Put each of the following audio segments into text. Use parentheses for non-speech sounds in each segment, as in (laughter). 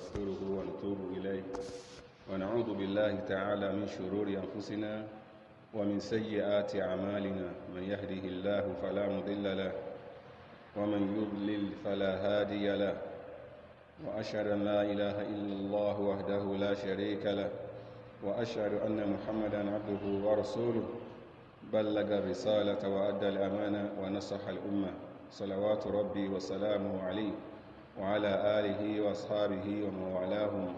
ورسوله ونتوب إليه ونعوذ بالله تعالى من شرور أنفسنا ومن سيئات أعمالنا من يهده الله فلا مضل له ومن يضلل فلا هادي له وأشهد أن لا إله إلا الله وحده لا شريك له وأشهد أن محمدا عبده ورسوله بلغ الرسالة وأدى الأمانة ونصح الأمة صلوات ربي وسلامه عليه وعلى آله وأصحابه ومن والاهم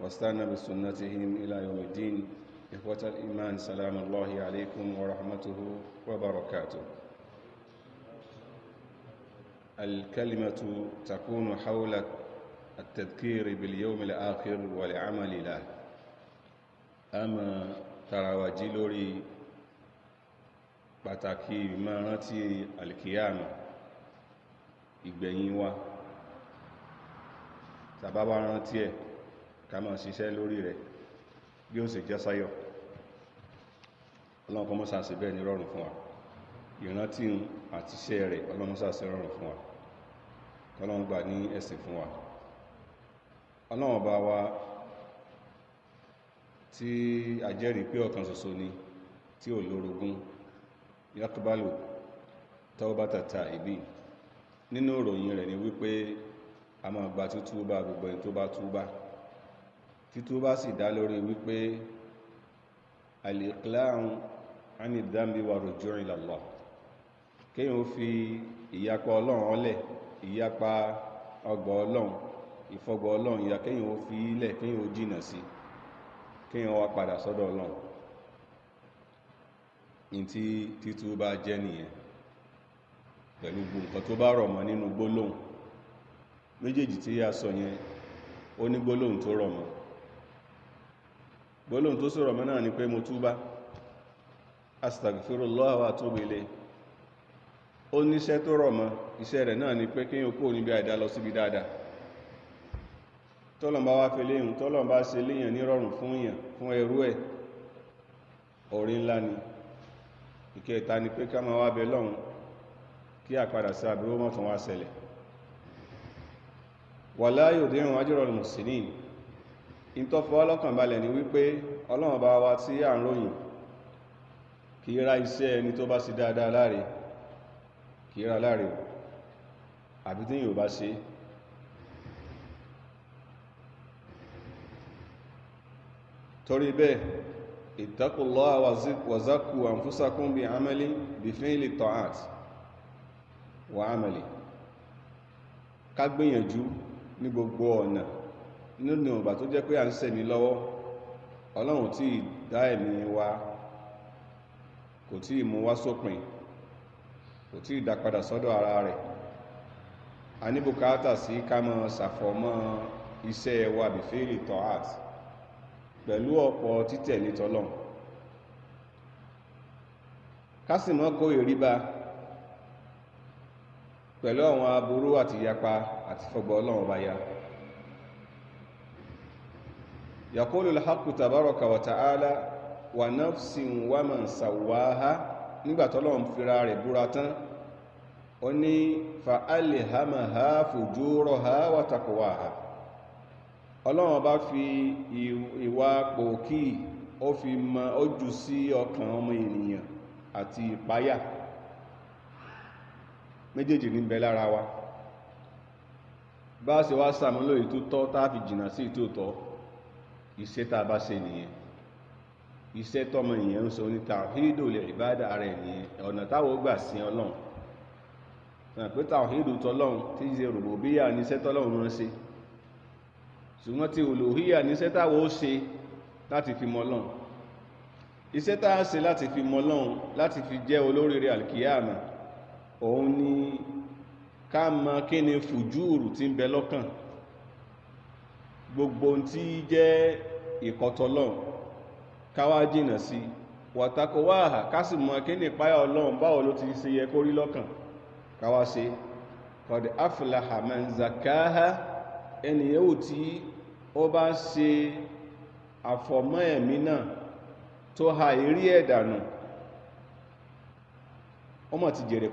واستنى بسنتهم إلى يوم الدين إخوة الإيمان سلام الله عليكم ورحمته وبركاته الكلمة تكون حول التذكير باليوم الآخر والعمل له أما ترى وجلوري pàtàkì ìmọ̀rántí alkiyama ìgbẹ̀yìn tàbá wá rántí ẹ̀ ká máa ṣiṣẹ́ lórí rẹ̀ bí ó sì jẹ́ sáyọ̀ ọlọ́run kọ́ mọ́sá sí bẹ́ẹ̀ ní rọrùn fún wa ìrántí àti iṣẹ́ rẹ̀ ọlọ́run mọ́sá sí rọrùn fún wa ọlọ́run gbà ní ẹ̀sìn fún wa ọlọ́run bá wa tí a jẹ́rìí pé ọ̀kan ṣoṣo ni tí ò lórogún yakubalu tawbatata ibi nínú ìròyìn rẹ̀ ni wípé a máa gba títúbà gbogbo ẹni tó bá túbà títúbà sì dá lórí wípé al-iqla'u ani dhanbi wa rujuu ila Allah kéèyàn ó fi ìyapa ọlọ́run ọlẹ̀ ìyapa ọgbà ọlọ́run ìfọgbà ọlọ́run ìyá kéèyàn ó fi ilẹ̀ kéèyàn ó jìnà sí kéèyàn wá padà sọ́dọ̀ ọlọ́run ní tí títúbà jẹ́ nìyẹn pẹ̀lú gbogbo nǹkan tó bá rọ̀ mọ́ nínú gbólóhùn méjèèjì tí a sọ yẹn ó ní gbólóhùn tó rọ̀ mọ́ gbólóhùn tó sọ̀rọ̀ mọ́ náà ni pé mo túbá astagfirullah wa atubu ilayh ó níṣẹ́ tó rọ̀ mọ́ iṣẹ́ rẹ̀ náà ni pé kí n kó níbi àìdá lọ síbi dáadáa tọ́lọ̀mbá wá fi léyìn tọ́lọ̀mbá ṣe léyìn nírọ̀rùn fún èèyàn fún ẹrú ẹ̀ orí wala yudi'u ajral muhsinin ìtọ́fọ́ ọlọ́kàn balẹ̀ ni wípé ọlọ́run bá wa tí à ń ròyìn kì í ra iṣẹ́ ẹni tó bá sí dáadáa láre kì í ra láre àbí tí yóò bá ṣe torí bẹ́ẹ̀ ittaqullaha wa zakku anfusakum bi amali bi fi'li ta'at wa amali ká gbìyànjú ní gbogbo ọ̀nà nínú ìgbà tó jẹ́ pé à ń sẹ̀mí lọ́wọ́ ọlọ́run tí ì dá ẹ̀mí wa kò tí ì mú wá sópin kò tí ì dá padà sọ́dọ̀ ara rẹ̀ a ní bùkátà sí ká mọ ṣàfọ̀mọ́ iṣẹ́ wa bìfẹ́ẹ̀lì tọ́hát pẹ̀lú ọ̀pọ̀ títẹ̀lé tọ́lọ́run ká sì mọ́ kó ìríba pẹ̀lú àwọn aburú àti ìyapa àti fọgbọ́ ọlọ́run bá yá yàkólù lọ́hàkù tàbárọ̀kà wàtàálá wà nafsin wà mà ń sàwáhá nígbàtọ́lọ́run fira rẹ̀ búra tán ó ní fa'alhamaha fujuraha wa taqwaha ọlọ́run bá fi ìwà pòkí méjèèjì ní bẹ lára wa bá ṣe wá sàmúlò ètò tọ́ tá a fi jìnnà sí ètò tọ́ iṣẹ́ tá a bá ṣe nìyẹn iṣẹ́ tọ́mọ èèyàn ń sọ ní tàwíìdò lè rí báyìí ara ẹ̀ nìyẹn ọ̀nà táwọn ó gbà sin ọlọ́run náà pé tàwíìdò tọlọ́run tí ṣe rògbòbíyà níṣẹ́ tọ́lọ́run rán ṣe ṣùgbọ́n ti olùhíyà níṣẹ́ táwọn ó ṣe láti fi mọ ọlọ́run iṣẹ́ tá a ṣe láti fi mọ ọlọ́run láti fi jẹ́ olóríire àlùkìyàmà òun ni ká mọ kí ni fùjúùrù ti ń bẹ lọ́kàn gbogbo tí jẹ́ ìkọ̀tọ̀lọ́n káwá jìnà sí wàtàkọ̀ wáhà ká sì mọ kí ni ìpáyà ọlọ́run báwo ló ti ṣe yẹ kó rí lọ́kàn káwá ṣe kọ̀dẹ̀ aflaha man zakaha ẹni tí ó bá ṣe àfọ̀mọ́ ẹ̀mí náà ha ìrí ẹ̀dànù ọmọ ti jèrè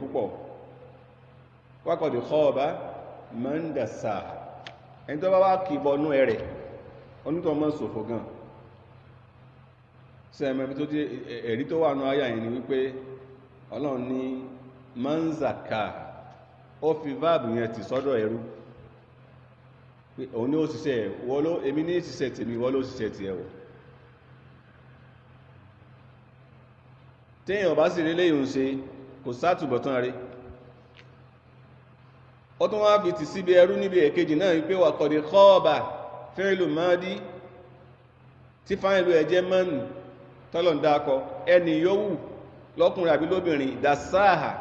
wákọ̀dì kọ́ọ̀bá mọ́ndàsá ẹni tó bá wá kìbọnú ẹ̀rẹ̀ onítọ̀ mọ́ sòfò gan sẹ́mẹ̀bí tó jẹ́ ẹ̀rí tó wà ní ayà yìí ni wípé ọlọ́run ní mọ́nzàká ó fi váàbù yẹn ti sọ́dọ̀ ẹrú òun ni ó ṣiṣẹ́ wọ́ló èmi ní ṣiṣẹ́ tèmi wọ́ló ṣiṣẹ́ ti ẹ̀wọ̀ téèyàn bá sì rí léyìn ṣe kò sátùbọ̀tán rí ó tún wá bìtì síbi ẹrú níbi èkejì náà wípé wà kọ̀dí kọ́ọ̀bà fẹ́rìlù mọ́dí tí fáìlù ẹ̀jẹ̀ mọ́nù tọ́lọ̀ ń dákọ ẹni yówù lọ́kùnrin àbí lóbìnrin ìdásáàhà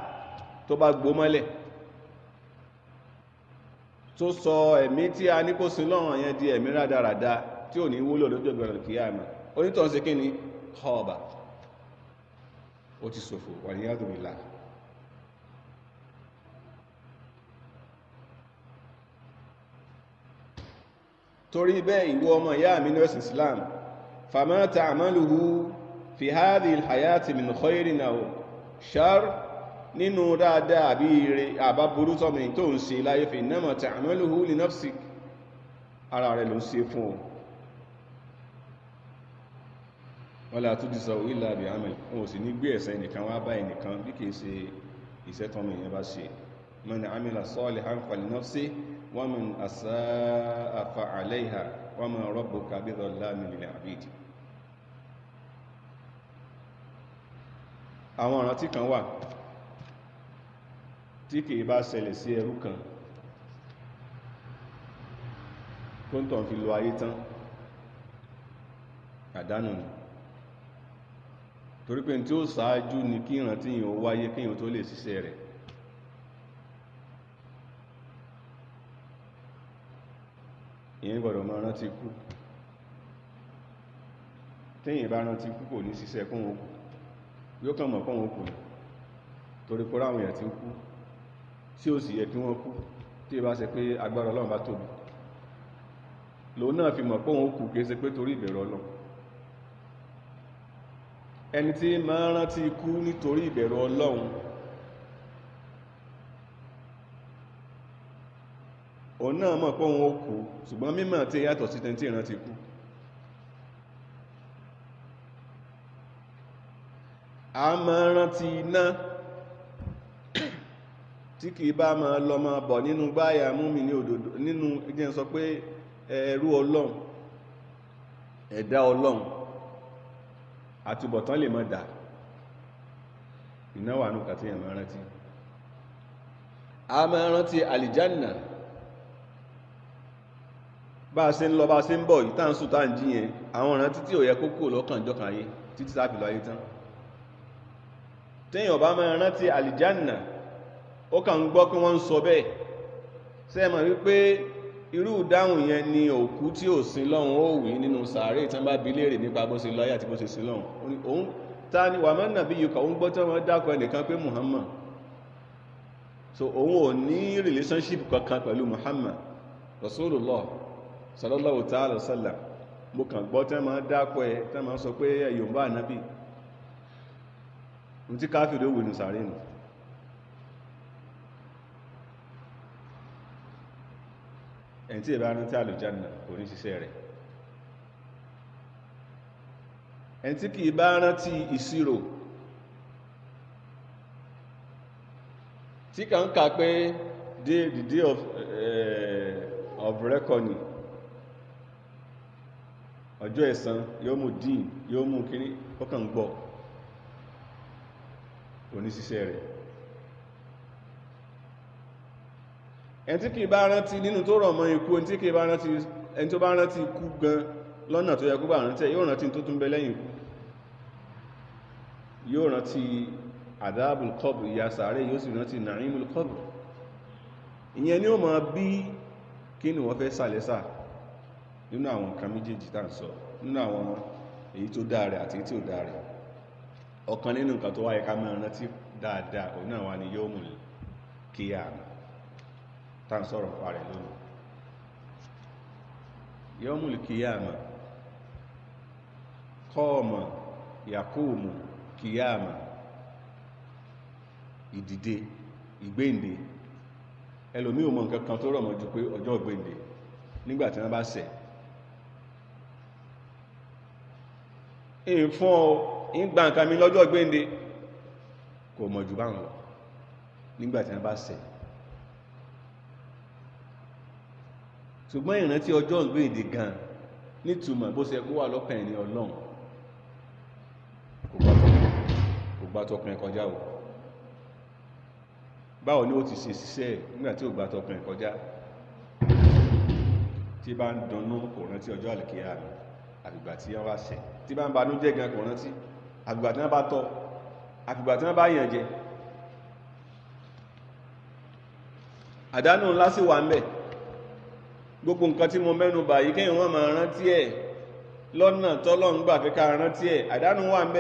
tó bá gbó mọ́lẹ̀ tó sọ ẹ̀mí tí a ní kó sin lọ́rùn yẹn di ẹ̀mí rádaràda tí ò ní wúlò lójú ọgbẹ̀rẹ̀ kìí àmà onítọ̀ ń kí ni kọ́ọ̀bà ó ti ṣòfò wà ní yàtọ̀ ìlànà torí bẹ́ẹ̀ ìwọ ọmọ ìyá mi nọ́ọ̀sì islam fama ta'maluhu fi hadhihi alhayati min khairin aw shar nínú dáadáa àbí ire àbá burú tọ́mì tó ń ṣe láyé fi innama ta'maluhu li nafsik ara rẹ̀ ló ń ṣe fún ọ wala tujzau illa bi amal wọn ò sì ní gbé ẹ̀san ẹnìkan wá bá ẹnìkan bí kìí ṣe iṣẹ́ tọ́mì yẹn bá ṣe man amila salihan fali nafsi ومن أساء فعليها وما ربك بظلام للعبيد àwọn ìrántí kan wà tí kìí bá ka sí ẹrú kan tó ń tàn fi lo ayé tán àdánù ni torípé tí ó ni kí ìrántí wáyé kí yìí tó lè èyàn gbọ́dọ̀ máa rántí kú téèyàn bá rántí kú kò ní ṣiṣẹ́ kún òkú yóò kàn mọ̀ kún òkú torí kó ráwọn èèyàn tí ń kú tí ó sì yẹ kí wọ́n kú tí ó bá ṣe pé agbára Ọlọ́run bá tóbi lòun náà fi mọ̀ pé òun kù ṣe pé torí ìbẹ̀rù Ọlọ́run ẹni tí máa rántí ikú nítorí ìbẹ̀rù Ọlọ́run òun náà mọ̀ pé òun ó kú ṣùgbọ́n mímọ̀ tí yàtọ̀ sí tẹ́ntì ìran ti kú a máa rántí iná tí kìí bá máa lọ bọ̀ nínú gbáyà múmi ní òdòdó nínú ìdíyẹn sọ pé ẹrú ọlọ́run ẹ̀dá ọlọ́run àtúbọ̀tán lè dà iná nù kàtíyàn máa a maara ti àlìjánà bá a ṣe ń lọ bá a ṣe ń bọ̀ yìí sùn yẹn àwọn ọ̀ràn títí ò yẹ kó lọ́kàn ìjọkàn ayé títí tá lọ ayé tán rántí àlìjánà ó ń gbọ́ kí wọ́n yẹn ni òkú tí ò sin lọ́hùn ó nínú sàárè tí wọ́n bá bi léèrè nípa bó ṣe lọ́yà tí bó ṣe ta ni wàmọ́ nàbí yìí sallallahu ta'ala sallam mo kàn gbọ́ tẹ́ ma dákọ̀ ẹ tẹ́ ma sọ pé yòmbá ànábì n tí káfíìdó wù ní sàárè nù ẹ̀yìn tí ìbára tí àlùjánnà kò ní ṣiṣẹ́ rẹ̀ ẹ̀yìn tí kì í ti rántí ìṣirò tí kà ń kà pé day the day of, uh, of reckoning ọjọ́ ẹ̀san yóò mú dín yóò mú kíní ó gbọ́ oníṣiṣẹ́ rẹ̀ ẹni tí kìí bá rántí nínú tó rọ̀ mọ́ ikú ẹni tí kìí bá rántí tó bá rántí ikú gan lọ́nà tó yẹ kó bá rántí yóò rántí tó tún bẹ lẹ́yìn ikú yóò rántí adabul sàárẹ̀ yóò sì nínú àwọn nǹkan méjèèjì tá à ń sọ nínú àwọn èyí tó dáa rẹ̀ àti èyí tí ò dáa rẹ̀ ọ̀kan nínú nǹkan tó wáyé ká máa rántí dáadáa òun náà wà ní yóòmù kíyàmù tá à ń sọ̀rọ̀ pa rẹ̀ lónìí yóòmù kíyàmù kọ́ọ̀mọ̀ yàkóòmù kíyàmù ìdìde ìgbéǹde ẹlòmí ò nǹkan kan tó rọ̀ mọ́ ju pé ọjọ́ ìgbéǹde nígbà tí wọ́n bá ṣẹ̀ in fún ọ in gba nǹkan mi lọ́jọ́ gbéǹde kò mọ̀ jù báwọn lọ nígbàtí wọ́n bá ṣẹ̀ ṣùgbọ́n ìrántí ọjọ́ gbéǹde gan nítumọ̀ bó ṣe kó wà lọ́kàn ẹni ọlọ́run kò gbà tọkùnrin kọjá o báwo ni ó ti ṣe ṣiṣẹ́ nígbàtí ò gbà tọkùnrin kọjá tí bá ń dunnú kò rántí ọjọ́ àlùkìyà mi àfìgbà tí wọ́n bá ṣẹ̀ tí bá ń banú jẹ́ gan kò rántí àfìgbà tí wọ́n bá tọ́ àfìgbà tí wọ́n bá yàn jẹ àdánù ńlá sì wà ń bẹ̀ gbogbo nǹkan tí mo mẹ́nu bà yìí kéèyàn wọ́n máa rántí ẹ̀ lọ́nà tọ́lọ́ ń gbà fẹ́ rántí ẹ̀ àdánù wà ń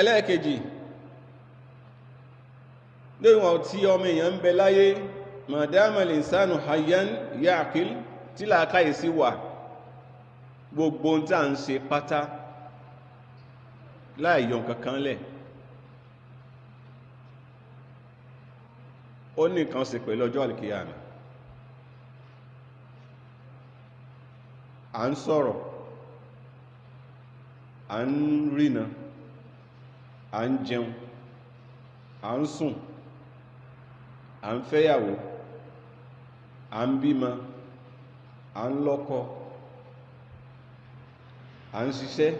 ẹlẹ́ẹ̀kejì lóríwọ̀n tí ọmọ èèyàn ń bẹ láyé mọ̀dámàlì ìsánù hayyan yaakil tí làákàyè sí wà gbogbo ń tà ń ṣe pátá láì yọ kankan lẹ̀ ó ní nǹkan ṣe pẹ̀lú ọjọ́ àlìkìyàmì à ń sọ̀rọ̀ à ń rìnà à ń jẹun à ń sùn à ń fẹ́yàwó à ń bímọ à ń lọ́kọ à ń ṣiṣẹ́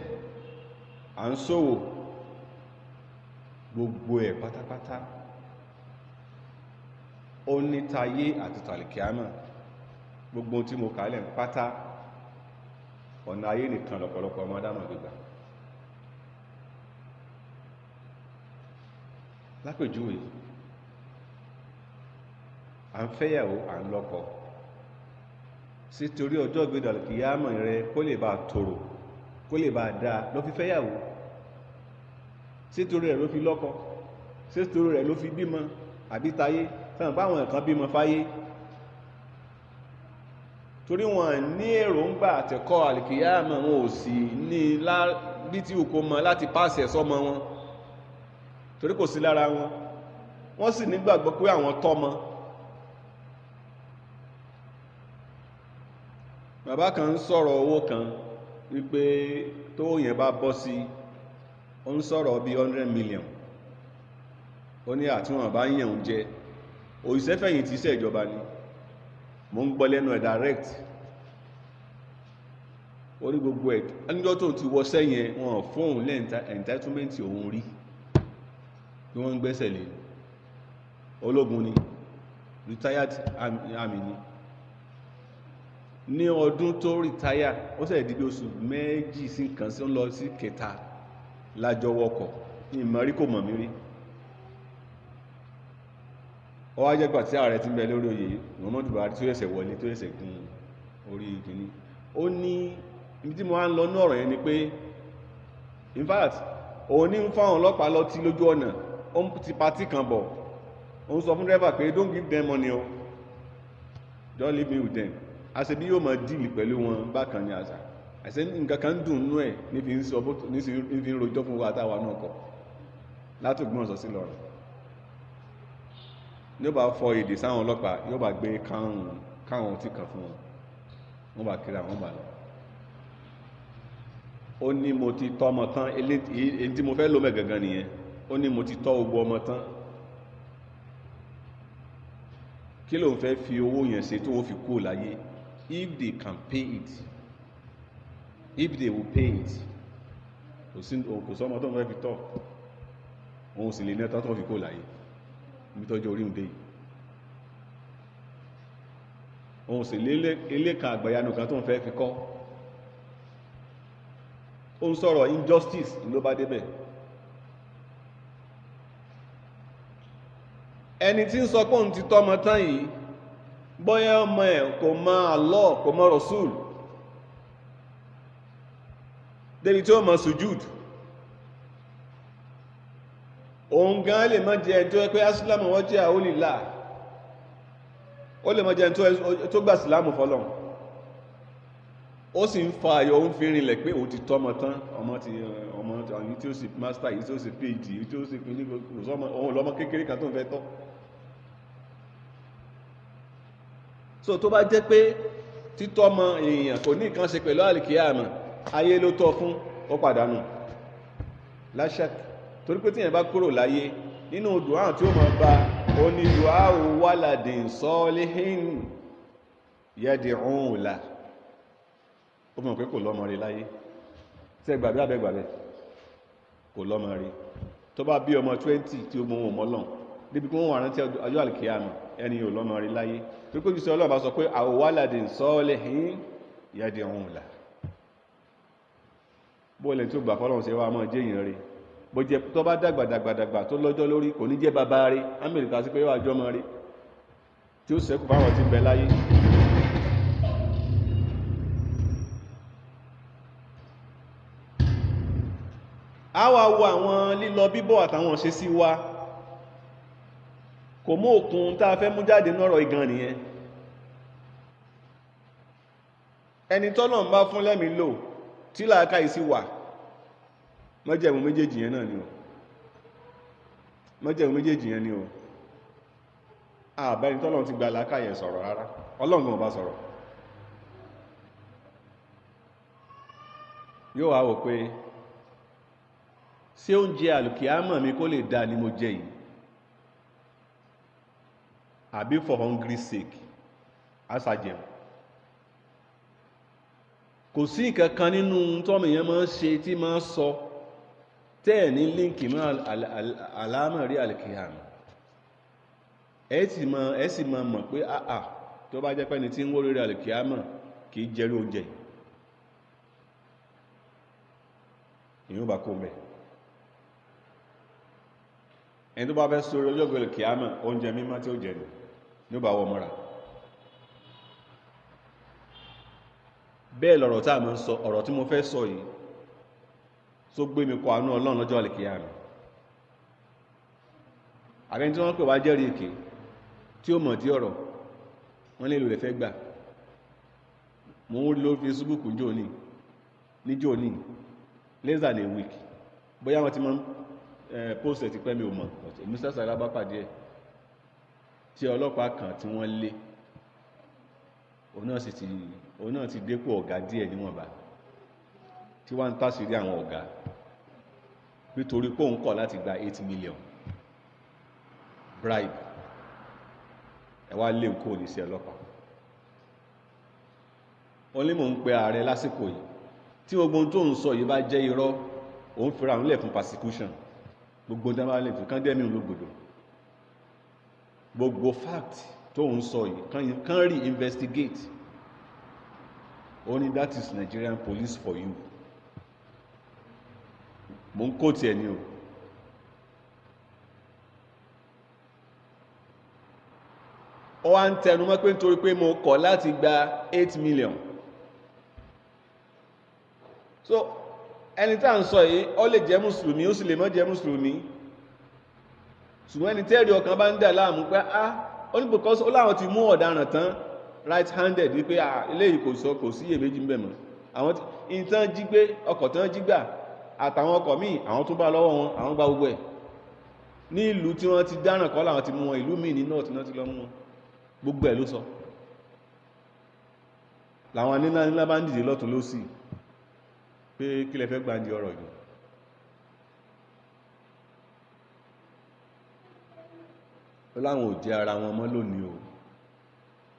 à ń ṣòwò gbogbo ẹ̀ pátápátá ó ní tayé àti tàlìkíámà gbogbo tí mo kàálẹ̀ pátá ọ̀nà ayé nìkan lọ́pọ̀lọpọ̀ ọmọ adámọ̀ gbígbà lápèjúwe à ń fẹ́yàwó à ń lọ́kọ sí torí ọjọ́ ìgbéda ìyáàmọ̀ rẹ kó lè bá tòrò kó lè bá dáa ló fi fẹ́yàwó sí torí rẹ ló fi lọ́kọ sí torí rẹ ló fi bímọ àbí tayé fẹ́ràn báwọn nǹkan bímọ fáyé torí wọn ní èròǹgbà àtẹ̀kọ́ àlìkìyàmọ̀ wọn ò sì ní bí tí òkò mọ láti pàṣẹ sọmọ wọn torí kò sí lára wọn wọ́n sì nígbàgbọ́ pé àwọn tọ́mọ bàbá kan ń sọ̀rọ̀ owó kan wípé tó yẹn bá bọ́ sí ó ń sọ̀rọ̀ bí hundred million ó ní àtúnwọ̀n bá yẹn ń jẹ òṣìṣẹ́ fẹ̀yìntì ṣèjọba ni mo ń gbọ́ lẹ́nu ẹ̀ direct orí gbogbo ẹ̀ ẹnjọ́ tó ti wọ sẹ́yìn wọn fóun lẹ́ entitlement òun rí bí wọ́n ń gbẹ́sẹ̀ lé ológun ni retired army ni ní ọdún tó rìtáyà ó sẹ̀ di bí oṣù méjì sí nǹkan sí ń lọ sí kẹta lájọ wọkọ̀ ní ìmọ̀rí kò mọ̀ mí rí ó wá jẹ́gbà tí ààrẹ ti ń bẹ lórí oyè Muhammadu Buhari tó ẹsẹ̀ wọlé tó ẹsẹ̀ gun orí ìkíní ó ní ibi tí mo wá ń lọ ní ọ̀rọ̀ yẹn ni pé in fact òun ní ń fáwọn ọlọ́pàá lọ tí lójú ọ̀nà ó ti patí kan bọ̀ ó ń sọ fún dẹ́rẹ́bà pé don't give them money o don't leave me with them àṣẹ bí yóò máa díìlì pẹ̀lú wọn bákan ní àṣà àṣẹ nǹkan kan dùn nú ẹ̀ nífi ń sọ nífi ń rojọ́ fún wa táwa náà kọ̀ látògbọ́n sọ sí lọ́rùn ní ó bá fọ èdè sáwọn ọlọ́pàá yóò bá gbé káwọn tí kan fún wọn wọ́n bá kiri àwọn bá lọ ó ní mo ti tọ́ ọmọ tán èyí tí mo fẹ́ lómẹ̀ gangan nìyẹn ó ní mo ti tọ́ ogbó ọmọ tán kí ló ń fẹ́ fi owó yẹn ṣe tó wọ́n fi kú láyé if they can pay it if they will pay it kò sí kò sọ́mọ tó ń fẹ́ fi tọ́ òun sì lè ní ẹ̀tọ́ tó fi kó láyé níbi tọ́jú orí òde yìí òun sì lè eléka àgbàyanu kan tó ń fẹ́ fi kọ́ ó ń sọ̀rọ̀ injustice ló bá débẹ̀ ẹni tí ń sọ pé òun ti tọ́mọ tán yìí bóyá ọmọ ẹ̀ kò mọ Allah kò mọ Rasul débi tí ó mọ sujúd òun gan lè mọ jẹ tó pé asílámù wọ́n jẹ́ àólìlà ó lè mọ jẹ tó gbà sílámù fọ́lọ́run ó sì ń fa ayọ̀ òun fi rinlẹ̀ pé òun ti tọ́mọ tán ọmọ ti ọmọ tí ó sì master yìí tí ó sì phd yìí tí ó sì pinnu òun lọ́mọ kékeré kan tó ń fẹ́ tọ́ so tó bá jẹ́ pé títọ́ ọmọ èèyàn kò ní nǹkan ṣe pẹ̀lú àlìkíyàmọ̀ ayé ló tọ́ fún ó pàdánù láṣak torí pé tíyẹn bá kúrò láyé nínú dùá tí ó máa bá ó ní dùá waladin salihin yad'u la ó mọ̀ pé kò lọ́mọ rí láyé tẹ́ gbàgbé àbẹ́gbàgbé kò lọ́mọ rí tó bá bí ọmọ 20 tí ó mọ̀ ọmọ lọ́n débi kí wọ́n wà rántí ọjọ́ àlìkíyàmọ̀ ẹni ò lọ́mọ rí láyé tó kójú sí ọlọ́ọ̀bá sọ pé àwòwálàdì sọ́ọ́lẹ̀ hìn yàdì ọ̀hún là bóòlẹ̀ tí ó gbà fọ́lọ́run sí wá mọ́ jẹ́ èèyàn rí bó jẹ́ tó bá dàgbàdàgbàdàgbà tó lọ́jọ́ lórí kò ní jẹ́ bàbá rí amẹ́ríkà sí pé yóò àjọmọ́ rí tí ó sẹ́kù fáwọn tí bẹ láyé a wá wo àwọn lílọ bíbọ̀ àtàwọn ṣe sí wa kò mú òkun tá a fẹ́ mú jáde nọ́rọ̀ igan nìyẹn ẹni tọ́nà ń bá fún lẹ́mí lò tí làákà ìsí wà mọ́jẹ̀mú méjèèjì yẹn náà ni o mọ́jẹ̀mú méjèèjì yẹn ni o àbẹ́ni tọ́nà ti gba làákà yẹn sọ̀rọ̀ rárá ọlọ́run ọba sọ̀rọ̀ yóò wá wò pé ṣé oúnjẹ àlùkìá mọ̀ mi kó lè dáa ni mo jẹ yìí Abi for hungry sake asajem. kò sí nǹkan kan nínú tọ́mọ èèyàn máa ń ṣe tí máa ń sọ tẹ́ẹ̀ ní líǹkì mọ́ àlámọ̀rí àlìkìyàmù ẹ sì mọ ẹ sì mọ mọ̀ pé àà tó bá jẹ́ pé ẹni tí ń wó lórí àlìkìyàmù kì í jẹ́rú oúnjẹ ìyóò bá kó mẹ́ẹ̀ ẹni tó bá fẹ́ sórí ọjọ́ ìgbẹ̀lẹ̀ kìámà oúnjẹ mímọ́ tí ó jẹ ní ó bá wọ mọ́ra bẹ́ẹ̀ lọ̀rọ̀ tí a mọ́ sọ ọ̀rọ̀ tí mo fẹ́ sọ yìí tó gbé mi kọ àánú ọlọ́run lọ́jọ́ àlèkìyà rẹ̀ àbẹ́ni tí wọ́n pè wá jẹ́rìí èké tí ó mọ̀ tí ọ̀rọ̀ wọ́n lè lò rẹ̀ fẹ́ gbà mo ń lo facebook níjó ní níjó ní less than a week bóyá wọ́n ti mọ́ eh, post ẹ̀ ti pẹ́ mi ò mọ̀ mr sarah bá pàdé ẹ̀ tí ọlọ́pàá kan tí wọ́n lé òun náà sì ti òun náà ti dépò ọ̀gá díẹ̀ níwọ̀nba tí wọ́n ń tàṣírí àwọn ọ̀gá nítorí pé òun kọ̀ láti gba eight million bribe ẹ wá lé nǹkan oníṣẹ́ ọlọ́pàá ó ní mò ń pe ààrẹ lásìkò yìí tí gbogbo ohun tó ń sọ yìí bá jẹ́ irọ́ òun fira òun lẹ̀ fún persecution gbogbo dáná lè fún kándẹ́mì ológbòdò gbogbo fact tó ń sọ yìí kán rí investigate ó ní that is Nigerian police for you mo ń kó tiẹ̀ ni o ó wá ń tẹnu mọ́ pé nítorí pé mo kọ̀ láti gba eight million so ẹni tá à ń sọ yìí ó lè jẹ́ mùsùlùmí ó sì lè má jẹ́ mùsùlùmí ṣùgbọ́n ẹni tẹ́rì ọkàn bá ń dà láàmú pé á ah, ó ní because ó láwọn ti mú ọ̀daràn tán right handed wípé ah, eléyìí kò sọ kò sí iyèméjì ń bẹ̀ mọ́ àwọn ìtàn jí gbé ọkọ̀ tán jí gbà àtàwọn ọkọ̀ míì àwọn tó bá lọ́wọ́ wọn àwọn gba gbogbo ẹ̀ ní ìlú tí wọ́n ti dáràn kọ́ làwọn ti mú wọn ìlú míì ní north náà ti lọ mú wọn gbogbo ẹ̀ ló sọ làwọn anílá ńlá bá ń dìde lọ́tún lọ́sì pé kí lẹ fẹ́ gbàǹdì ọ̀rọ̀ yìí ó láwọn ò jẹ́ ara wọn mọ́ lónìí o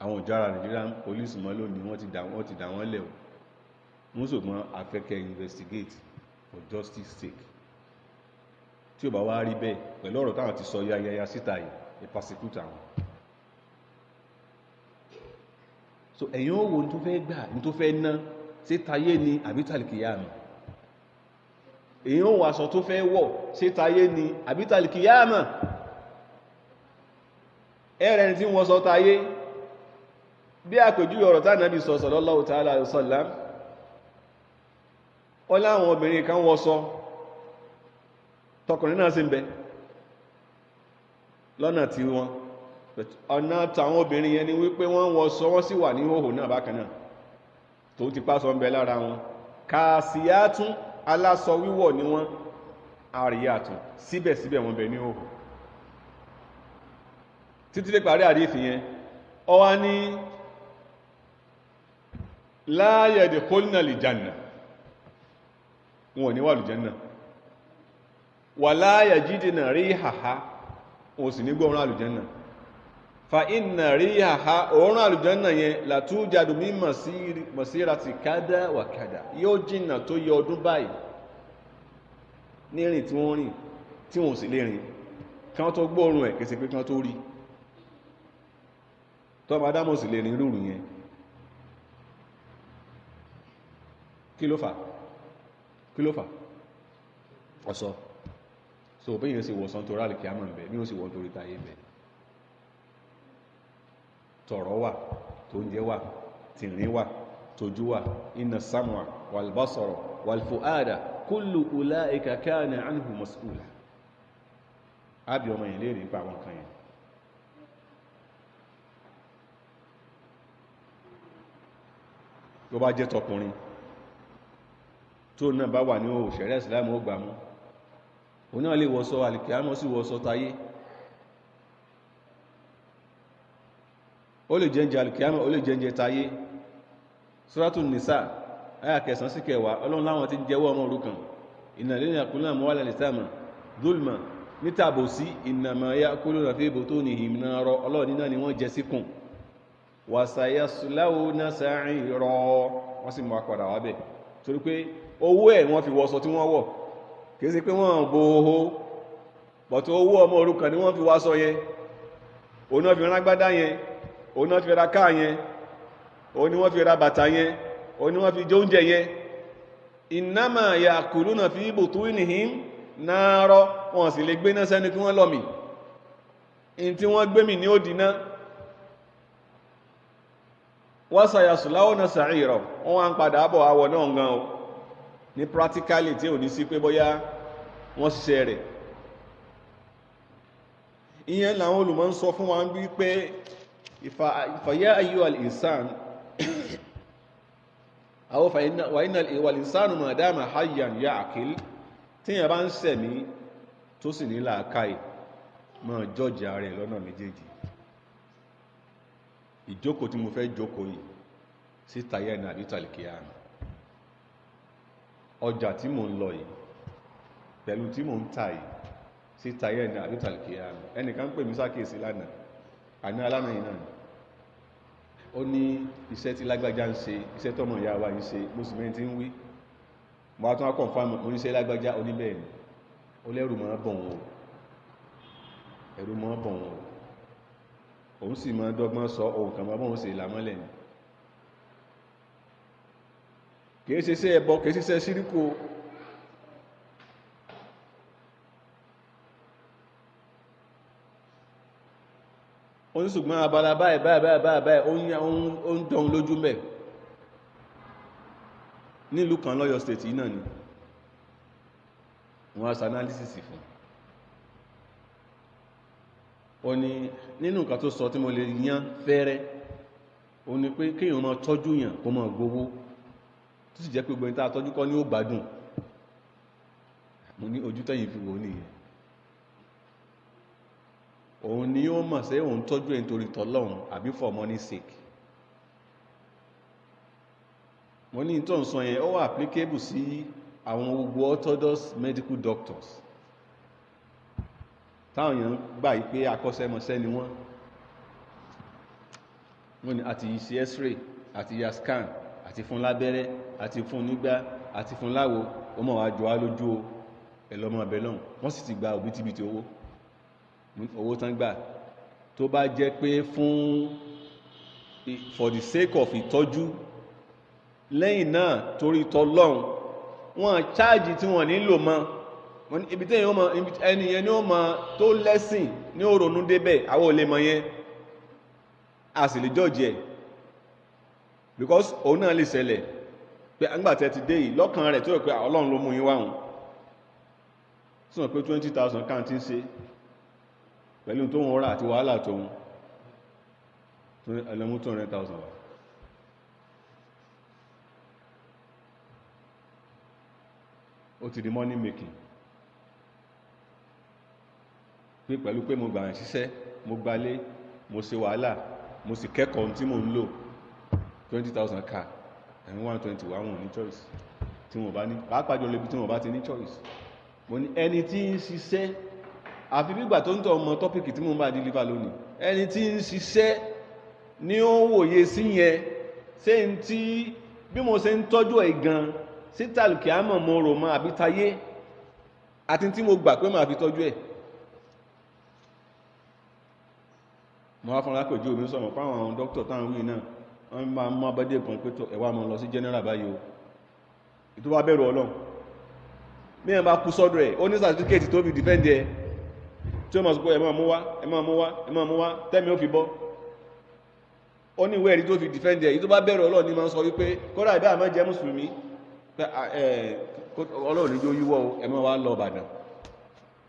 àwọn ò jẹ́ ara Nigerian police mọ́ lónìí wọ́n ti dà wọ́n ti dà wọ́n lẹ̀ o wọ́n ṣùgbọ́n afẹ́kẹ́ investigate for justice sake tí ò bá wá rí bẹ́ẹ̀ pẹ̀lú ọ̀rọ̀ táwọn ti sọ yayaya síta yìí ẹ persecute àwọn so ẹ̀yin ó wo ní tó fẹ́ gbà ní tó fẹ́ ná ṣé tayé ni àbí tàlìkìyà mi èyí ó wọ aṣọ tó fẹ́ wọ̀ ṣé tayé ni àbí tàlìkìyà mọ̀ ẹ̀rẹ̀ ni tí wọ́n sọ táyé bí àpèjúwe ọ̀rọ̀ tá nàbí sọ sallallahu ta'ala alaihi wasallam ó láwọn obìnrin kan wọ́n sọ tọkùnrin náà sì bẹ lọ́nà tí wọ́n ọ̀nà tàwọn obìnrin yẹn ni wípé wọ́n wọ́n sọ wọ́n sì wà ní náà tó ti pásọ ń bẹ lára wọn aláṣọ wíwọ̀ ni wọ́n àríyàtún síbẹ̀síbẹ̀ títí lè parí àdífì yẹn ó wá ní láyẹ̀dì kólínà lè jànà wọn ni wà lù jẹ́nà wà láyẹ̀ jídìnà rí hàhá òun sì ní gbọ́ òun àlùjẹ́nà fa iná rí hàhá òun àlùjẹ́nà yẹn làtújàdù mí mọ̀síra ti kádà wà kádà yóò jìnà tó yẹ ọdún báyìí nírìn tí wọ́n rìn tí wọ́n sì lè rìn kí wọ́n tó gbọ́ ẹ̀ kí wọ́n tó rí i tọ́mọ adámọ̀ sì lè rìn rúrù yẹn kí ló fà kí ló fà ọ̀sọ́ so bí yẹn sì wọ̀sán tó ráàlì kíámọ̀ ń bẹ̀ ní ó sì wọ́n torí táyé bẹ̀ tọ̀rọ̀ wà tó ń jẹ́ wà tìrín wà tójú wà iná samuwa walbasoro walfuada kullu ulaika kana anhu mas'ula abi tó bá jẹ́ tọkùnrin tó náà bá wà ní òṣèré ìsìláàmù ó gbà mú òun náà lè wọṣọ àlìkíámọ́ sí wọṣọ táyé ó lè jẹ́ǹjẹ àlìkíámọ́ ó lè jẹ́ǹjẹ táyé suratul nisa aya kẹsàn-án sí kẹwàá ọlọ́run láwọn ti ń jẹ́wọ́ ọmọ òrukàn ìnàlẹ́yìn àkúnlẹ̀ mọ́ wálẹ̀ wàsàyàsùláwùnà sàárìrọ̀ wọ́n sì mú apàdà wá bẹ̀ torí pé owó ẹ̀ wọ́n fi wọṣọ tí wọ́n wọ̀ kìí sí pé wọ́n bo owó bọ̀tọ̀ owó ọmọ òrukàn ni wọ́n fi wáṣọ yẹn òun fi rán agbádá yẹ fi ni fi ra ni fi wọ́n sàyàsùláwọ́ náà sàírọ̀ wọ́n wá ń padà bọ̀ àwọ̀ náà gan o ní practically tí ò ní sí pé bóyá wọ́n ṣiṣẹ́ rẹ̀ ìyẹn làwọn olùmọ̀ ń sọ fún wa ń bí pé ìfàyà ayé alìsàn àwọn fàyínà ìwàlìsàn dáàmà hayyan ya àkìl tí yẹn bá ń sẹ̀mí tó sì ní làákàyè máa jọ́jà rẹ̀ lọ́nà méjèèjì ìjókòó tí mo fẹ́ jókòó yìí sí tayẹ ní àdítàlìkì àmì ọjà tí mo ń lọ yìí pẹ̀lú tí mo ń ta yìí sí tayẹ ní àdítàlìkì àmì ẹnìkan pè mí sákèsí lánàá àní alámẹ́yìn náà ó ní iṣẹ́ tí lágbájá ń ṣe iṣẹ́ tọ́mọ ìyá wa yìí ṣe mo sì mẹ́rin tí ń wí mo á tún á kọ̀ǹfàmù oníṣẹ́ lágbájá oníbẹ̀ẹ́ni ó lẹ́rù mọ́ bọ̀ wọn ẹ̀rù mọ́ bọ̀ wọn o òun sì máa dọ́gbọ́n sọ ohun kan bọ́n ṣe ìlàmọ́lẹ̀ ni kìí ṣe iṣẹ́ ẹbọ kìí ṣe iṣẹ́ síríkò ó ní ṣùgbọ́n abala báyìí báyìí báyìí báyìí ó ń dán lójú mẹ́ nílùú kan lọ́yọ̀ state yìí náà ni wọ́n á ṣe fún ó ní nínú nǹkan tó sọ tí mo lè yan fẹ́rẹ́ ó ní pé kéèyàn máa tọ́jú yàn kó máa gbowó tó sì jẹ́ pé gbogbo ìta tọ́jú kọ́ ní ó gbádùn mo ní ojú tẹ́yìn fi wò nìyẹn òun ni ó mọ̀ sí òun tọ́jú ẹ̀ nítorí tọ́lọ́run àbí for money sake mo ní tó ń sọ yẹn ó wà applicable sí àwọn gbogbo orthodox medical doctors táwọn èèyàn gbà yí pé akọ́ṣẹ́mọṣẹ́ ni wọ́n wọ́n ní àti ṣe x-ray àti ya scan àti fún lábẹ́rẹ́ àti fún nígbà àti fún láwo ó mọ̀ wá jọ wá lójú o ẹ̀lọ́mọ ọbẹ̀ lọ́hùn wọ́n sì ti gba òbítíbitì owó owó tán gbà tó bá jẹ́ pé fún for the sake of ìtọ́jú lẹ́yìn náà torí tọ́lọ́hùn wọ́n cháàjì tí wọ́n nílò mọ́ wọ́n ibi tí èyàn ẹni yẹn ni ó mọ tó lẹ́sìn ní ó ronú débẹ̀ àwọn ò lè mọ yẹn a sì lè jọ́ọ̀jì ẹ̀ because òun náà lè ṣẹlẹ̀ pé àgbàtẹ́ ti dé yìí lọ́kàn rẹ̀ tó yẹ pé ọlọ́run ló mú yín wáhùn sọ pé twenty thousand kan ti ń ṣe pẹ̀lú tó ń rà àti wàhálà tóun ẹlẹ́mú two hundred thousand wà. ó ti di money making pé pẹ̀lú pé mo gbà yàn ṣiṣẹ́ mo gbalé mo ṣe wàhálà mo sì kẹ́kọ̀ọ́ tí mò ń lò twenty car ẹ̀mí one twenty wà wọn ò ní choice tí wọn bá ní pàápàá jọ lebi tí wọn bá ti ní choice mo ní ẹni tí ń ṣiṣẹ́ àfi bí ìgbà tó ń tọ́ ọmọ tọ́pìkì tí mo bá deliver lónìí ẹni tí ń ṣiṣẹ́ ni ó ń wòye sí yẹn ṣé n tí bí mo ṣe ń tọ́jú ẹ̀ gan sí tàlùkì àmọ̀ mo rò mọ́ àbí àti tí mo gbà pé màá fi tọ́jú ẹ̀ mo wá fúnra pèjú omi sọ̀rọ̀ páwọn àwọn dókítà táwọn wí náà wọ́n máa mú abẹ́dẹ̀ kan pé tó ẹ̀wà mọ́ lọ sí general báyìí o ìtò wá bẹ̀rù ọlọ́run bí ẹ̀ bá kú sọ́dọ̀ ẹ̀ ó ní certificate tó fi defend ọlọ́run ni máa ń sọ wípé kódà ìbá àmọ́ jẹ́ mùsùlùmí ọlọ́run ní yóò yíwọ́ ẹ̀ máa wá lọ Ìbàdàn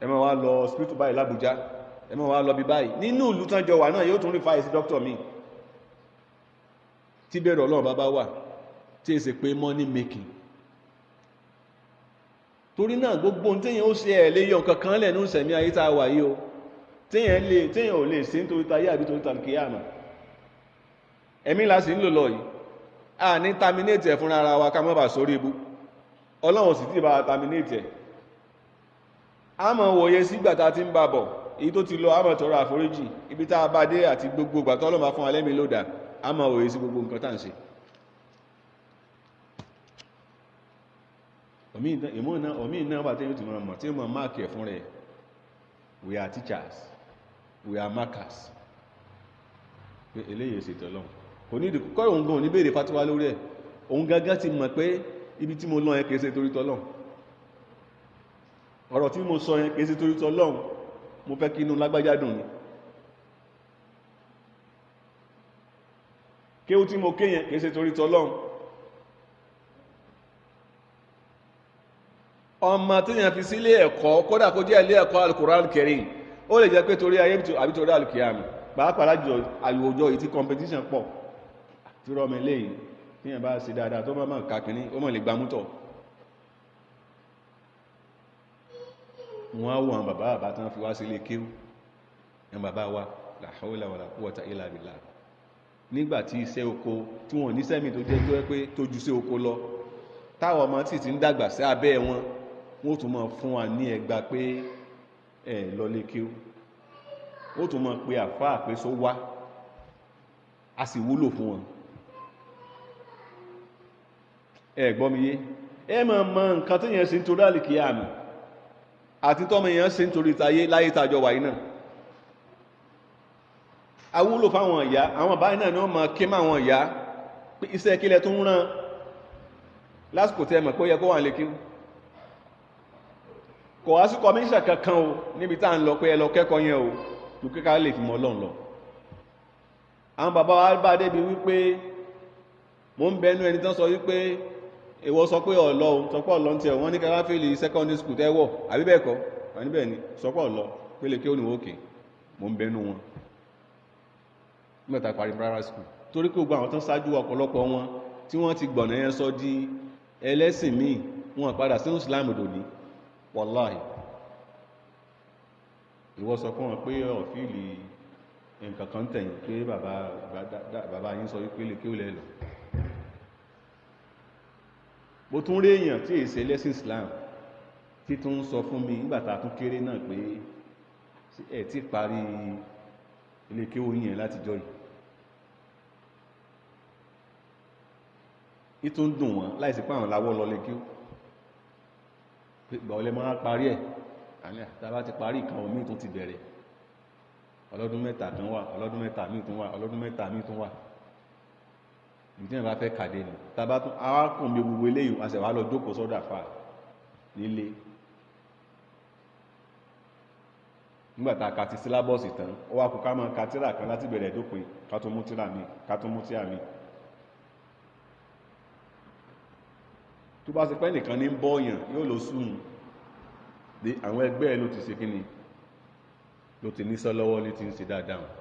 ẹ̀ máa wá lọ hospital báyìí l'Ábùjá ẹ wa wá lọ bí báyìí nínú ìlú tán jọ wà náà yóò tún rí fáyé sí dókítà mi tí bẹ̀rẹ̀ ọlọ́run bá bá wà tí èsì pé money making torí náà gbogbo ohun téèyàn ó ṣe ẹ̀ lè yọ nǹkan kan lẹ̀ ní ìsẹ̀mí ayé tá a wà yìí o téèyàn lè téèyàn ò lè sí nítorí tayé àbí torí tàbí àmà ẹ̀mí la sì ń lò lọ yìí a ní terminate ẹ̀ fúnra ara wa ká mọ́ bà sórí ibu ọlọ́run sì ti bá terminate ẹ̀ a mọ̀ wòye sígbà tá ti ń bà bọ̀ èyí tó ti lọ àmọ̀ tọrọ àforíjì ibi tá a bá dé àti gbogbo ìgbà tó ọlọ́mà fún alẹ́mi lòdà àmọ̀ òye sí gbogbo nǹkan tàà ń ṣe omi náà bá tẹ́yìn tí wọ́n mọ̀ tí wọ́n máàkì ẹ̀ fún rẹ̀ we are teachers we are markers pé eléyìí ò ṣètò ọlọ́run kò ní ìdìkú kọ́ òun gan ní béèrè fatiwa lórí ẹ̀ òun gángan ti mọ̀ pé ibi tí mo lọ yẹn kèése torí ọ̀rọ̀ tí mo sọ yẹn kèése torí mo fẹ́ kí inú lágbájá dùn ni kéwú tí mo kéyàn kìí ṣe torí tọ́lọ́run ọmọ tíyàn fi sílé ẹ̀kọ́ kódà kó jẹ́ ilé ẹ̀kọ́ alukoran kẹrin ó lè jẹ́ pé torí ayé àbí torí alukiyami pàápàá jọ àyòjọ ìtí competition pọ̀ tí rọmọ eléyìí tíyàn bá ṣe dáadáa tó mọ̀ mọ̀ kàkiri ó mọ̀ lè gbàmútọ̀ wọ́n wọ́n àwọn bàbá bàbá tán fi wá sí ilé kéwú ẹn bàbá wa la hawla wala quwwata illa billah nígbàtí iṣẹ́ oko tí wọ́n ní sẹ́mi tó jẹ́ tó pé tó ju sí oko lọ táwọn ọmọ sì ti ń dàgbà sí abẹ́ wọn wọ́n tún mọ̀ fún wa ní ẹgbà pé ẹ lọ lé kéwú ó tún mọ̀ pé àfáà pé wá a sì wúlò fún wọn ẹ gbọ́ mi yé ẹ mọ̀ mọ̀ nǹkan tó yẹn sí ń àlìkíyà mi àti tọ́mọ èèyàn ṣe nítorí ìtayé láyé tàjọ wà iná awúlò fáwọn ìyá àwọn báyìí náà ni wọ́n máa ké máwọn ìyá pé iṣẹ́ kílẹ̀ tó ń ràn lásìkò tẹ́ mọ̀ pé ó yẹ kó wà lè kí kò wá sí kọmíṣà kankan o níbi tá à ń lọ pé ẹ lọ kẹ́kọ̀ọ́ yẹn o ju kíkà lè fi mọ́ lọ́n lọ àwọn bàbá wa bá débi wípé mò ń bẹnu ẹni tán sọ wípé ìwọ sọ pé ọ̀lọ́ ohun sọpọ̀ ọ̀lọ́ ti ẹ̀wọ́n ní kẹfàfẹ́lì secondary school tẹ́wọ̀ àbíbẹ̀ẹ̀kọ́ àbíbẹ̀ẹ̀ ni sọpọ̀ ọ̀lọ́ pélé kí ó ní òkè mo ń bẹnu wọn nígbàtà parí primary school torí kò gba àwọn tán ṣáájú ọ̀pọ̀lọpọ̀ wọn tí wọ́n ti gbọ̀nà yẹn sọ di ẹlẹ́sìn míì wọn padà sínú Islam dòní wàláì ìwọ sọ fún wọn mo tún rí èèyàn tí èsì ẹlẹ́sìn Islam tí tún sọ fún mi nígbà tá a tún kéré náà pé ẹ ti parí ilé kéwò yẹn látijọ́ yìí ìtún dùn wọ́n láìsí pàwọn láwọ́ lọ lé kéwò gbà ọlẹ́ máa parí ẹ̀ àníà tàbá ti parí ìkàwọn míì tún ti bẹ̀rẹ̀ ọlọ́dún mẹ́ta kan wà ọlọ́dún mẹ́ta míì tún wà ọlọ́dún mẹ́ta míì tún wà ìdí náà bá fẹ́ kàdé ni tàbá tún awákùn mi gbogbo eléyìí a sì wá lọ jókòó sọ́dọ̀ àfà nílé nígbà tá a ka ti sílábọ̀sì tán ó wá kú ká máa ka tíra kan láti bẹ̀rẹ̀ dópin ká tó mú tíra mi ká tó mú tíra mi tó bá ṣe pé nìkan ní ń bọ́ọ̀yàn yóò lọ sùn àwọn ẹgbẹ́ ẹ ló ti ṣe kí ni ló ti ní sọ́lọ́wọ́ ló ti ń ṣe dáadáa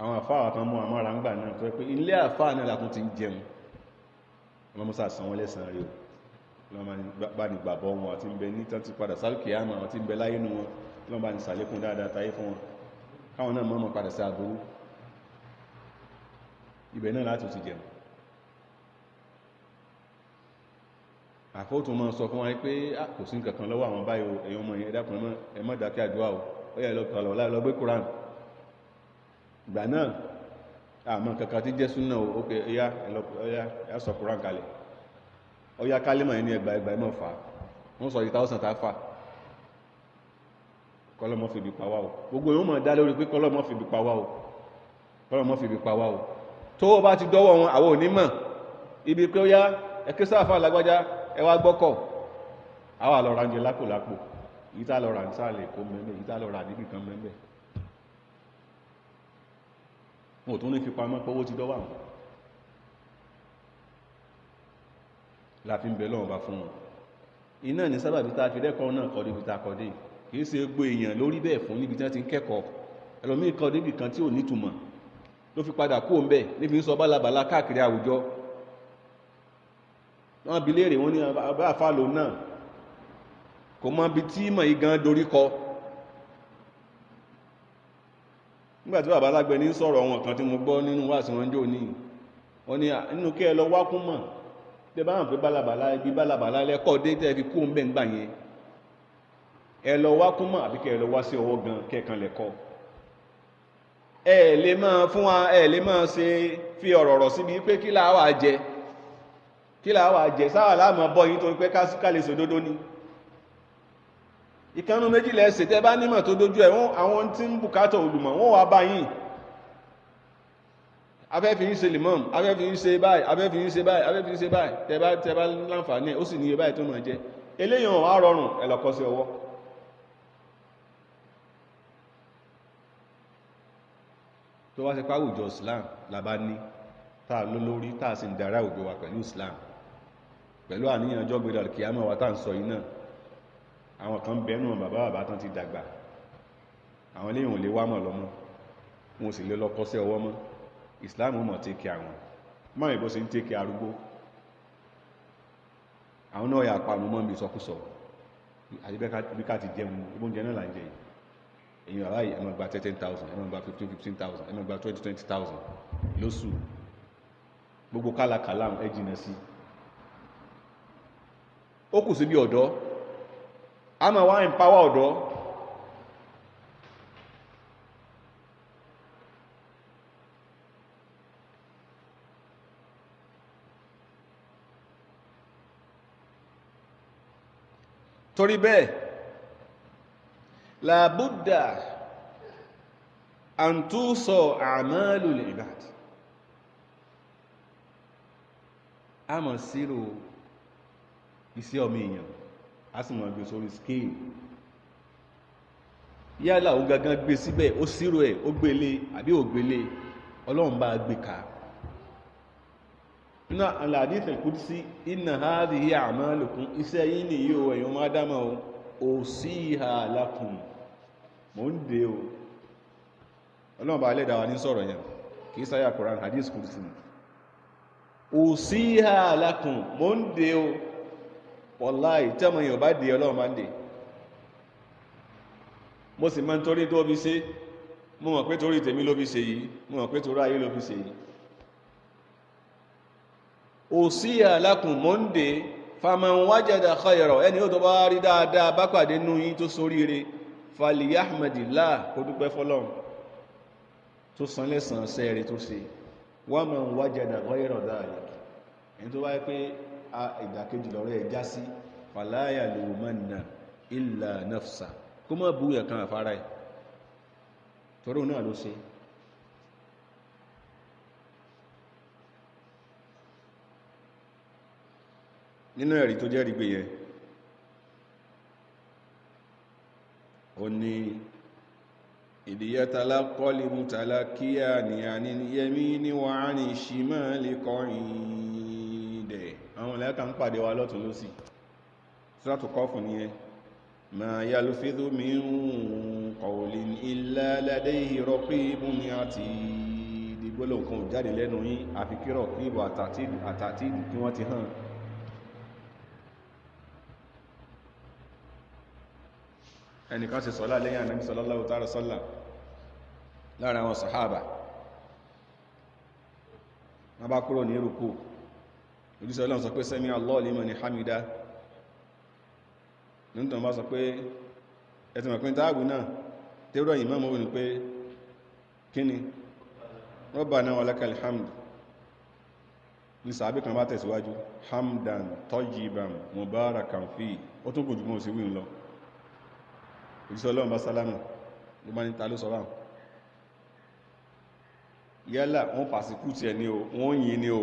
àwọn àfáà kan mọ́ àmọ́ra ń gbà náà tó pé ilé àfáà náà lákún ti ń jẹun ọmọ mọ́sá sanwó lẹ́sàn rí o bá ní gbàgbọ́ wọn àti ń bẹ ní tán ti padà sálùkì àmà àwọn tí ń bẹ láyé nu wọn tí wọ́n bá ní sàlékún dáadáa táyé fún wọn káwọn náà mọ́ padà sí aburú ibẹ̀ náà láti ti jẹun àfóòtún mọ́ sọ fún wa pé kò sí nǹkan kan lọ́wọ́ àwọn báyìí ẹ̀yọ́ ọmọ yẹn dákùnrin ẹ má o ó yẹ ìgbà náà àmọ́ kankan tí jẹ́ súnà ó pé ẹyá ẹyá sọ kúrán kalẹ̀ ọyá kálímọ̀ ní ẹgbà ẹgbà ẹmọ̀ fà wọ́n sọ ìta ọ̀sán tàfà kọlọmọ fìbí pàwá o gbogbo ìwọ́n mọ̀ dá lórí pé kọlọmọ fìbí pàwá o kọlọmọ fìbí pàwá o tó bá ti dọ́wọ́ wọn àwọn onímọ̀ ibi pé ó yá ẹkẹ́ sáfà lágbájá ẹwà gbọ́kọ̀ àwa lọ́ra ń jẹ lápò lápò ìta lọ́ra ń sàlẹ̀ kó mẹ́mẹ́ ìta lọ́ra níbì kan mẹ́mẹ́ wọn tó ní fi pamọ́ pọ́wọ́ ti dọ́wà mọ́ láàfin bẹ̀ lọ́wọ́ bá fún wọn iná ní sábàbí tá a fi rẹ́kọ̀ọ́ náà kọ́ débi tá a kọ́ dé kìí ṣe gbogbo èèyàn lórí bẹ́ẹ̀ fún níbi tí wọ́n ti ń kẹ́kọ̀ọ́ ẹlòmíì kọ́ débi kan tí ò nítumọ̀ ló fi padà kú òun bẹ́ẹ̀ níbi ń sọ bálabàla káàkiri àwùjọ wọ́n bi léèrè wọ́n ní abáfà lòun nígbàtí bàbá alágbẹ̀ ní sọ̀rọ̀ wọn kan tí mo gbọ́ nínú wà sí wọn jò ní wọn ni nínú kí ẹ lọ wákún mọ̀ tẹ bá hàn pé bálabàlá ibi bálabàlá lẹ́kọ̀ dé tẹ́ fi kú ń bẹ̀ ń gbà yẹn ẹ lọ wákún mọ̀ àbí kẹ́ ẹ lọ wá sí ọwọ́ gan kẹ́ẹ̀kan lẹ́kọ̀ ẹ lè máa fún wa ẹ lè máa ṣe fi ọ̀rọ̀ rọ̀ síbi pé kí làá wà jẹ kí làá wà jẹ sáwà láàmú bọ́ yín torí pé ká lè sòdodo ni ìkanu méjì lẹ́sẹ̀ tẹ́ bá nímọ̀ tó dójú ẹ̀ wọ́n àwọn tí ń bùkátà olùmọ̀ wọ́n wà báyìí afẹ́fì ń ṣe limam afẹ́fì ń ṣe báyìí afẹ́fì ń ṣe báyìí afẹ́fì ń ṣe báyìí tẹ́bá tẹ́bá láǹfààní ó sì níye báyìí tó mọ̀ jẹ́ eléyàn wà rọrùn ẹ̀lọ́kọ́ sí ọwọ́ tó wá sí páwùjọ Islam labá ní tá ló lórí tá sì ń dará òjò wa pẹ̀lú Islam pẹ̀lú àníyànjọ́ gbẹ̀dọ̀ kìí àwọn kan bẹnu bàbá bàbá tán ti dàgbà àwọn ilé ìwọ̀n lè wá mọ̀ lọ́mọ́ wọn ò sì lè lọ kọ́sẹ́ ọwọ́ mọ́ Islam mọ̀ tí kí àwọn mọ́ ìbò sí ń tí kí arúgbó àwọn náà yà pàánù mọ́ mi sọkúsọ àti bí ká ti jẹun oúnjẹ náà là ń jẹ yìí èyàn aláyìí ẹ máa gba ten ten thousand ẹ máa gba fifteen fifteen thousand ẹ máa gba twenty twenty thousand lóṣù gbogbo kálàkálà ẹ jìnà sí ó kù sí bí ọ̀dọ́ a ma wá empower ọ̀dọ́ torí bẹ́ẹ̀ làbúdà àntúsọ àmàlù l'ibad a mọ̀ sírò iṣẹ́ ọmọ èèyàn a sì mọ̀ gbé sórí scale yálà ó gangan gbé síbẹ̀ ó sírò ẹ̀ ó gbélé àbí ó gbélé ọlọ́run bá gbé ka nínú àlàdíìsì kúdísí inna hadhihi a'malukum iṣẹ́ yìí nìyí o ẹ̀yin ọmọ o ò sí ìhà o ọlọ́run bá wa ní sọ̀rọ̀ yẹn kì í sáyà ò sí o wọ́láì tẹ́mọ̀ èèyàn bá dé ọlọ́run máa ń dé mo sì máa ń torí tó bí ṣe mo mọ̀ pé torí tèmi ló bí ṣe yìí mo mọ̀ pé torí ayé ló bí ṣe yìí ò sí àlákùn mọ́ndé faman wájàdà khayra ẹni ó tó bá rí dáadáa bá pàdé nú yín tó soríire fàlìyà ahmadillah kó dúpẹ́ fọlọ́run tó san sẹ́ẹ̀rẹ̀ tó ṣe waman wájàdà khayra dáadáa ẹni tó bá pé ìdàkejì lọ́rọ̀ ẹ̀ já sí fàláyà ló mọ́nà ìlà nafsa kó mọ́ bú ẹ̀kan àfárá ẹ̀ tọ́rọ náà ló ṣe nínú ẹ̀rí tó jẹ́rí gbé yẹn ó ní ìdíyẹ́tàlá kọ́lì mútàlá kíyà ní àníyẹmí níwàá ní ṣìmọ́ lè kọrin àwọn màláíkà ń pàdé wa lọ́tún lọ́sì sọ́tù kọ́fù ni ẹ ma yalfidhu min qawlin illa ladayhi raqibun atid gbọ́lọ̀ nǹkan jáde lẹ́nu yín àfi kí rọ̀kíbù àtàtì kí ẹnìkan ṣe sọ́lá lẹ́yìn Ànábì sallallahu ta'ala sọ́lá láàrin àwọn sàhábà wọ́n bá kúrò ní ìrùkú ojúṣe ọlọ́run sọ pé sẹ́mi Allahu liman hamida nítorí bá sọ pé ẹ̀tùn ọ̀pin táàbù náà tẹ́rọ yìí mọ́ mọ́ pé kí ni Rabbana wa lakal hamd ní sàábì kan bá tẹ̀síwájú hamdan tayyiban mubarakan fi ó tún gùn jù yálà wọ́n fàsíkú tiẹ̀ ni o wọ́n yìn ni o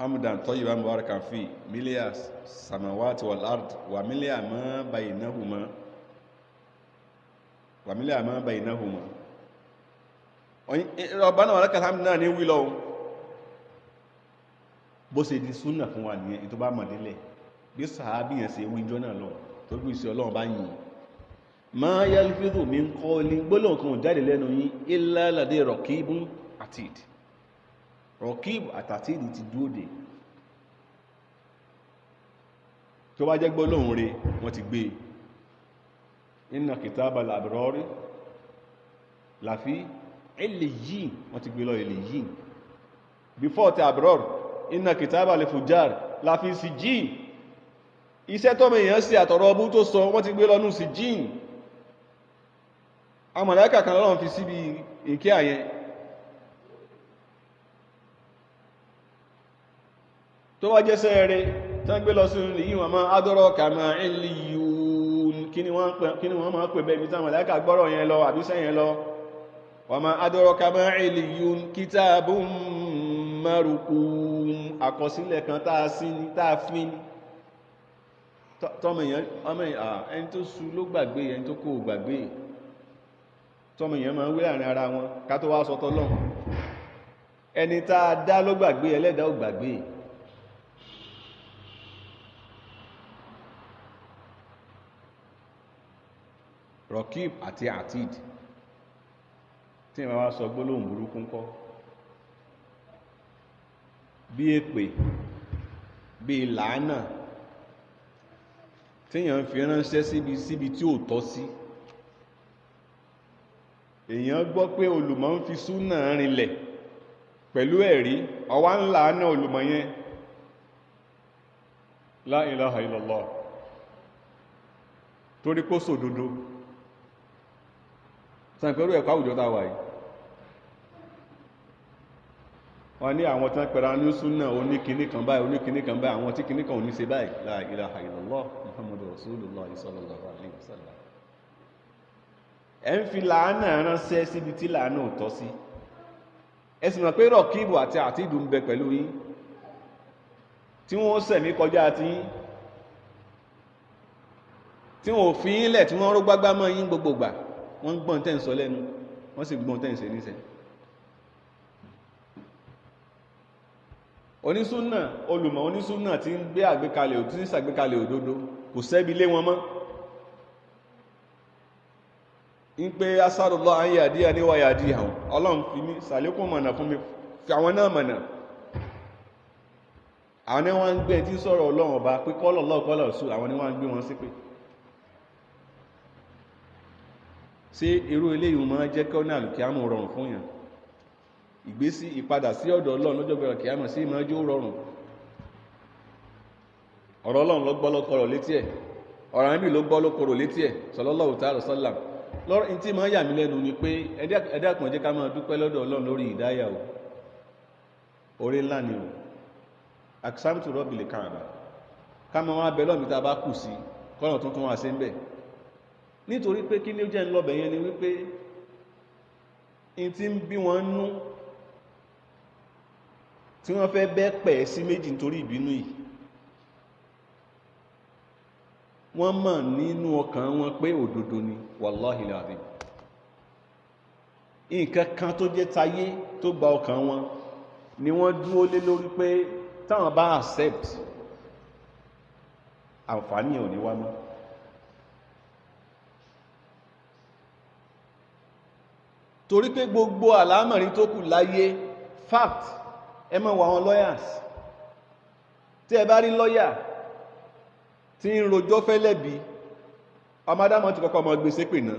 hamdan tayyiban mubarakan fi mílíà samawati wal ard wa mílíà ma bainahuma wà mílíà ma bainahuma eh, eh, rabbana wa lakal hamd náà ní wílọ ohun bó ṣe di súnà fún wa nìyẹn tó bá mọ̀ délẹ̀ bí sàábì yẹn ṣe wíjọ náà lọ tó gbé ìṣẹ́ ọlọ́run bá yìn ma yalfidhu min qawlin gbólóhùn kan jáde lẹ́nu yín illa ladayhi raqibun atid rọ̀kíb àtàtíìdì ti dúó dè tó bá jẹ́ gbólóhùn rẹ̀ wọ́n ti gbé e. inna kìtàbà làbírọ́rí làfí ilẹ̀ yìí wọ́n ti gbé e lọ ilẹ̀ yìí before ti àbírọ́rí inna kìtàbà lè fùjáàrì làfí sí jíì iṣẹ́ tọ́mọ èèyàn sí àtọ̀rọ̀ ọbú tó sọ wọ́n ti gbé lọ́nù sí jíì amọ̀láìkà kan lọ́rọ̀ fi síbi ìkẹ́ àyẹn tó wá jẹ́sẹ̀ rẹ̀ tán gbé lọ sínú lè yíwọ̀n máa adọ́rọ̀ kí ni wọ́n máa pè bẹ́ẹ̀ bí gbọ́rọ̀ yẹn lọ àbí yẹn lọ wọ́n máa adọ́rọ̀ kàmà ìlìyún àkọsílẹ̀ kan tá a sí ní tá a tó ló gbàgbé tó kó gbàgbé máa ń wọn ká tó wá sọ ẹni tá a dá gbàgbé ẹlẹ́dàá ò Rakib àti Atid tí ìmọ̀ wá sọ gbólóhùn burúkú ńkọ́ bí èpè bí làánà téèyàn fi ránṣẹ́ síbi síbi tí ò tọ́ sí èèyàn gbọ́ pé olùmọ̀ ń fi súnà rinlẹ̀ pẹ̀lú ẹ̀rí ọwá ń làánà olùmọ̀ yẹn la ilaha torí kó sòdodo so sàpẹ̀rú ẹ̀kọ́ àwùjọ tá a wà yìí wọ́n ní àwọn tán pẹ̀lú ní súnà oníkíní kan báyìí oníkíní kan báyìí àwọn tí kíní kan ò ní ṣe báyìí la ilaha illallah muhammadu rasulullah sallallahu alaihi wasallam ẹ̀ ń fi làánà ránṣẹ́ síbi tí làánà ò tọ́ sí ẹ sì mọ̀ pé rọ̀kíìbù àti àtìdù ń bẹ pẹ̀lú yín tí wọ́n sẹ̀mí kọjá tí yín tí wọ́n ò fi yín lẹ̀ tí wọ́n ró gbágbá mọ́ yín gbogbo wọ́n gbọ́n tẹ́ ń sọ lẹ́nu wọ́n sì gbọ́n tẹ́ ń ṣe níṣẹ́ onísúnà olùmọ̀ onísúnà tí ń gbé àgbékalẹ̀ òtún ní sàgbékalẹ̀ òdodo kò sẹ́bi lé wọn mọ́ ń pé asáròlọ́ ayé àdíyà níwá yàdí àwọn ọlọ́run fi ní sàlékún mọ̀nà fún mi fi àwọn náà mọ̀nà àwọn ni wọ́n ń gbé tí sọ̀rọ̀ ọlọ́run ọba pé kọ́lọ̀ lọ́kọ́lọ̀ sùn àwọn ni wọ́n ń gbé wọn sí pé ṣé irú eléyìí máa jẹ́ kí ọ̀nà àlùkìyàmù rọrùn fún yàn ìgbésí ìpadà sí ọ̀dọ̀ ọlọ́run lọ́jọ́ gbẹ̀rọ̀ kìyàmù sí máa jẹ́ ó rọrùn ọ̀rọ̀ ọlọ́run ló gbọ́ ló kọ̀rọ̀ létí ẹ̀ ọ̀rọ̀ àmì ló gbọ́ ló kọ̀rọ̀ létí ẹ̀ sallallahu ta'ala sallam lọ́rọ̀ tí máa yà mí lẹ́nu ni pé ẹ̀dẹ́kùn jẹ́ ká máa dúpẹ́ lọ́dọ̀ ọlọ́run lórí ìdáyà o orí ńlá ni o aksamtu rọ́bìlì kàràbà ká máa wá bẹ lọ́mìta bá kù sí kọ́nà tuntun wà sí ń bẹ́ẹ̀ nítorí pé kí ní ó jẹ́ ńlọ́bẹ̀ yẹn ni wípé in ti ń bí wọn nú tí wọ́n fẹ́ bẹ́ pẹ̀ sí méjì nítorí ìbínú yìí wọ́n mọ̀ nínú ọkàn wọn pé òdodo ni wàláhì láàbí nǹkan kan tó jẹ́ tayé tó gba ọkàn wọn ni wọ́n dúró lé lórí pé táwọn bá accept àǹfààní ò ní wá mọ́ torí pé gbogbo àlámọ̀rin tó kù láyé fact ẹ mọ̀ wà àwọn lawyers tí ẹ bá rí lọ́yà tí ń rojọ́ fẹ́lẹ́bí ọmọdámọ̀ ti kọ́kọ́ mọ̀ gbèsè pè náà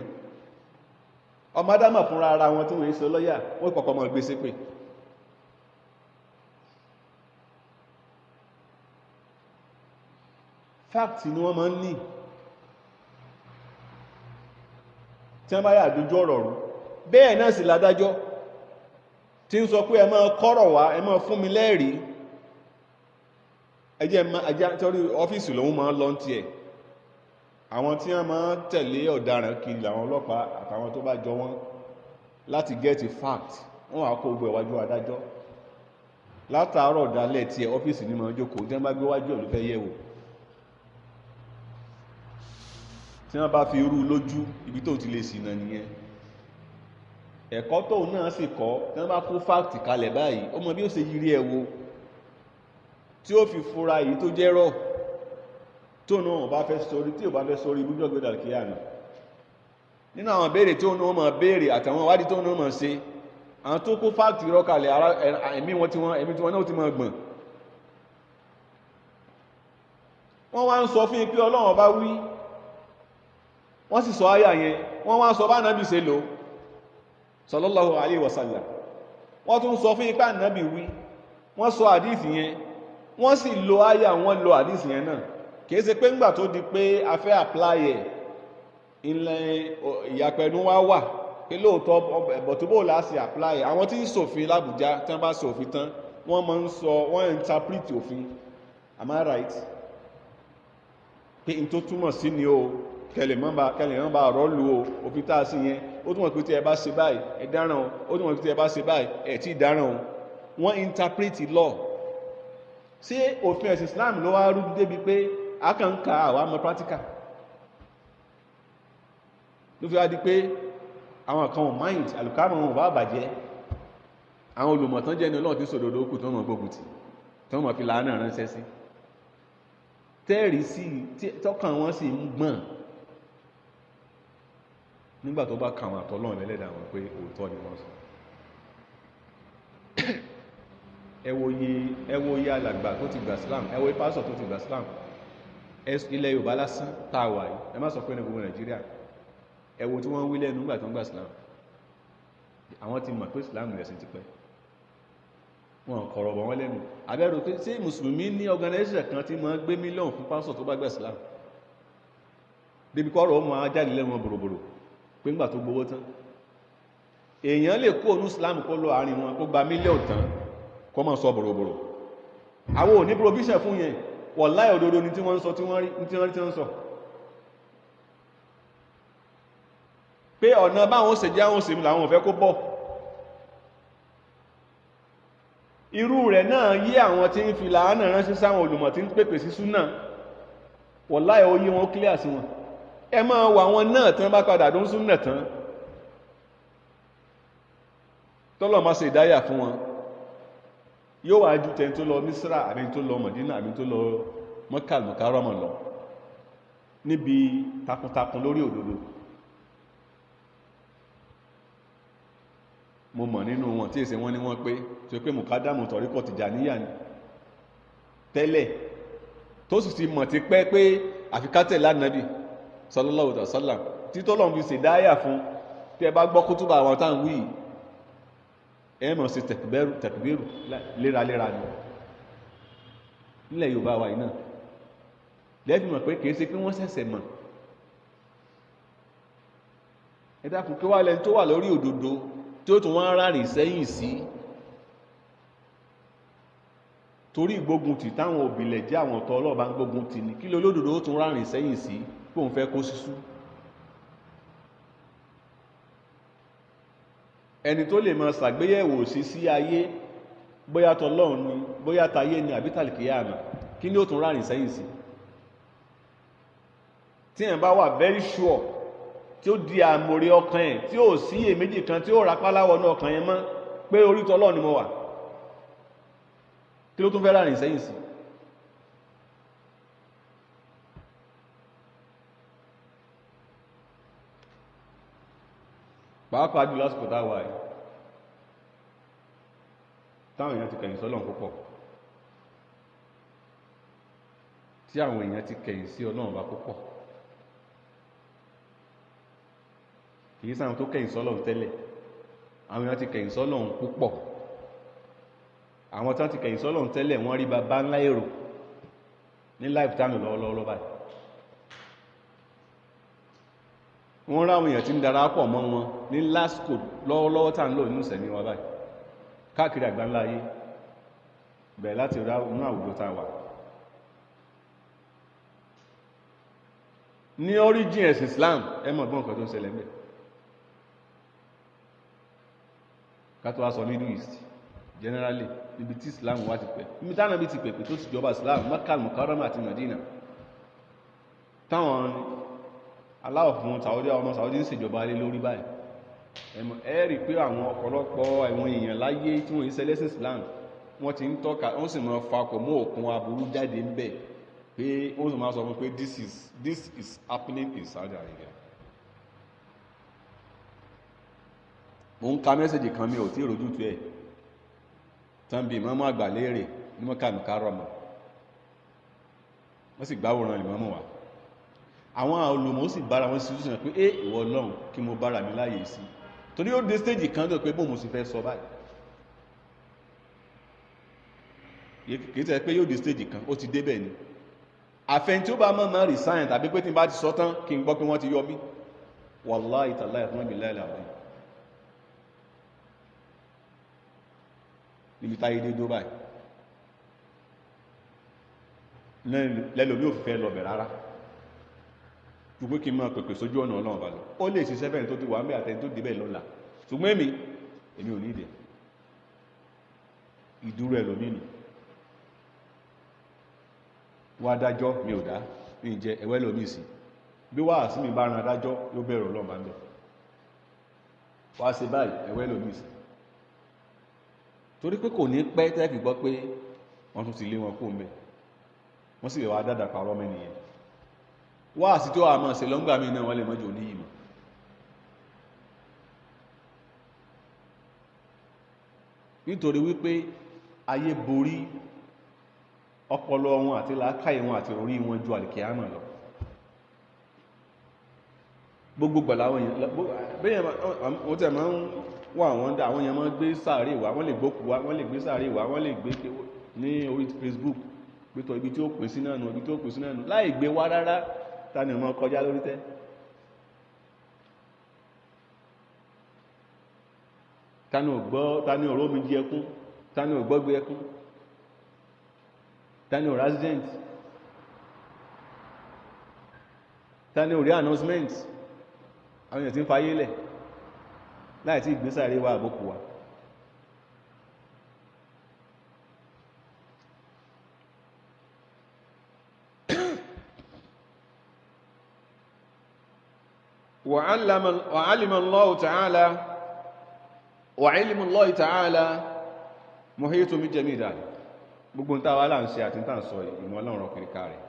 ọmọdámọ̀ fúnra ara wọn tí wọ́n ń sọ lọ́yà wọ́n kọ́kọ́ mọ̀ gbèsè pè fact ni wọ́n máa ń ní tí wọ́n bá yà dojú ọ̀rọ̀ rú bẹ́ẹ̀ náà sì ládájọ́ tí ń sọ pé ẹ máa kọ́rọ̀ wá ẹ máa fún mi lẹ́rìí ẹjẹ́ ẹjẹ́ torí ọ́fíìsì lòun máa ń lọ tiẹ̀ àwọn tí wọ́n máa ń tẹ̀lé ọ̀daràn kiri làwọn ọlọ́pàá àtàwọn tó bá jọ wọ́n láti get fact wọ́n wá kó gbogbo ẹ̀wájú adájọ́ látàárọ̀ dalẹ̀ tiẹ̀ ọ́fíìsì ni máa jókòó tí wọ́n bá gbé wájú ẹ̀ fẹ́ yẹ̀ wò tí wọ́n bá fi irú lójú ibi tó ti lè ṣìnà nìyẹn ẹ̀kọ́ tóun náà sì kọ́ tí wọ́n bá kó fáàkì kalẹ̀ báyìí ó mọ bí ó ṣe yiri ẹ̀ wo tí ó fi fura èyí tó jẹ́ rọ̀ tóun náà bá fẹ́ sórí tí ò bá fẹ́ sórí ibùdó gbẹdọ̀ kíá mi nínú àwọn béèrè tóun náà mọ̀ béèrè àtàwọn ìwádìí tóun náà mọ̀ ṣe àwọn tó kó fáàkì rọ̀ kalẹ̀ ara ẹ̀mí wọn tí wọn ẹ̀mí tí wọn náà ti mọ̀ gbọ̀n wọ́n wá ń sọ fún yín pé Ọlọ́run bá wí wọ́n sì sọ ayà yẹn wọ́n wá ń sọ bá nàbì ṣe lò sallallahu alayhi wa sallam wọ́n tún sọ fún ipá nàbì wí wọ́n sọ àdìsí yẹn wọ́n sì lo àyà wọ́n lo àdìsí yẹn náà kìí ṣe pé ńgbà tó di pé a fẹ́ apply ẹ̀ ilẹ̀ ìyàpẹ̀nu wa wà pé lóòótọ́ ẹ̀bọ̀túbò láti apply ẹ̀ àwọn tí ń ṣòfin l'Àbújá tí wọ́n bá ṣòfin tán wọ́n máa ń sọ wọ́n interpret òfin am I right pé n tó túmọ̀ sí ni o kẹlẹ̀mọ́ bá rọ́ lu o òfin tá a sí yẹn ó tún wọ́n pé tí ẹ bá ṣe báyìí ẹ dáràn o ó tún wọ́n pé tí ẹ bá ṣe báyìí ẹ tí ì dáràn o wọ́n interpret law ṣé òfin ẹ̀sìn Islam ló wá rújú débi pé a kàn ń ka àwa mọ practical ló fi wá di pé àwọn kan ò mind àlùkámọ̀ wọn ò bá bàjẹ́ àwọn olùmọ̀tán jẹ́ ní ọlọ́run tí sòdòdó kù tó mọ̀ gbógun tì tó mọ̀ fi làánà ránṣẹ́ sí tẹ́ẹ̀rí sí tọ́kàn wọn sì ń gbọ̀n nígbà tó bá kàwọn àtọ́lọ́run lẹ́lẹ́dà wọn pé òótọ́ ni wọ́n sọ (coughs) ẹ wo iye alàgbà tó ti gbà Islam ẹ wo iye pásọ̀ tó ti gbà Islam ilẹ̀ Yorùbá lásán tààwà yìí ẹ má sọ pé ní gbogbo Nàìjíríà ẹ wo tí wọ́n wí lẹ́nu nígbà tó ń gbà Islam àwọn ti mọ̀ pé Islam ẹ̀sìn ti pẹ́ wọn kọ̀rọ̀ bọ̀ wọ́n lẹ́nu abẹ́rù pé tí mùsùlùmí ní organization kan tí máa gbé mílíọ̀nù fún pásọ̀ tó bá gbà Islam débi kọ́rọ̀ ó máa jáde lẹ́nu bòròbòrò pé ńgbà tó gbowó tán èèyàn lè kó onú islam kó lọ àárín wọn kó gba mílíọ̀n tán kó mọ̀ sọ bòròbòrò àwọn ò ní provision fún yẹn wọ̀láì òdodo ni tí wọ́n ń sọ tí wọ́n rí tí wọ́n rí tí wọ́n ń sọ pé ọ̀nà báwọn ṣe jẹ́ àwọn òṣèlú làwọn ò fẹ́ kó bọ̀ irú rẹ̀ náà yí àwọn tí ń fi làánà ránṣẹ́ sáwọn olùmọ̀ tí ń pèpè sí súnà wọ̀láì ó yí wọn clear sí wọn ẹ máa wà wọn náà tán bá padà tó ń sún náà tán tọ́lọ̀ máa ṣe ìdáyà fún wọn yóò wá ju tẹni tó lọ Mísírà àbí tó lọ Mọ̀dínà àbí tó lọ Mọ́kàl Mùkárọ́mọ̀ lọ níbi takuntakun lórí òdodo mo mọ̀ nínú wọn tí èsè wọn ni wọ́n pé tí ó pé mùkádàmù tọ̀ríkọ̀ Tìjàníyà ni tẹ́lẹ̀ tó sì ti mọ̀ ti pẹ́ pé àfikátẹ̀ lánàbì sallallahu alaihi wasallam títọ́ lọ́n fi ṣèdáyà fún tí ẹ bá gbọ́ kútúbà àwọn táwọn wí ẹ mọ̀ sí tẹ̀kùbẹ́rù tẹ̀kùbẹ́rù léraléra ni nílẹ̀ Yorùbá wa yìí náà lẹ́bi mọ̀ pé kìí ṣe pé wọ́n ṣẹ̀ṣẹ̀ mọ̀ ẹ dákun kí wá lẹni tó wà lórí òdodo tí ó tún wá rárìn sẹ́yìn sí torí ìgbógun tì táwọn òbílẹ̀ jẹ́ àwọn ọ̀tọ̀ ọlọ́ọ̀bá ń gbógun tì ní kí lolódodo ó tún rárìn sẹ́yìn sí. Si pòun fẹ́ kó sísú ẹni tó lè máa ṣàgbéyẹ̀wò sí sí ayé bóyá tọlọ́run ni bóyá tayé ni àbí tàlìkìyàmì kí ni ó tún rárìn sẹ́yìn sí tí ẹ̀ bá wà very sure tí ó di àmòrí ọkàn ẹ̀ tí ó sí èméjì kan tí ó rapáláwọ̀ ní ọkàn yẹn mọ́ pé orí tọlọ́run ni mo wà kí ló tún fẹ́ rárìn sẹ́yìn sí i pàápàá jù lásìkò táwà ẹ̀ táwọn èèyàn ti kẹ̀yìn sọ́lọ́run púpọ̀ tí àwọn èèyàn ti kẹ̀yìn sí ọlọ́run bá púpọ̀ kìí sáwọn tó kẹ̀yìn sọ́lọ́run tẹ́lẹ̀ àwọn èèyàn ti kẹ̀yìn sọ́lọ́run púpọ̀ àwọn tán ti kẹ̀yìn sọ́lọ́run tẹ́lẹ̀ wọ́n rí baba ńlá èrò ní láìpítàmì lọ́wọ́lọ́wọ́ báyìí wọ́n ráwọn èèyàn tí ń darapọ̀ mọ́ wọn ní lásìkò lọ́wọ́lọ́wọ́ tá ń lò nínú ìsẹ̀mí wa báyìí káàkiri àgbáńlá ayé bẹ̀rẹ̀ láti ra inú àwùjọ tá wà ní origin ẹ̀sìn Islam ẹ mọ̀ gbọ́n kan tó ń ṣẹlẹ̀ mẹ́ kátó wá middle east generally ibi tí Islam wá ti pẹ́ ibi táwọn ibi ti pẹ̀pẹ̀ tó ti jọba Islam Makkah Mukarram àti Madina táwọn aláwọ̀ fún Saudi ọmọ Saudi ń ṣèjọba alé lórí báyìí ẹ rí pé àwọn ọ̀pọ̀lọpọ̀ àwọn èèyàn láyé tí wọ́n ṣe lẹ́sìn Islam wọ́n ti ń tọ́ka wọ́n sì máa fakọ̀ mọ́ òkun aburú jáde ń bẹ̀ pé wọ́n sì máa sọ fún pé this is this is happening in Saudi Arabia mo ń ka mẹ́sẹ̀jì kan mi ò tí ìrojú tu ẹ̀ tán bí ìmọ̀mọ́ àgbà léèrè ní mọ́kànlá karọ́mà wọ́n sì gbáwòrán ìmọ̀mọ́ wa àwọn olùmọ̀ ó sì bára wọn sí ìṣúná pé é ìwọ ọlọ́run kí mo bára mi láàyè sí torí ó dé stage kan tó pé bóun mo sì fẹ́ sọ báyìí kìí tẹ́ pé yóò di stage kan ó ti débẹ̀ ni àfẹn tí ó bá mọ̀ mọ́ resign tàbí pé tí n bá ti sọ tán kí n gbọ́ pé wọ́n ti yọ mí wàláì tàlá ẹ̀fọn mi láìlà wọ́n níbi táyé dé dó báyìí ò fẹ́ lọ bẹ̀ rárá ju pé kí n máa pèpè sójú ọ̀nà ọlọ́run bá lọ ó lè ṣiṣẹ́ bẹ́ẹ̀ tó ti wà ń bẹ́ àtẹni tó débẹ̀ lọ́la ṣùgbọ́n èmi èmi ò ní ìdẹ̀ ìdúró ẹ̀ lómi nù wá dájọ́ mi ò dá mi ń jẹ ẹ̀wẹ́ lómi sí bí wàá sí mi bá ran adájọ́ yóò bẹ̀rù ọlọ́run bá ń bẹ̀ wá ṣe báyìí ẹ̀wẹ́ lómi sí torí pé kò ní pẹ́ tẹ́ fi gbọ́ pé wọ́n tún ti lé wọn kó ń wọ́n sì lè wá dádà parọ́ mẹ́nìyàn wá sí tó àmọ́ ṣe lọ́ngbà mí náà wọ́n lè mọ́jọ ní ìmọ̀ nítorí wípé ayé borí ọpọlọ wọn àti làákàyè wọn àti orí wọn ju àlìkìyàmọ̀ lọ gbogbo gbàlá àwọn èèyàn bẹ́yẹn wọ́n tẹ̀ máa ń wà wọ́n dá àwọn èèyàn máa ń gbé sàárè wá wọ́n lè gbókù wá wọ́n lè gbé sàárè wá wọ́n lè gbé ní orí Facebook pẹ̀tọ̀ ibi tí ó pín sí náà nù ibi tí ó pín sí náà nù láì gbé wá rárá tani ọmọ kọjá lórí tẹ́ tani ògbọ́ tani ọ̀rọ̀ omi jí ẹkún tani ògbọ́gbé ẹkún tani ọ̀rọ̀ accident tani ọ̀rẹ́ announcement àwọn èèyàn ti ń fayé lẹ̀ láì tí ìgbésàrí wa àbókù wa وعلم الله تعالى وعلم الله تعالى محيط بجميع ذلك gbogbo ń tàwà láàrín ṣe àti ń tàn sọ ìmọ̀ ọlọ́run ọkùnrinká rẹ̀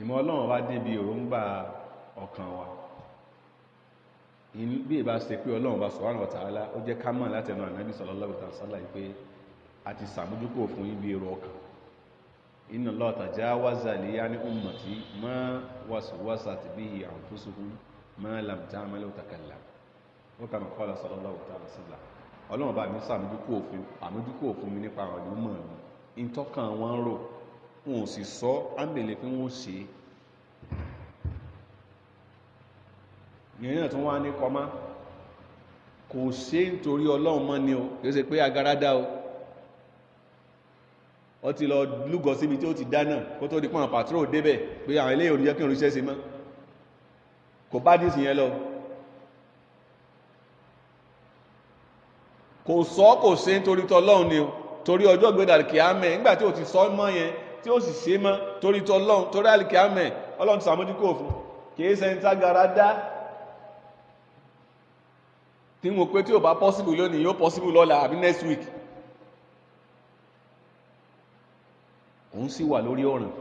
ìmọ̀ ọlọ́run wá débi òrùngbà ọkàn wa bí ìbá ṣe pé ọlọ́run bá sọ̀rọ̀ àwọn tààlà ó jẹ́ ká mọ̀ látẹnu ànábì sallallahu sàmójúkò fún ibi èrò ọkàn inna Allah tajawaza li yani ummati ma waswasat bihi anfusuhum ma lam ta'mal wa takallam wọ́n kà mọ̀ kọ́lá sallallahu ta'ala sallam ọlọ́run bá mi sàmójúkú òfin àmójúkú òfin mi nípa àwọn ìlú mọ̀ mi ìtọ́kàn wọn rò wọn ò sì sọ ámbèlè pé wọn ò ṣe é ìrìn náà tó wá ní kọ́má kò ṣe é nítorí ọlọ́run ni o kì í ṣe pé o ó ti lọ lúgọ síbi tí ó ti dáná kó tó di pọ́n pàtró débẹ̀ pé àwọn ilé ìròyìn kí òrìṣẹ́ sí mọ́ kò bá dìsì yẹn lọ kò sọ kò ṣe nítorí tọlọ́run ni o torí ọjọ́ gbé dàríkì àmẹ́ nígbà tí ó ti sọ mọ́ yẹn tí ó sì ṣe mọ́ torí tọlọ́run torí àlìkì àmẹ́ ọlọ́run ti sàmójúkò fún kìí sẹ́ńtà gàràdá tí mo pé tí ò bá possible lónìí yóò possible lọ́la àbí next week òun sì wà lórí ọ̀ràn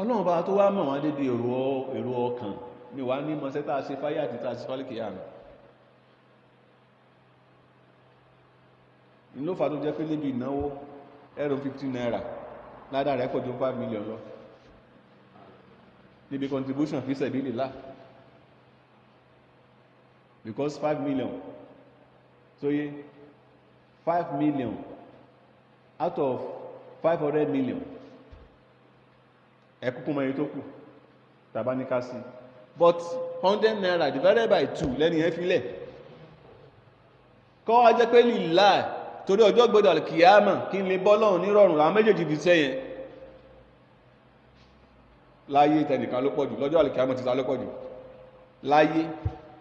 ọlọ́run bá tó wá mọ̀ wọ́n dédé èrò ọkàn ni wà ní mọ́sẹ́ tàà sí fáyé àti tàà sí fálìkì àmì ìlófà tó jẹ́ pé lébi ìnáwó ẹ̀rùn 15 naira ládà rẹ̀ pọ̀ ju 5 million lọ níbi contribution fi sẹ̀bí lè lá because 5 million So, yé 5 million out of 500 million ẹkùnkùn mẹ́rin tó kù tàbá ní ká sí but 100 naira divided by 2 lẹ́ni ẹ filẹ̀ kọ́ wá jẹ́ pé lílá torí ọjọ́ gbọ́dọ̀ kìíyàmọ̀ kí n lè bọ́ lọ́rùn nírọ̀rùn àwọn méjèèjì fi sẹ́yẹn láyé tẹnìkan ló pọ̀jù lọ́jọ́ àlùkìíyàmọ̀ ti ta ló pọ̀jù láyé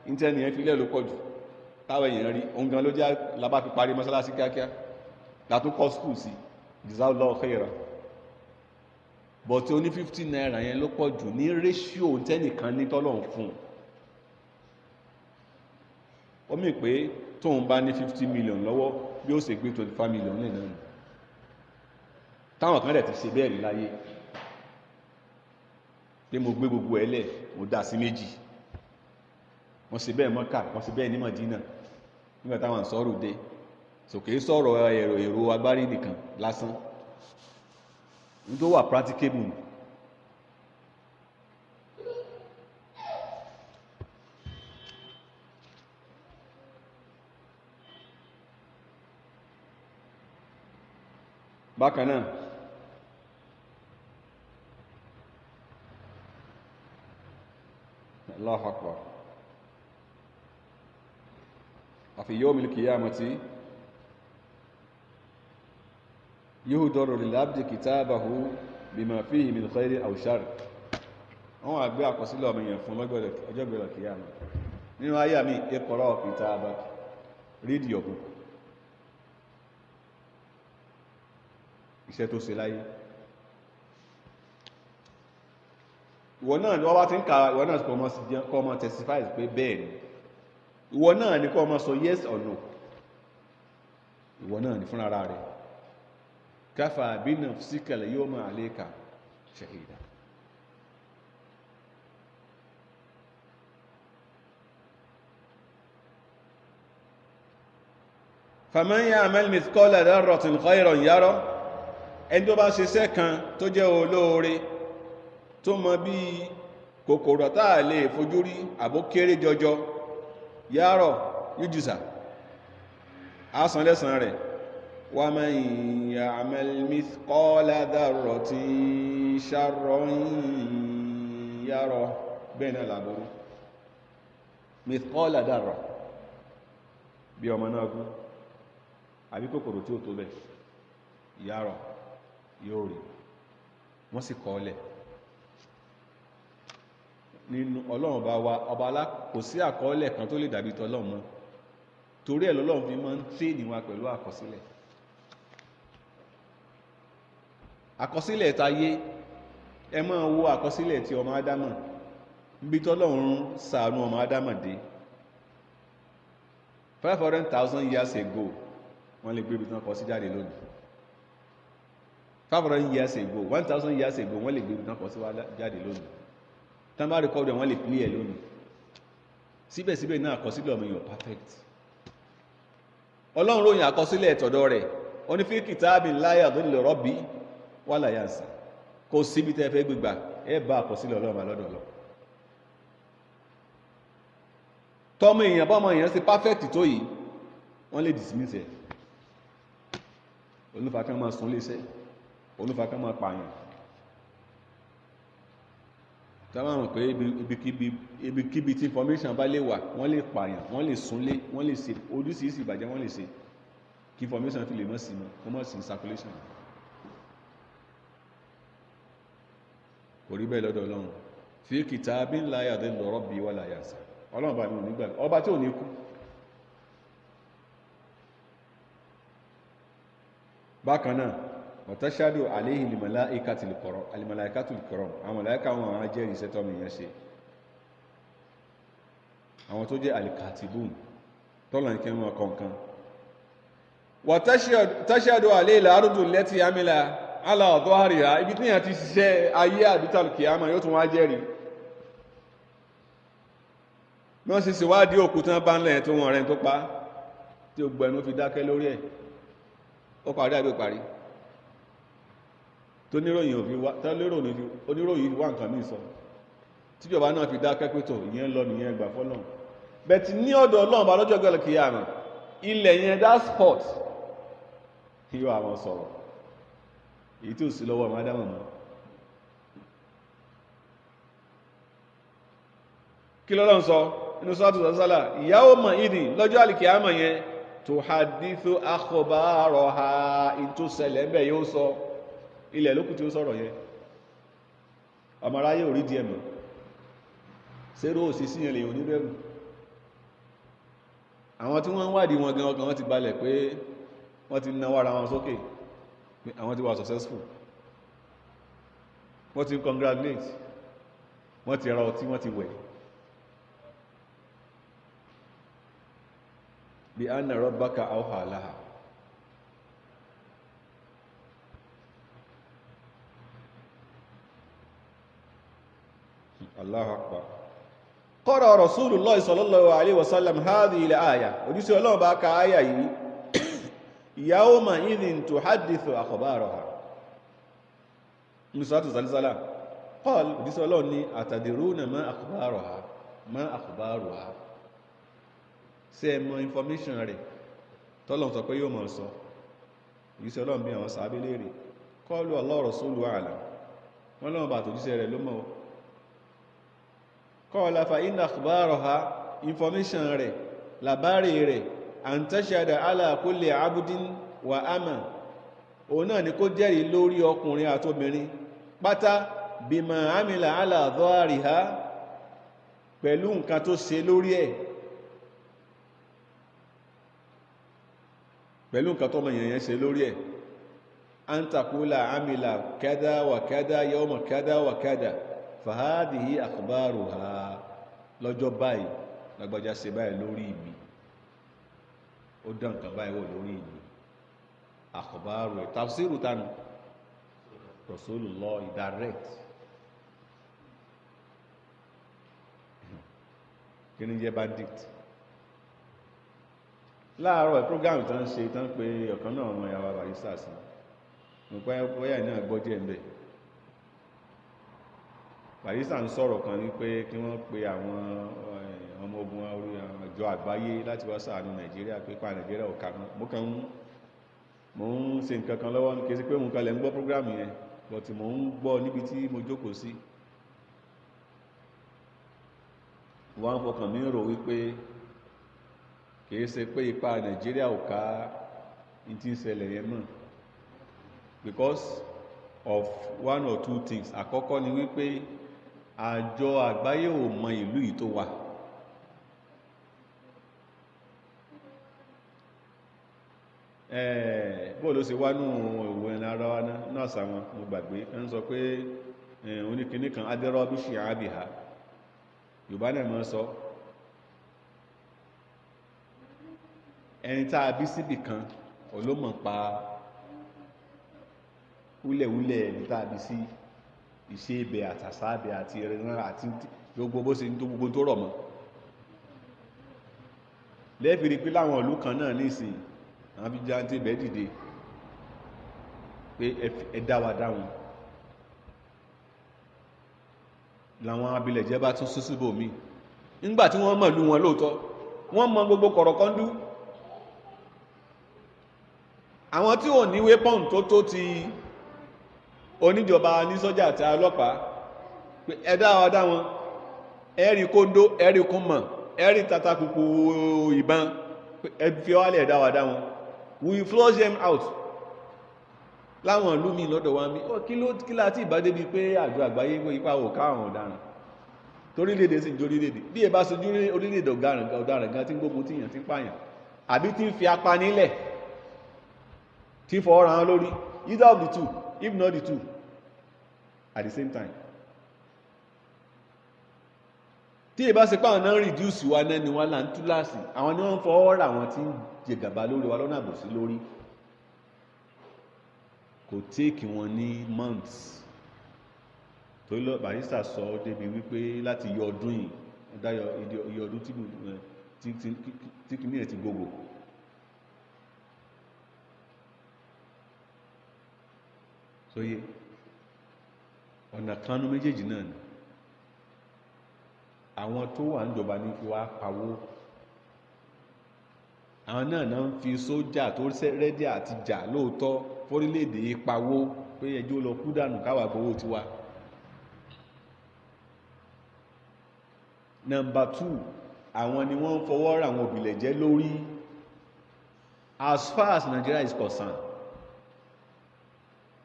ní tẹnìyàn filẹ̀ ló pọ̀jù táwọn èèyàn rí òun gan ló jẹ́ labá fi parí mọ́sálásí kíákíá látún kọ́ skul sí jazakallahu khairan but oní fifty naira yẹn ló pọ̀ jù ní ratio tẹ́nìkan ní tọ́lọ́run fún un ó mì pé tóun bá ní fifty million lọ́wọ́ bí ó ṣe gbé twenty five million lẹ́nà nù táwọn kan dẹ̀ ti ṣe bẹ́ẹ̀ rí láyé pé mo gbé gbogbo ẹ̀ lẹ̀ mo dá sí méjì wọ́n ṣe bẹ́ẹ̀ mọ́kà wọ́n ṣe bẹ́ẹ̀ ní Mọ̀dínà nígbà táwọn sọ́rọ̀ dé sòkè sọ̀rọ̀ eh, èrò èrò agbárí nìkan lásán ń tó wà practicable bákan náà Allahu Akbar àfi yawmil qiyamati yuhdaru lil'abdi kitabahu bima fihi min khairin aw sharr wọ́n wà gbé àkọsílẹ̀ ọmọ èèyàn fún ọjọ́ ìgbẹ̀rẹ̀ kìíyàmù nínú ayé àmì iqra kitabak read your book iṣẹ́ tó ṣe láyé ìwọ náà ni wọ́n bá ti ń ka ìwọ náà kọ́ ọmọ testify pé bẹ́ẹ̀ ni ìwọ náà ni kọ́ ọmọ sọ yes or no ìwọ náà ni fúnra rẹ̀ kafa bi nafsika la yawma alayka shahida faman ya'mal mithqala dharratin khayran yara ẹni tó bá ṣiṣẹ́ kan tó jẹ́ olóore tó mọ bí kòkòrò tá a lè fojú rí àbó kéré jọjọ yàrá yújìsà ومن يعمل مثقال ذرة شرا يره بين العبور مثقال ذرة bí ọmọ náà gún àbí kòkòrò tí ó tó bẹ̀ yàrọ̀ yóò rí wọ́n sì kọ́ ọlẹ̀ nínú ọlọ́run bá wa ọba alá kò sí àkọọ́lẹ̀ kan tó lè dàbí tọlọ́run mọ́ torí ẹ̀ lọ́lọ́run fi máa ń tẹ́ níwá pẹ̀lú àkọsílẹ̀ àkọsílẹ̀ tayé ẹ máa wo àkọsílẹ̀ ti ọmọ ọmọ ádámà dé five years ago wọ́n lè gbé ibi kọ sí jáde lónìí five years ago one years ago wọ́n lè gbé ibi kọ sí jáde lónìí tán bá wọ́n lè lónìí síbẹ̀síbẹ̀ náà àkọsílẹ̀ ọmọ perfect ọlọ́run ròyìn àkọsílẹ̀ rẹ̀ wàhálà yà sí kò síbi tẹ́ fẹ́ gbégbà ẹ bá àkọsílẹ̀ ọlọ́run àlọ́dọ̀ lọ tọmọ èèyàn bọ́mọ èèyàn ṣe pàfẹ́tì tó yìí wọ́n lè dismiss ẹ̀ olúfa kan máa sún léṣẹ́ olúfa kan máa pààyàn táwọn mọ̀ pé ibikíbi tí information bá lè wà wọ́n lè pààyàn wọ́n lè súnlé wọ́n lè ṣe oríṣiríṣi ìbàjẹ́ wọ́n lè ṣe kí information fi lè mọ̀ sí mọ́ sí circulation. kò rí bẹ́ẹ̀ lọ́dọ̀ ọlọ́run fi kitabin la yadillu rabbi wala yansa ọlọ́run bá mi ò ní gbàgbé ọba tí ò ní kú bákan náà ọ̀tẹ́ṣádù aléhìn alìmọ̀láìkàtù kọ̀rọ̀ àwọn mọ̀láìkà wọn àwọn jẹ́ ìṣẹ́tọ́ ala ọ̀dọ́ àríyá ibi tí yàn ti ṣiṣẹ́ ayé àbítàlù kìámà yóò tún wá jẹ́rìí bí wọ́n sì sì wádìí òkú tán bá ńlẹ̀ tó wọ́n rẹ̀ tó pa tí ó gbẹ̀nú fi dákẹ́ lórí ẹ̀ ó parí àbí parí tó níròyìn oníròyìn wà nǹkan míì sọ tíjọba náà fi dákẹ́ pẹ́tọ̀ ìyẹn lọ nìyẹn ẹgbà fọ́lọ̀ bẹ̀tì ní ọ̀dọ̀ ọlọ́run bá lọ́jọ́ gẹ̀lẹ̀ ilẹ̀ yẹn dá sport yóò àwọn sọ̀rọ̀ èyí tí ò sí lọ́wọ́ àmàdámà mọ́ kí lọ́lọ́ sọ inú sọ́tù sọ́sọ́lá ìyàwó mọ̀ ìdì lọ́jọ́ alìkìyàmọ̀ yẹn tó hadithu akhbaro ha ìtòsẹ̀lẹ̀ ẹ̀bẹ̀ yóò sọ ilẹ̀ lókù tí ó sọ̀rọ̀ yẹn ọmọ aráyé orí díẹ̀ mọ̀ sẹ́rọ òsìsí yẹn lèyàn oníbẹ̀rù àwọn tí wọ́n ń wádìí wọn gan ọkàn wọn ti balẹ̀ pé wọ́n ti náwó ara wọn sókè okay àwọn tí wà successful wọ́n ti congratulate wọ́n ti ra ọtí wọ́n ti wẹ̀ bí a nà rọ́bákà áwọ̀ aláhà Allahu akbar qara Rasulullah sallallahu alaihi wasallam hadhihi al-aya òjísí ọlọ́ọ̀bá ka áyà yìí yawma idhin tuhadithu akhbaraha musaatu zalizala paul òdísọ ọlọ́run ní atadiruna ma akhbaraha ma akhbaraha sí ẹmọ information rẹ̀ tọ́lọ̀ sọ pé yóò mọ̀ sọ òdísọ ọlọ́run bí àwọn sàábé léèrè qalu Allahu rasulu a'lam wọn lọ́wọ́ bàtò òdísẹ rẹ̀ ló mọ̀ qala fa inna akhbaraha information rẹ̀ làbárè rẹ̀ an tashada ala kulli abdin wa ama òun náà ni kó jẹ́rìí lórí ọkùnrin àtobìnrin pátá bima amila ala dhariha pẹ̀lú nǹkan tó ṣe lórí ẹ̀ pẹ̀lú nǹkan tó mọ̀ yẹ̀yẹ̀ ṣe lórí ẹ̀ antakula amila kada wa kada yawma kada wa kada fahadihi akhbaruha lọ́jọ́ báyìí lágbàjá ṣe báyìí lórí mi ó dán nǹkan báyìí wò lórí ìlú àkọ́bárò ẹ̀ tafsiru tánu Rasulullah direct kí ni jẹ́ bandit láàárọ̀ ẹ̀ program tó ń ṣe tó ń pe ọ̀kan náà ọmọ ìyàwó àbáyísà sí nǹkan ẹ̀kọ́yà náà gbọ́ díẹ̀ ń bẹ̀ Barrister ń sọ̀rọ̀ kan ní pé kí wọ́n pe àwọn eh, ọmọ ogun orí àwọn àwùjọ àgbáyé láti wá ṣàánú nàìjíríà pé pa nàìjíríà ò ká mọ́ mo kàn ń mo ń ṣe nǹkan kan lọ́wọ́ kì í sí pé òun kalẹ̀ ń gbọ́ program yẹn but mo ń gbọ́ níbi tí mo jókòó sí wọ́n fọkàn mi rò wípé kì pé ipa nàìjíríà ò ní tí ń ṣẹlẹ̀ yẹn mọ́ because of one or two things àkọ́kọ́ ni wípé àjọ àgbáyé ò mọ ìlú yìí tó wà Eh, bóòlù sí wánú òwò ẹ̀nà ara wa náà sàwọn mo gbàgbé ń sọ pé oníkíní eh, kan adẹ́rọ́ bí ṣe àábìhá yorùbá náà mọ́ sọ ẹni tá a bí síbì kan olómọ̀ pa wúlẹ̀wúlẹ̀ ẹni tá a bí sí ibẹ̀ àti ẹran àti gbogbo bó ṣe ń àwọn bí jáde bẹ́ẹ̀ dìde pé ẹ dá wa dáhùn làwọn abilẹ̀jẹ́ bá tún sún síbò míì nígbà tí wọ́n mọ̀ lú wọn lóòótọ́ wọ́n mọ gbogbo kọ̀rọ̀kọ́ndú àwọn tí ò ní wépọ̀n tó tó ti oníjọba ní sọ́jà àti ọlọ́pàá pé ẹ dá wa dá kúnmọ̀ ẹ tatakùkù ìbọn ẹ fi wálẹ̀ ẹ we flush them out láwọn ìlú mi lọ́dọ̀ wa mi ó kí ló kí láti ìbádé bíi pé àjọ àgbáyé wọ ipa wò káwọn ọ̀daràn torílẹ̀-èdè sì ń jó orílẹ̀-èdè bí ẹ bá sojú orílẹ̀-èdè ọ̀daràn gan tí ń gbógun tíyàn tí ń pààyàn àbí tí ń fi apá nílẹ̀ tí fọ́ ọ̀ràn lórí either of the two if not the two at the same time tí ìbá ṣe páwọn náà rìdíùsì wa náà ni wọn là ń tú láàsì àwọn ni wọn fọwọ́ ra àwọn tí ń jẹ gàba lórí wa lọ́nà àbòsí lórí kò téèkì wọn ní months torí lọ barista sọ débi wípé láti yọ ọdún yìí dáyọ iye ọdún tí kìíní ẹ̀ ti gbogbo sóye ọ̀nà kanú méjèèjì náà ni àwọn tó wà níjọba ní kí wá pawó àwọn náà náà ń fi sójà tó rẹ́dí àti jà lóòótọ́ fórílẹ̀-èdè pawó pé ẹjọ́ lọ kú dànù káwà gbowó tiwa nọmba tù àwọn ni wọ́n ń fọwọ́ ra àwọn òbílẹ̀ jẹ́ lórí as far as Nigeria is concerned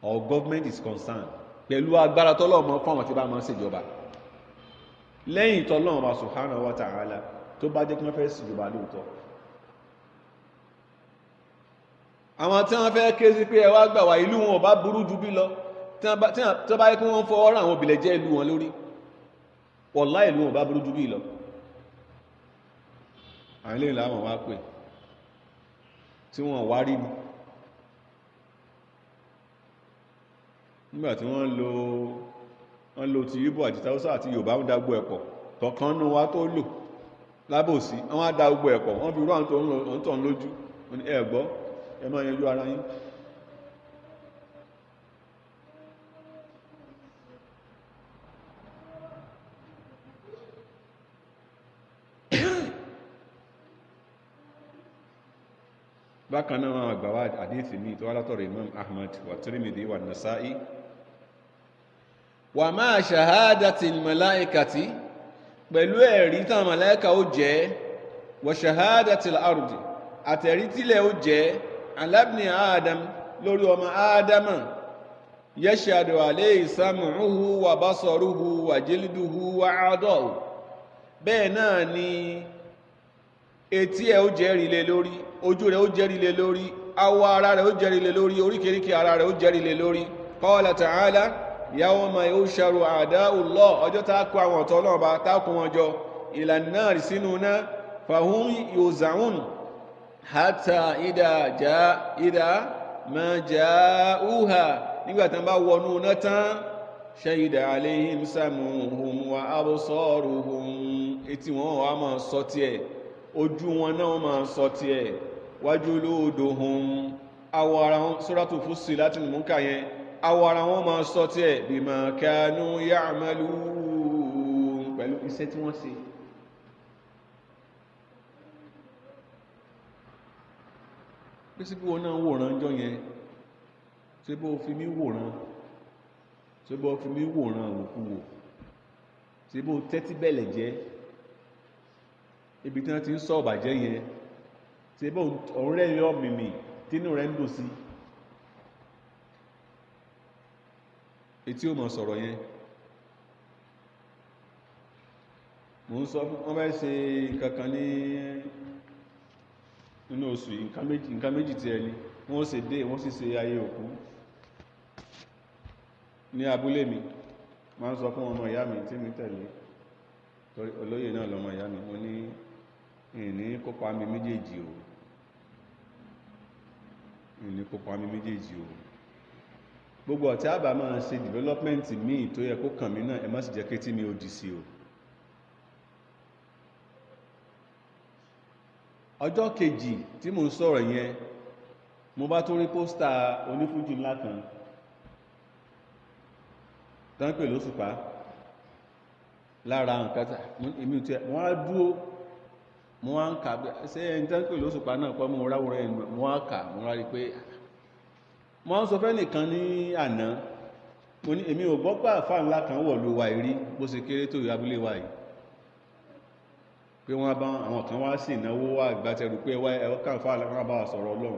or government is concerned pẹ̀lú agbára tọ́lọ́mọ fún àwọn tí bá máa ń ṣèjọba lẹ́yìn tọ́lọ́run wa subhanahu wa ta'ala tó bá jẹ́ kí wọ́n fẹ́ sí ìjọba lóòótọ́ àwọn tí wọ́n fẹ́ ké sí pé ẹ wá gbà wọn bá burú ju bí lọ tí bá yẹ kí wọ́n fọwọ́ ra àwọn òbílẹ̀ jẹ́ ìlú wọn lórí wọ̀lá ìlú wọn bá burú ju bí lọ àwọn wọ́n lo wọ́n lo ti Ìgbò àti Haúsá àti Yorùbá ń da gbogbo ẹ̀pọ̀ tọ̀kan nù wa tó lò lábòsí wọ́n á da gbogbo ẹ̀pọ̀ wọ́n fi rú àwọn tó ń lójú ẹ̀ gbọ́ ẹ máa yanjú ara yín bákan náà àgbàwá àdéhìí mi tó wá látọ̀rọ̀ Imam Ahmad wa Tirmidhi wa Nasa'i wà máa ṣàhádàtì màláìkàtì pẹ̀lú ẹ̀rí tán màláìkà ó jẹ́ wà ṣàhádàtì àrùdì àtẹ̀rí tílẹ̀ ó jẹ́ alábìnì adam lórí ọmọ adama yẹ́ṣàdù àlẹ́ ìsàmùhù wà básọ̀rùhù wà jílìdùhù wà àádọ́ù bẹ́ẹ̀ náà ni etí ẹ̀ ó jẹ́rìí lé lórí ojú rẹ̀ ó jẹ́rìí lé lórí awọ ara rẹ̀ ó jẹ́rìí lé lórí oríkèríkè ara rẹ̀ ó jẹ́rìí lé lórí qala ta'ala yàwó ma yóò ṣàrò àdá Allah ọjọ́ tá a kó àwọn ọ̀tọ̀ náà bá tá a kó wọn jọ ìlànà sínú náà fàhún yóò zàún hátà ìdá já ìdá ma já úhà nígbà tán bá wọnú náà tán ṣẹ́yìdà aléhìm sàmùhùn wà ábùsọ̀rùhùn etí wọn wà máa sọ tiẹ̀ àwọ̀ ara wọn máa sọ tí ẹ̀ bima kanu ya'malun pẹ̀lú iṣẹ́ tí wọ́n ṣe pé sí bí wọn náà wòran jọ yẹn ṣé bó fi mí wòran ṣé bó fi mí wòran òkúwò ṣé bó tẹ́tí bẹ̀lẹ̀ jẹ́ ibi tí wọ́n ti ń sọ ọ̀bàjẹ́ yẹn ṣé bó ọ̀rẹ́ yọ mìmì tínú rẹ̀ ń dùn sí i etí ó mọ̀ sọ̀rọ̀ yẹn mo ń sọ wọ́n bá ṣe kankan ní inú oṣù nǹkan méjì tí ẹni wọ́n ṣe dé wọ́n sì ṣe ayé òkú ní abúlé mi máa ń sọ fún ọmọ ìyá mi tí mi tẹ̀lé olóyè náà lọmọ ìyá mi mo ní ìní kópa mi méjèèjì o ìní kópa mi méjèèjì o gbogbo ọ̀tí àbá máa ṣe development míì tó yẹ kó kàn mí náà ẹ má sì jẹ́ kí tí mi ò dì sí o ọjọ́ kejì tí mo ń sọ̀rọ̀ yẹn mo bá tún rí pósítà onífújì ńlá kan tánpè lóṣùpá lára nǹkan tà èmi ò tiẹ̀ wọ́n á dúró mo wá ń kà ṣé ẹni tánpè lóṣùpá náà pọ́ mo ráwọ̀ rẹ̀ mo wá kà mo rá rí pé mo ń sọ fẹ́ nìkan ní àná mo ní èmi ò gbọ́ pé àfáà ńlá kan wọ̀ ló wà rí bó ṣe kéré tó yọ abúlé wa yìí pé wọ́n bá àwọn kan wá sí ìnáwó wà gbàtẹ̀rù pé ẹwà ẹ̀wọ́ káàfáà lára bá sọ̀rọ̀ ọlọ́run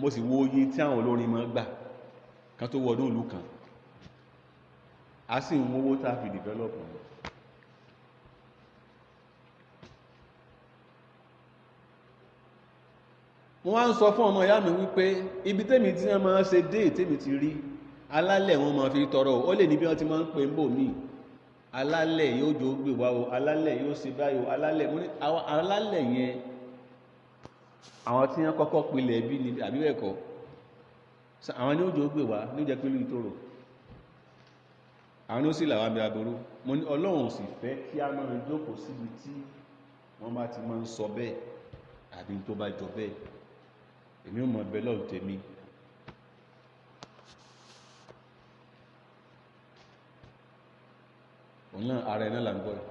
mo sì wo oyin tí àwọn olórin máa gbà kan tó wọdún ìlú kan a sì ń wówó tá a fi dìvẹ́lọ́pù mo wá ń sọ fún ọmọ ìyá mi wípé ibi tèmi tí wọ́n máa ń ṣe dé tèmi ti rí alálẹ̀ wọn máa fi tọrọ ó lè ní bí wọ́n ti máa ń pè ń bò míì alálẹ̀ yóò jó gbè wá o alálẹ̀ yóò ṣe báyìí o alálẹ̀ mo ní alálẹ̀ yẹn àwọn tí wọ́n kọ́kọ́ pilẹ̀ bí ni àbí bẹ́ẹ̀ kọ́ àwọn ni ó jó gbè wá ní jẹ́ pẹ̀lú ìtòrò àwọn ni ó sì làwọn abẹ́ aburú mo ní ọlọ́run sì fẹ́ kí a máa jókòó síbi tí wọ́n bá ti máa ń sọ bẹ́ẹ̀ àbí tó bá jọ bẹ́ẹ̀ èmi ò mọ̀ bẹ́ẹ̀ lọ́run tèmi òun náà ara ẹ̀ náà là ń gbọ́ yìí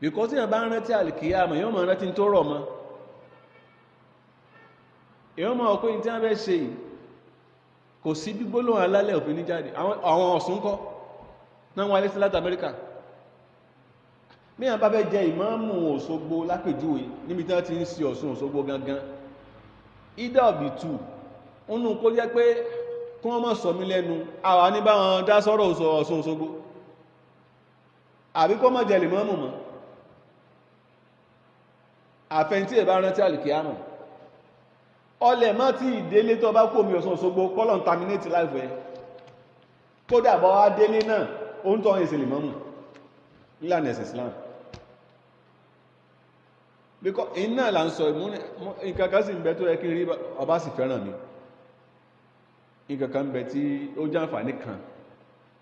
because yẹn bá ń rántí àlìkìyà mọ̀ yóò mọ̀ rántí tó rọ̀ mọ́ èyàn mọ̀ ọ̀pẹ́ ní tí wọ́n fẹ́ ṣe yìí kò sí gbígbólóhùn alálẹ̀ òfin ní jáde àwọn ọ̀sùn kọ́ náà wọ́n alẹ́ sí láti Amẹ́ríkà bí wọ́n jẹ ìmáàmù Òṣogbo lápèjúwe níbi tí wọ́n ti ń ṣe Ọ̀ṣun Òṣogbo gangan either of the two nínú kó jẹ́ pé kí wọ́n mọ̀ sọ mí lẹ́nu àwa ní bá wọn dá sọ́rọ̀ ọ̀sọ̀ òṣogbo àbí kọ́ mọ̀ jẹ̀lì mọ́mù mọ́ àfẹ́ntí ẹ̀ bá rántí àlìkíyàmọ̀ ọlẹ̀ mọ́ tí ìdélé tó bá kó omi ọ̀sán òṣogbo kọ́lọ̀n terminate life ẹ̀ kódà bọ́ wá délé náà ó ń bíkọ́ iná là ń sọ ìkankan sì ń bẹ tó yẹ kí rí ọba sì fẹ́ràn mi ìkankan ń bẹ tí ó jẹ́ àǹfààní kan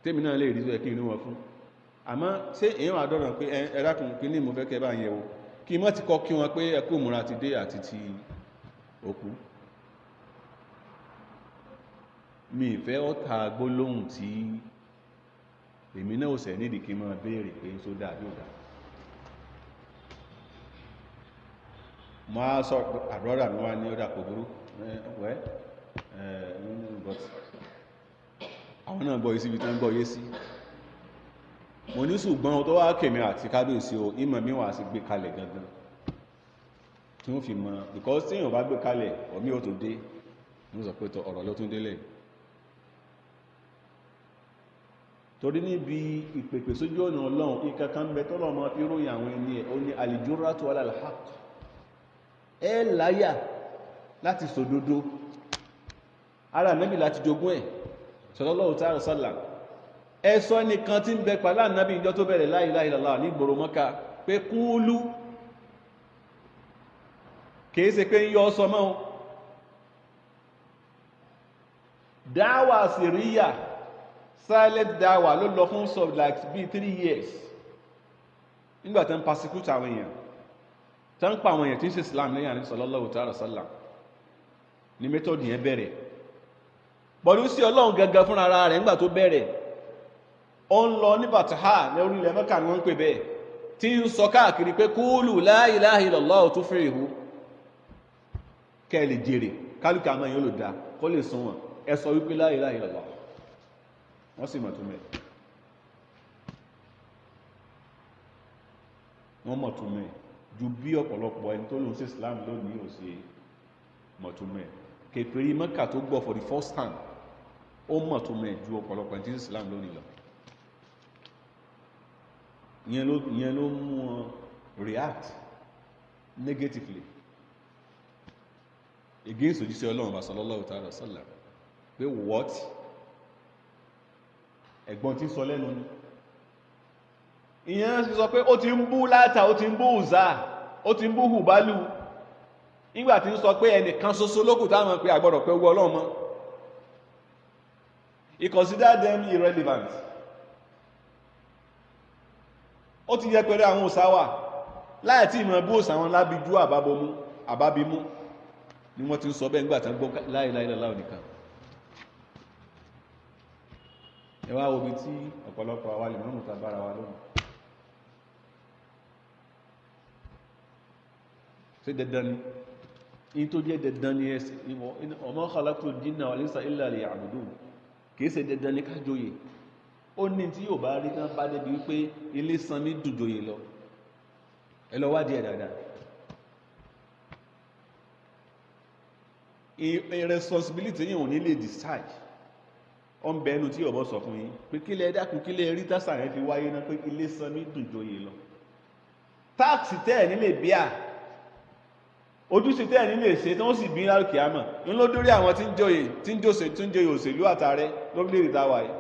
tèmi náà lè rí tó yẹ kí rí wọn fún àmọ́ ṣé èèyàn àdọ́ràn pé ẹ̀rákùn kí ní mo fẹ́ kẹ́ bá yẹ wo kí mọ́ ti kọ́ kí wọn pé ẹkú múra ti dé àti ti òkú mi ìfẹ́ mo á sọ àbúrọ́dà ah, mi wá ní ọ̀dà kò burú eh, wẹ́ eh, but àwọn náà gbọ́ yé síbi tó ń gbọ́ yé sí mo ní ṣùgbọ́n tó wá kèmí àti kábíyèsí o ìmọ̀ mi wà sí gbé kalẹ̀ gangan tí wọ́n fi mọ̀ because tí èèyàn bá gbé kalẹ̀ omi ò tó dé mo sọ pé ọ̀rọ̀ ló tún délẹ̀ torí níbi ìpèpè sójú ọ̀nà ọlọ́run ìkankan bẹ tọ́lọ́mọ fi ròyìn àwọn ẹni ẹ̀ ó ní àlìjúrà tó wà lálẹ́ hàkọ́ ẹ láyà láti sòdodo ara ànábì láti jogún ẹ̀ sallallahu ta'ala sallam ẹ̀sọ́ nìkan tí ń bẹ pàlá ànábì ìjọ tó bẹ̀rẹ̀ la ní gbòrò mọ́ka pé kúúlú pe pé ń yọ ọsọ mọ́ dáwà síríyà silent dáwà ló lọ fún sub like bíi years nígbà tó tó ń pa àwọn èèyàn tí ń ṣe islam lẹ́yìn ànábì sallallahu ta'ala sallam ni mẹ́tọ́dù yẹn bẹ̀rẹ̀ pọ̀lú sí ọlọ́run gangan fúnra ara rẹ̀ nígbà tó bẹ̀rẹ̀ ó ń lọ ní bàtàhà ní orílẹ̀ mẹ́kà ni wọ́n ń pè bẹ́ẹ̀ tí ń sọ káàkiri pé kúlù la ilaha illallah tó fún ìhú kẹ́ lè jèrè kálùkà máa yóò lò dá kó lè sun wọn ẹ sọ wípé la ilaha illallah wọ́n sì mọ̀ tó mẹ́ wọ́n mọ̀ tó mẹ́ ju bí ọ̀pọ̀lọpọ̀ ẹni tó lòun sí islam lónìí ò ṣe mọ̀túnmẹ̀ kèpèrí mẹ́kà tó gbọ́ for the first time ó mọ̀túnmẹ̀ ju ọ̀pọ̀lọpọ̀ ẹni tí sí islam lónìí lọ ìyẹn ló mú wọn react negatively against òjíṣẹ́ ọlọ́run bá sallallahu ta'ala sallam pé what ẹ̀gbọ́n tí ń sọ lẹ́nu ni ìyẹn sì sọ pé ó ti ń bú láta ó ti ń bú ùzà ó ti ń bú hùbálù nígbà tí ń sọ pé ẹnìkan ṣoṣo lókù táwọn pé àgbọ̀dọ̀ pé owó ọlọ́run he consider them irrelevant ó ti yẹ pẹ̀lú àwọn òsà wà láì tí ìmọ̀ bú òsà wọn lábíjú àbábomú àbábimú ni wọ́n ti ń sọ bẹ́ẹ̀ nígbà tí wọ́n gbọ́ láìláìláìláì nìkan ẹ wá wo ibi tí ọ̀pọ̀lọpọ̀ àwa lè mọ́mú ta bára wa lónìí sí dandan ni in tó jẹ́ dandan ni ẹsẹ̀ ìwọ̀ ọmọ ọ̀kọ̀lọ́kùn jínà alẹ́sà ìlàlẹ̀ àbùdó kìí ṣe dandan ni kájòyè ó ní tí yóò bá rí tán bá débi wípé ilé sanmi dùjòyè lọ ẹ lọ wádìí ẹ̀ dáadáa irresponsibility yìí ò ní lè decide ọ̀n bẹnu tí ọ̀bọ̀ sọ fún yín pé kí lẹ dákun rí tásà rẹ fi wáyé náà pé ilé sanmi dùjòyè lọ táàkì tẹ́ nílé bíà ojúṣe tẹ́ ẹ̀ ní lè ṣe tí wọ́n sì bí lárúkì àmọ̀ ń ló dórí àwọn tí ń joyè tí ń jòsè tí ń joyè òṣèlú àtàrẹ lórílẹ̀-èdè táwa yìí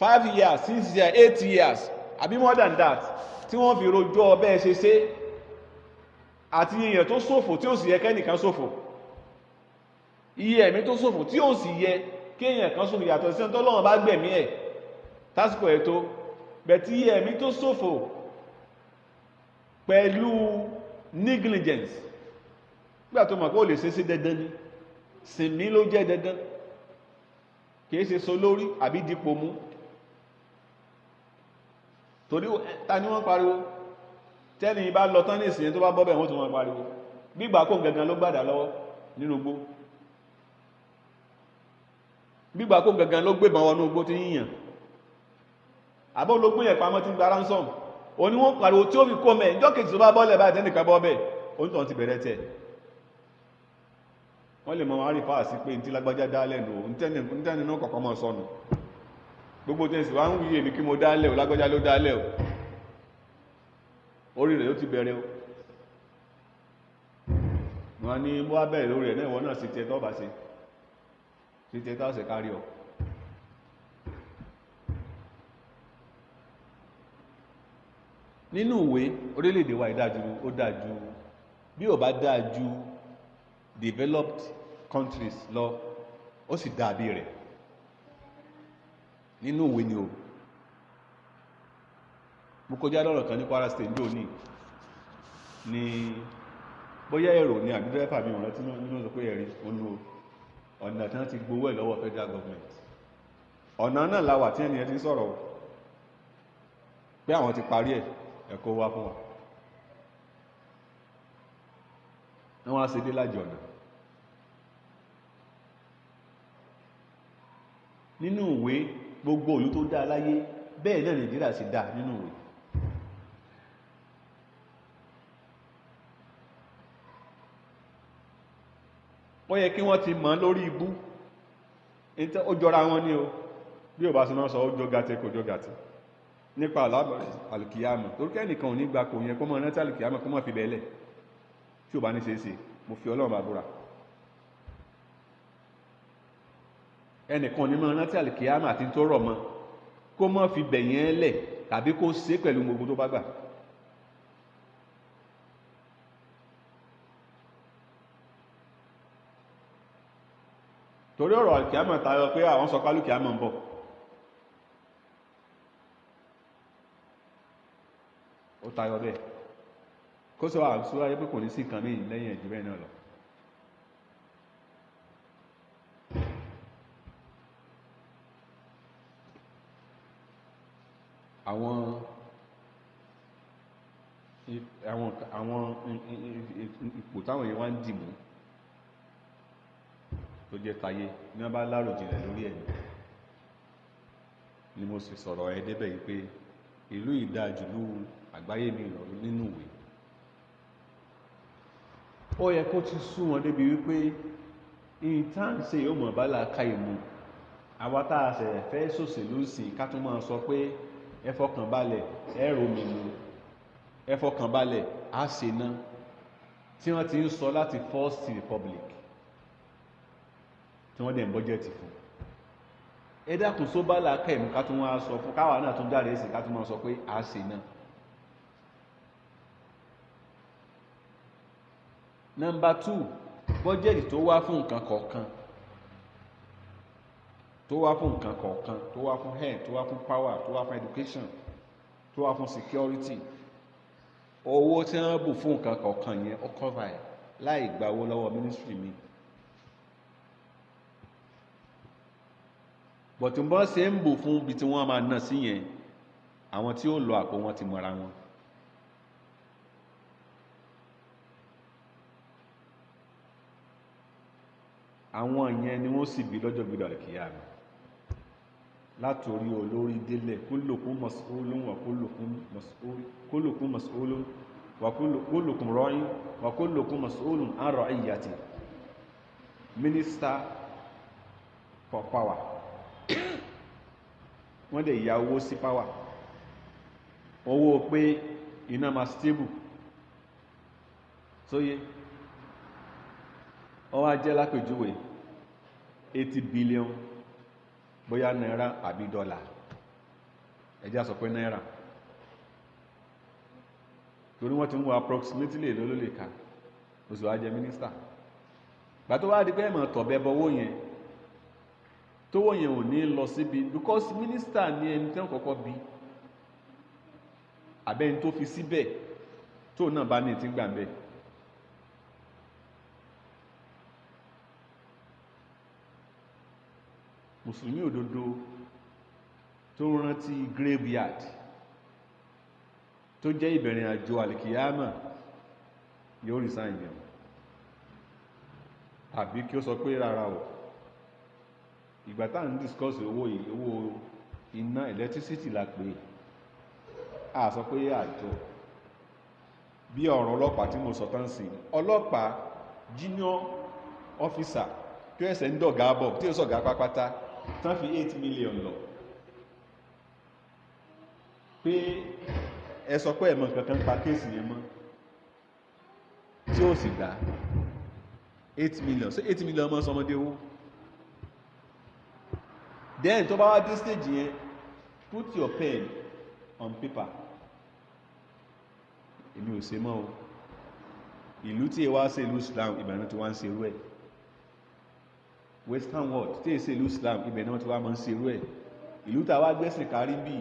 five years six years eight years àbí more than that tí wọ́n fi rojọ́ ọbẹ̀ ṣe ṣe àti èèyàn tó ṣòfò tí ó sì yẹ kẹ́nìkan ṣòfò iye ẹ̀mí tó ṣòfò tí ó sì yẹ kéèyàn kan ṣòfò yàtọ̀ sí ọlọ́run bá gbẹ̀mí ẹ̀ tásìkò ẹ̀ tó bẹ̀tí iye ẹ̀mí tó ṣòfò pẹ̀lú negligence gbà tó mọ̀ pé ó lè ṣeéṣe dandan ni sinmi ló jẹ́ dandan kìí ṣe so lórí àbí dípò mú torí eh, ta ni wọ́n pariwo tẹ́ni bá lọ tán ní ìsìnyẹn tó bá bọ́bẹ̀ wọ́n tó wọ́n pariwo gbígbà kó gangan ló gbàdà lọ́wọ́ nínú igbó gbígbà kó gangan ló gbébọn wọnú igbó tí yíyàn àbọ́ ló gbóyẹ̀ pamọ́ tí ń ransom òní wọ́n pariwo tí ó fi kó mẹ́ ìjọ́ kejì tó bá bọ́lẹ̀ bá ìtẹ́nìkan bọ́ bẹ́ẹ̀ onítọ̀ ti bẹ̀rẹ̀ tẹ̀ wọ́n lè mọ wọn rí fáà sí pé ní tí lágbájá dá lẹ́nu òun tẹ́ni náà kọ̀ọ̀kan mọ́ sọnù gbogbo tí ẹ̀sìn wá ń wuyè ní kí mo dálẹ̀ ò lágbájá ló dálẹ̀ ò orí rẹ̀ ó ti bẹ̀rẹ̀ o wọ́n ní mo wá bẹ̀rẹ̀ lórí ẹ̀ náà ìwọ náà sì tẹ́ tọ́ bá ṣe sì tẹ́ tọ́ ṣe kárí ọ nínú ìwé orílẹ̀-èdè wa ìdájú ó dájú bí ò bá dájú developed countries lọ ó sì dàbí rẹ̀ nínú ìwé ni o mo kọjá lọ́rọ̀ kan ní Kwara State ní òní ni bóyá èrò ni àbí dẹ́fà mi ọ̀rẹ́ tí nínú sọ pé ẹ̀rí olú ọ̀nà tí wọ́n ti gbowó ẹ̀ lọ́wọ́ federal government ọ̀nà náà la wà tí ẹnìyẹn ti sọ̀rọ̀ pé àwọn ti parí ẹ̀ ẹ̀kọ́ wá fún wa wọ́n á ṣe dé lájọ̀ ọ̀nà nínú ìwé gbogbo òlú tó dáa láyé bẹ́ẹ̀ náà Nàìjíríà sì dáa nínú ìwé wọ́n yẹ kí wọ́n ti mọ̀ lórí ibú ó jọra wọn ní o bí ò bá sí náà sọ ó jọ gàtẹ́ kò jọ gàtẹ́ nípa alábẹ̀rẹ̀ alìkìyàmù torí kẹ́nìkan ò ní gba kò yẹn kó mọ̀ rántí alìkìyàmù kó mọ̀ fi bẹ̀ẹ́lẹ̀ tí ò bá ní ṣeéṣe mo fi ọlọ́run bá búra ẹnìkan ní mọ̀ rántí alìkìyàmù àti tó rọ̀ mọ́ kó mọ̀ fi bẹ̀yẹn lẹ̀ tàbí kó ṣe pẹ̀lú gbogbo tó bá gbà torí ọ̀rọ̀ alìkìyàmù tayọ pé àwọn sọ pálùkìyàmù ń bọ̀ ó tayọ bẹ́ẹ̀ kó sọ àṣúra yẹ pé kò ní sí nǹkan míì lẹ́yìn ẹ̀jú bẹ́ẹ̀ náà lọ àwọn àwọn àwọn ipò táwọn yẹn wá ń dì mú tó jẹ́ tayé ní wọ́n bá láròjìnlẹ̀ lórí ẹ̀mí ni mo sì sọ̀rọ̀ ẹ̀ débẹ̀ yìí pé ìlú ìdájúlú àgbáyé mi ìrọ̀rùn nínú ìwé ó yẹ kó ti sún wọn débi wípé ìtànṣe yóò mọ̀ bá làákà ìmú àwa tá a ṣẹ̀rẹ̀ fẹ́ ṣòṣèlú sí ká tún máa sọ pé ẹ fọkàn balẹ̀ ẹ romi mu ẹ fọkàn balẹ̀ á ṣe ná tí wọ́n ti ń sọ láti first republic tí wọ́n dẹ̀ ń bọ́jẹ̀tì fún ẹ dákun só bá làákà ìmú ká tún wá sọ fún káwa náà tún jáde sí ká tún máa sọ pé á ṣe náà nọmba two bọ́jẹ̀tì tó wá fún nǹkan kọ̀ọ̀kan tó wá fún nǹkan kọ̀ọ̀kan tó wá fún health tó wá fún power tó wá fún education tó wá fún security owó tí wọ́n bù fún nǹkan kọ̀ọ̀kan yẹn ó cover ẹ̀ láì gbàwó lọ́wọ́ ministry mi. bọ̀tùnbọ̀ ṣe ń bù fún ibi tí wọ́n máa ná sí yẹn àwọn tí ó lọ àpò wọn ti mọ̀ra wọn. àwọn ìyẹn ni wọ́n sì bí lọ́jọ́ gbìdọ̀ àkìyàmà látòrí olórí délẹ̀ kúlùkún mas'ulun wà kúlùkún mas'ulun wà kúlùkún ra'in wà for power (coughs) wọ́n dẹ̀ ya owó sí power owó pé iná ma stable sóyé ọwọ́ ajẹ́ lápèjúwe eighty billion bóyá náírà àbí dọ́là ẹjá sọ pé náírà torí wọ́n ti ń wo approximately èlò ló lè ka oṣù ajé mínísítà gbà tó wá di pé ẹ̀mọ̀ tọ̀bẹ bọwọ́ yẹn tówó yẹn ò ní lọ síbi because mínísítà ni ẹni tí wọ́n kọ́kọ́ bí abẹ́ni tó fi síbẹ̀ tó náà bá ní ti gbà bẹ́ẹ̀ mùsùlùmí òdodo tó rántí graveyard tó jẹ́ ìbẹ̀rẹ̀ àjò alìkìyàmà yóò rí sáà ìyẹn àbí kí ó sọ pé rárá o ìgbà tá à ń discuss owó owó iná electricity la pè é a sọ pé àjọ bí ọ̀rọ̀ ọlọ́pàá tí mo sọ tán sí ọlọ́pàá junior officer tó ẹsẹ̀ ń dọ̀gá bọ̀ tí ó sọ̀gá pápátá tán fi 8 million lọ pé ẹ sọ pé ẹ̀mọ̀ nǹkan kan pa kéèsì yẹn mọ́ tí ó sì gbà 8 million ṣé 8 million mọ́ sọmọdé owó then tó bá wá dé stage yẹn put your pen on paper èmi ò ṣe mọ́ o ìlú tí ẹ wá ṣe ìlú Islam ìbànú tí wọ́n ń ṣe irú ẹ̀ western world tí èsè ìlú islam ibẹ̀ náà ti wá máa ń ṣerú ẹ̀ ìlú tàwa gbẹ̀sìn kárí bí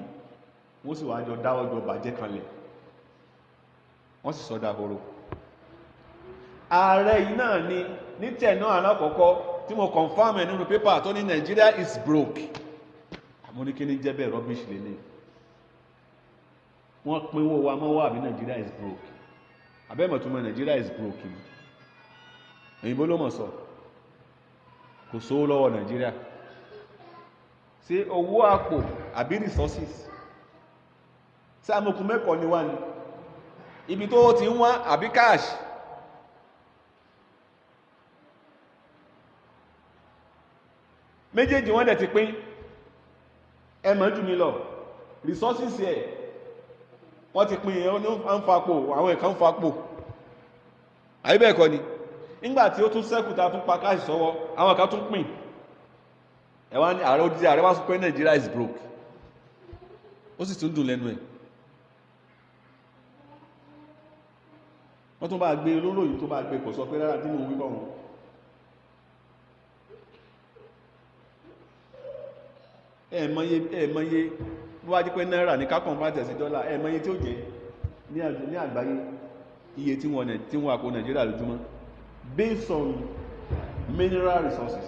wọ́n sì wáá jọ dáwọ́ jọ bàjẹ́ kanlẹ̀ wọ́n sì sọ́dà horo ààrẹ yìí náà ni ní tẹ̀ náà alákọ̀ọ́kọ́ tí mo confam ẹ̀ nínú pépà tó ní Nigeria is broke àmọ́ ní kíní jẹ́ bẹ́ẹ̀ rubbish lélẹ̀ wọ́n pinwó wa mọ́ wà bí Nigeria is broke abẹ́mọ̀túnmọ̀ Nigeria is broke ni òyìnbó ló mọ̀ sọ. So kò sówó lọ́wọ́ Nàìjíríà ṣé owó àpò àbí resources ṣé amokun mẹ́kọ̀ọ́ ni wá ni ibi tó ti ń wá àbí cash méjèèjì wọ́n dẹ̀ ti pín ẹ mọ̀ jù mí lọ resources ẹ̀ wọ́n ti pín ẹ̀ ń fa àpò àwọn ẹ̀kan ń fa àpò àbí bẹ́ẹ̀ kọ́ ni nígbà tí ó tún sẹ́kù ta tún pa káàsì sọ́wọ́ àwọn kan tún pín ẹ wá ní ààrẹ òdìdí ààrẹ wá sọ pé Nàìjíríà is broke ó sì tún dùn lẹ́nu ẹ̀ wọ́n tún bá gbé olóòyìn tó bá gbé kò sọ pé rárá tí mo wí bọ̀wọ̀n ẹ̀mọye ẹ̀mọye bó wá jí pé náírà ní kákan bá tẹ̀sí dọ́là ẹ̀mọye tí ó jẹ́ ní àgbáyé iye tí wọ́n àkó Nàìjíríà lójúmọ́ based on mineral resources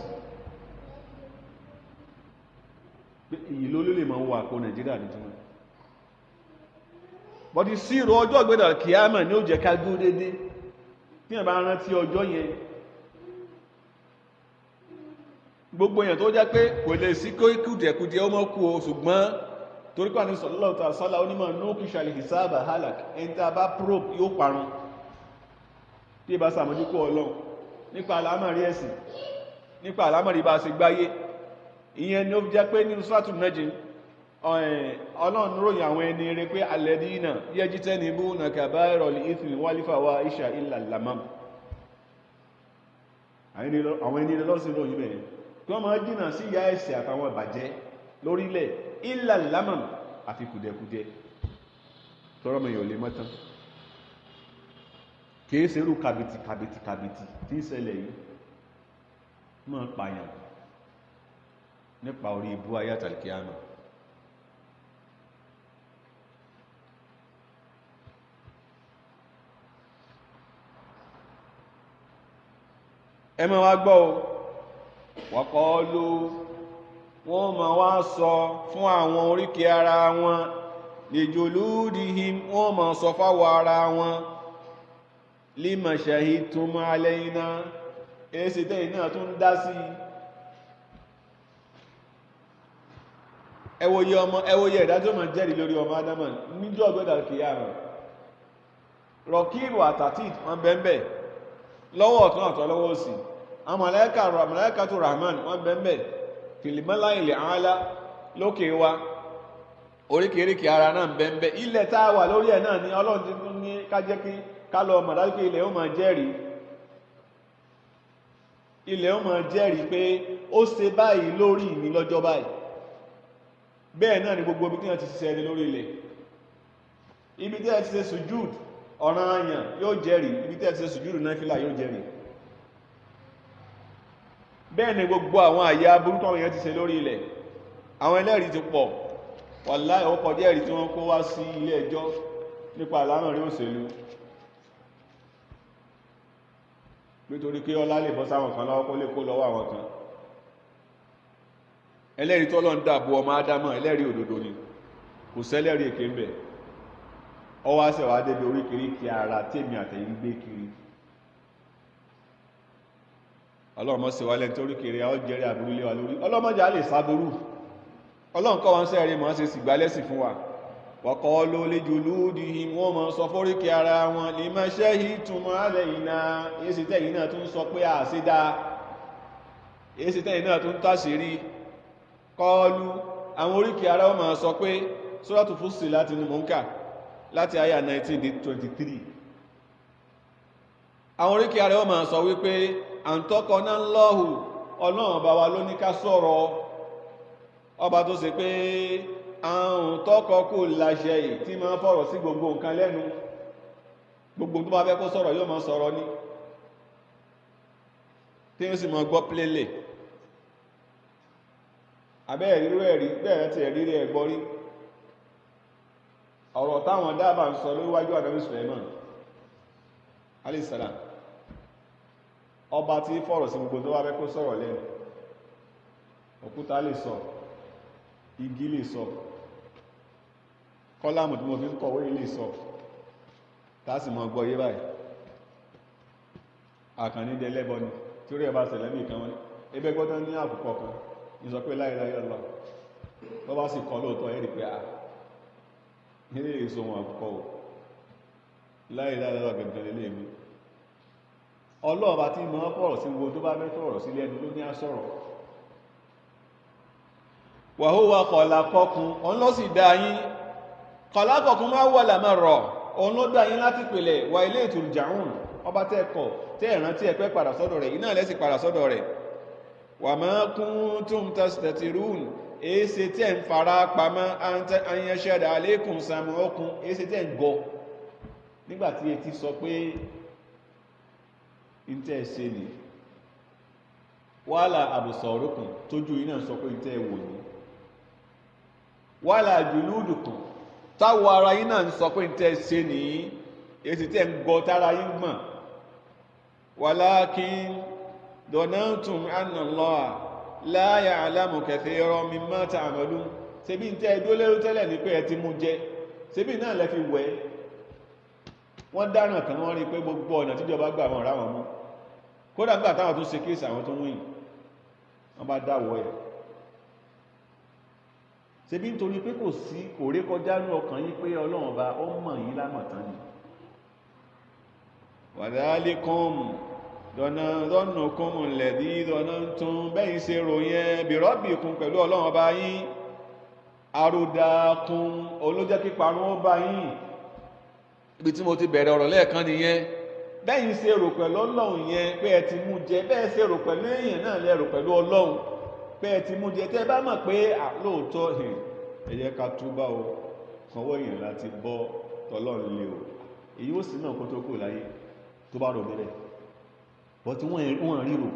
ìlú olólè ma ń wà kó Nàìjíríà ní túnmọ̀ but ìṣirò ọjọ́ ìgbẹ́dà kìámà ní ó jẹ́ ká dúró dédé tí ẹ̀bá rántí ọjọ́ yẹn gbogbo èèyàn tó jẹ́ pé kò lè sí kó kùdìẹ̀kùdìẹ̀ ó mọ́ kú o ṣùgbọ́n torí pàdé sọ̀lọ́lọ́ta sọ́lá onímọ̀ nókùsàlì ìsáàbà halak ẹni tá a bá probe yóò parun tí bá sàmójúkú ọlọ́run nípa àlámọ̀rí ẹ̀sìn nípa àlámọ̀rí bá ṣe gbáyé ìyẹn ni ó jẹ́ pé nínú sọ́tún mẹ́jì eh, ọlọ́run ròyìn àwọn ẹni rẹ pé alladina yajtanibuna kabairal ithmi wal fawahisha illa al-lamam àwọn ẹni rẹ lọ́sìn ròyìn bẹ̀rẹ̀ kí wọ́n máa jìnnà sí ìyá ẹ̀ṣẹ̀ àtàwọn ìbàjẹ́ lórílẹ̀ illa al-lamam àfi kùdẹ̀kùdẹ̀ tọ́rọ mẹ́yàn lè mọ́tán kìí ṣe irú kàbìtì kàbìtì kàbìtì tí ń ṣẹlẹ̀ yìí máa pààyàn nípa orí ibú ayé àtàlìkíyàmà ẹ máa wá gbọ́ wọ́kọ́ ló wọ́n máa wá sọ fún àwọn oríkèé ara wọn lèjò lóòdìhìm wọ́n máa sọ fáwọ̀ ara wọn lima shahidtum alayna èsì tẹ́yìn náà tún dá sí ẹ ọmọ ẹ wòye ìdájọ́ ma ọmọ adama níjọ́ ọgbẹ́dà kìíyà rẹ̀ rọ̀kíìrù àtàtì wọn bẹ́ẹ̀bẹ́ lọ́wọ́ ọ̀tún ọ̀tọ́ lọ́wọ́ rahman wọn bẹ́ẹ̀bẹ́ fìlìmọ́lá ilẹ̀ àálá lókè ara náà bẹ́ẹ̀bẹ́ ilẹ̀ tá a wà lórí ẹ̀ náà ni ọlọ́run ti kálọ̀ ọmọ dájú pé ilẹ̀ ó máa jẹ́rìí ilẹ̀ ó máa jẹ́rìí pé ó ṣe báyìí lórí mi lọ́jọ́ báyìí bẹ́ẹ̀ náà ni gbogbo ibi tí wọ́n ti ṣiṣẹ́ ẹni lórí ilẹ̀ ibi tí wọ́n ti ṣe sùjúd ọ̀ràn àyàn yóò jẹ́rìí ibi tí wọ́n ti ṣe sùjúd náfìlà yóò jẹ́rìí bẹ́ẹ̀ ni gbogbo àwọn àyè aburú tó àwọn èèyàn ti ṣe lórí ilẹ̀ àwọn ẹlẹ́rìí ti pọ̀ wàláì ó kọjá tí wọ́n kó wá sí ilé ẹjọ́ nípa àlámọ̀rí òṣèlú nítorí kí ọlá lè bọ́ sáwọn kan lọ́wọ́ kó kó lọ́wọ́ àwọn kan ẹlẹ́rìí tó ń dàbò ọmọ ádámọ̀ ẹlẹ́rìí òdòdó ni kò sẹ́lẹ́rìí èké ń bẹ̀ ọwọ́ àṣẹwà débi kí ara tèmi àtẹ̀yìn gbé kiri ọlọ́mọ wàkọ́ọ́lò lè jùlúdì wọ́n sọ ara wọn lè máa ṣẹ́ yìí na alẹ́ ìná èsì tẹ́yìn náà tún sọ pé àṣídá èsì tẹ́yìn náà ara sọ láti àyà 1923 àwọn oríkì ara wọn sọ wípé à ń tọ́kọ náà ọlọ́run wa lóníká sọ̀rọ̀ ọba tó pé àrùn tọ́kọ kò láṣẹ yìí tí máa fọ̀rọ̀ sí gbogbo nǹkan lẹ́nu gbogbo tó bá fẹ́ kó sọ̀rọ̀ yóò máa sọ̀rọ̀ ni tí ó sì máa gbọ́ plélè abẹ́ ẹ̀rí bẹ́ẹ̀ ti ẹ̀rí rẹ̀ rí ọ̀rọ̀ táwọn dábàá ń sọ lóríwájú àdàbí Suleiman alayhisalam ọba tí fọ̀rọ̀ sí gbogbo tó bá fẹ́ kó sọ̀rọ̀ lẹ́nu òkúta lè sọ̀rọ̀ igi lè sọ kọ́lámù tí mo fi ń kọ̀wé lè sọ tásì mọ́ gbọ́ yé báyìí àkànnídẹ lẹ́bọ ni tí ó rí ẹ̀bá tẹ̀lẹ́ nìkan wọn ẹgbẹ́ gbọ́dọ̀ ní àkùkọ kan ìsọ pé láìláyé lọ tó bá sì kọ́ lóòótọ́ ẹ̀rì pé a ah, nílé èso wọn àkùkọ o láìláyé lọ gẹ̀gẹ̀ lélẹ̀ mi ọlọ́ọ̀bá tí mọ́ pọ̀rọ̀ sí wo tó bá fẹ́ fọ̀rọ̀ sílẹ̀ ẹni ló ní àsọ̀rọ̀ wàhúwà kọ̀lákọ́kún òun ló sì dá yín kọ̀lákọ̀kún máa wà lámà rọ̀ òun ló dá yín láti pèlẹ̀ wà ilé ìtùrùjàún ọba tẹ́ kọ̀ tẹ́ ìrántí ẹ̀pẹ́ padà sọ́dọ̀ rẹ̀ iná lẹ́sì padà sọ́dọ̀ rẹ̀ wà máa kún tún tẹ̀sítẹ̀tì rún èsì tẹ́ ń fara pamọ́ ayanṣẹ́dà alékùn sàmù ọkùn èsì tẹ́ ń gọ nígbàtí etí sọ pé ìtẹ́ ṣe nì wàhálà àbùsọ̀ tójú iná sọ pé ìtẹ́ wò ní wàhálà jùlúùdùkùn táwọ ara yín náà ń sọ pé tẹ́ ṣe nìyí èsì tẹ́ ń gbọ́ tára yín gbọ̀n walakin dọ̀nàtùn annàlọ́à láyà alámù kẹfẹ́ ẹ̀rọ mi máa ta àmọ́lú ṣebí ń tẹ́ ẹdó lérú tẹ́lẹ̀ ní pé ẹ ti mú jẹ ṣebí náà lẹ wẹ̀ wọ́n dáràn kan wọ́n rí pé gbogbo ọ̀nà tíjọba gbà wọn ra wọn mú kódà nígbà táwọn tó ṣe kéèsì àwọn tó wíyìn wọ́n bá dáwọ́ ẹ̀ ṣe bí nítorí pé kò sí kò ré kọjá ní ọkàn yín pé ọlọ́run ọba ó mọ̀ yín lámọ̀tán ni wàdálé kan dọ̀nà rọ́nà kan mọ̀lẹ̀dí dọ̀nà tún bẹ́yìn ṣe ròyìn ẹbí rọ́bì kun pẹ̀lú ọlọ́run ọba yín àròdà kun olójẹ́ píparun ọba yín ibi tí mo ti bẹ̀rẹ̀ ọ̀rọ̀ lẹ́ẹ̀kan nìyẹn bẹ́yìn ṣe rò pẹ̀lú ọlọ́run yẹn pé ẹ ti mú jẹ bẹ́ẹ̀ ṣe rò pẹ̀lú èèyàn náà lẹ́rò pẹ̀lú ọlọ́run pé ẹ ti mú jẹ tẹ́ bá mọ̀ pé lóòótọ́ ẹ jẹ́ ká túbà o kanwọ́ èèyàn láti bọ́ tọlọ́run lé o èyí ó sì náà kó tó kò láyé tó bá rò bẹ́rẹ̀ bọ́ tí wọ́n ríro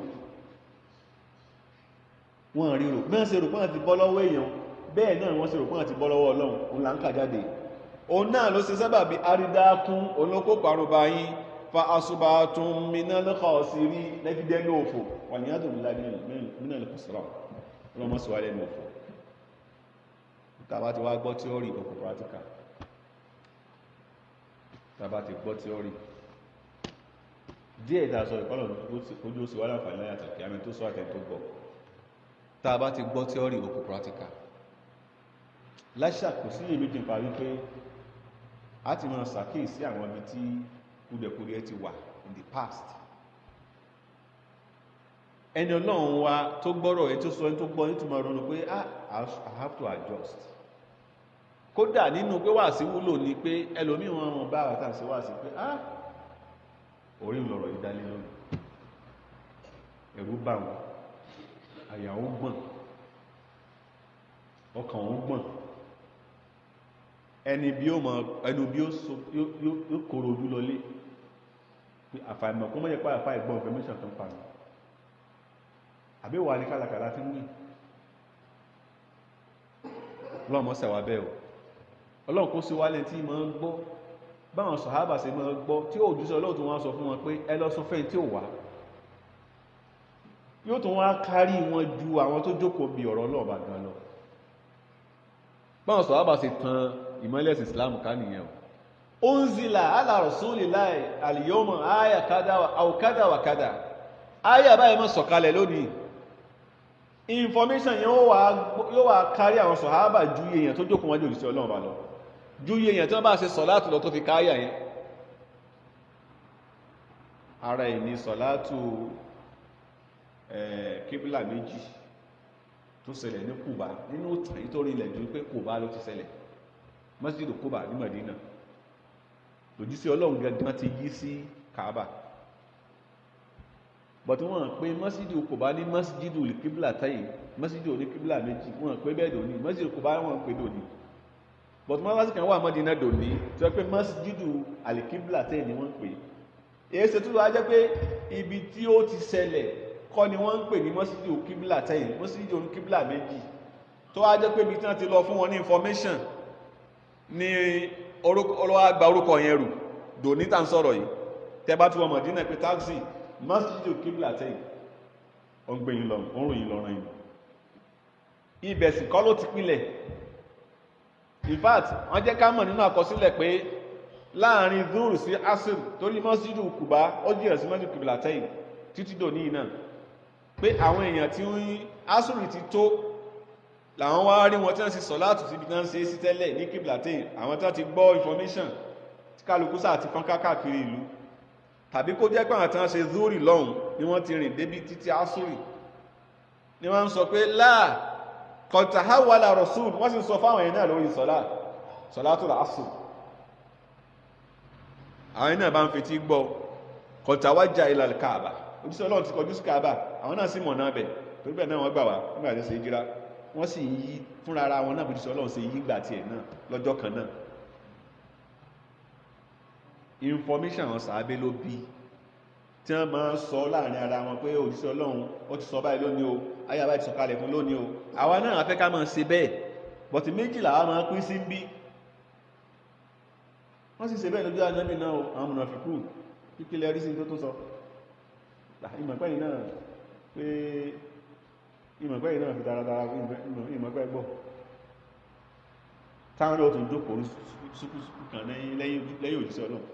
mẹ́rin ṣe rò àti bọ́ èèyàn bẹ́ẹ̀ náà wọ́n ṣe rò àti bọ́ ọlọ́run òun là ń kà jáde òun náà ló ṣe sábà bí arídákún olóko parun yín fa asùbà tún mìíràn lọ́kọ̀ọ́sì rí lẹ́gídẹ́ òfò wà ní àdùn mìíràn lọ́kọ̀ọ́sì rà ọlọ́mọ sọ alẹ́ mọ̀fọ́ tàbá ti wá gbọ́ tíọ́rì kòkò pàtíkà tàbá ti gbọ́ tíọ́rì díẹ̀ ìdásọ ìkọlọ̀ ojú ó sì wá láǹfààní láyà tàbí àmì tó sọ àtẹ̀ tó gbọ́ tàbá ti gbọ́ tíọ́rì kòkò pàtíkà láṣà kò sí èmi ti parí pé a ti máa ṣàkíyèsí àwọn ibi tí kúdẹ̀kúdẹ̀ ti wà in the past ẹni ọlọ́run wa tó gbọ́rọ̀ ẹ tó sọ tó gbọ́ nítumọ̀ ronú pé ah I have to adjust kódà nínú pé wàásí wúlò ni pé ẹlòmíì wọn mọ bá àwọn àtàǹsí wàásí pé ah orí ń lọ̀rọ̀ ìdálé lónìí ẹ̀rú bá wọn àyà ó gbọ̀n ọkàn ó gbọ̀n ẹni bí ó mọ ẹnu bí ó so yóò kóró ojú lọlé àfàìmọ̀ kó mọ̀ yẹ pé àfàìgbọ̀n ọ̀fẹ́ mẹ́sàn-án tó ń pa mi àbí wà ní kàlàkàlà tí ń wí ọlọ́run mọ́sẹ̀ wà bẹ́ẹ̀ o ọlọ́run kó sí wálé tí máa ń gbọ́ báwọn sàhábà ṣe máa ń gbọ́ tí ó jùsọ lóòtú wọn sọ fún wọn pé ẹ fẹ́ tí ó wà yóò tún wá kárí wọn ju àwọn tó jókòó bí ọ̀rọ̀ ọlọ́ọ̀bà gan lọ báwọn sàhábà ṣe tan ìmọ́lẹ̀ Islam ká nìyẹn o ó ń zilà ala rasulillahi al-yawma àyà kádà wà kádà àyà báyìí mọ́ sọ̀kalẹ̀ lónìí information yẹn yóò wà kárí àwọn sọ̀hábà ju èèyàn tó jókòó wájú òjíṣẹ́ Ọlọ́run bá lọ ju èèyàn tó bá ṣe sọ̀látù lọ tó fi káyà yẹn ara ẹ̀ ní sọ̀látù kíbílà méjì tó ṣẹlẹ̀ ní Kùbá nínú ìtàn nítorí ilẹ̀ ju pé Kùbá ló ti ṣẹlẹ̀ masjid Kùbá ní Madina lòjíṣẹ́ Ọlọ́run gangan ti yí sí Kaaba bọ̀tí wọ́n pé mọ́sídìí Kùbá ní mọ́sídìí olùkíbìlà táyì mọ́sídìí oníkíbìlà méjì wọ́n pé bẹ́ẹ̀ dòní mọ́sídìí Kùbá wọ́n pé dòní bọ̀tí mọ́sídìí kan wà Mádínà dòní tí wọ́n pé mọ́sídìí alìkíbìlà táyì ni wọ́n pè èyí ṣe túbọ̀ ajẹ́ pé ibi tí ó ti ṣẹlẹ̀ kọ́ ni wọ́n ń pè ní mọ́sídìí olùkíbìlà táyì mọ́sídìí oníkíbìlà méjì tó wá jẹ́ pé ibi tí wọ́n ti lọ fún wọn ní information ni ọlọ́wà gba orúkọ yẹn rù dòní tá ń sọ̀rọ̀ yìí tẹ́ bá tún wọ Mádínà pé táxi masjidu kibla tẹ́yìn ọgbẹ̀yìn lọ oòrùn lọ́rọ̀ yìí ibẹ̀ sì kọ́ ló ti pilẹ̀ in fact wọ́n jẹ́ ká mọ̀ nínú àkọsílẹ̀ pé láàrin zuru sí asir torí masjidu kuba ó jìnà sí masjidu kibla tẹ́yìn títí dòní náà pé àwọn èèyàn tí ń asir ti tó làwọn wá rí wọn tí wọ́n sì sọ láti síbi tán ṣe sí tẹ́lẹ̀ ní kibla tẹ́yìn àwọn tán ti gbọ́ information tí kálukú sáà ti fọ́n káàkiri ìlú tàbí kó jẹ́ pé àwọn tí wọ́n ṣe zúrì lọ́hùn ni wọ́n ti rìn débi títí asúrì ni wọ́n ń sọ pé láà kọ̀tàháwàlà rọ̀sùn wọ́n sì sọ fáwọn ẹ̀nà lórí sọ́lá sọ́lá tó rà asùn àwọn ẹ̀nà bá ń fi tí gbọ́ kọ̀tàwájà ilà kààbà òjíṣẹ́ ọlọ́run ti kọjú sí kààbà àwọn náà sì mọ̀ náà bẹ̀ torí bẹ́ẹ̀ náà wọ́n gbà wá nígbà tí wọ́n sì yí fúnra ara wọn náà òjíṣẹ́ ọlọ́run ṣe yí gbà tiẹ̀ náà lọ́jọ́ kan náà information àwọn sàábé ló bí tí wọ́n máa ń sọ láàrin ara wọn pé òjíṣẹ́ ọlọ́run ó ti sọ báyìí lónìí o ayaba ti sọ̀kalẹ̀ fún lónìí o àwa náà fẹ́ ká máa ṣe bẹ́ẹ̀ bọ̀tí méjìlá wa máa pín sí bí wọ́n sì ṣe bẹ́ẹ̀ lójú ànábì náà àwọn mọ̀nà fi kú kíkí lẹ́rí sí tó tó sọ ìmọ̀pẹ́yìn náà pé ìmọ̀pẹ́yìn náà fi taratara ìmọ̀pẹ́ gbọ́ táwọn náà tún jókòó súkúsúkú kan lẹ́yìn òjíṣẹ́ ọlọ́run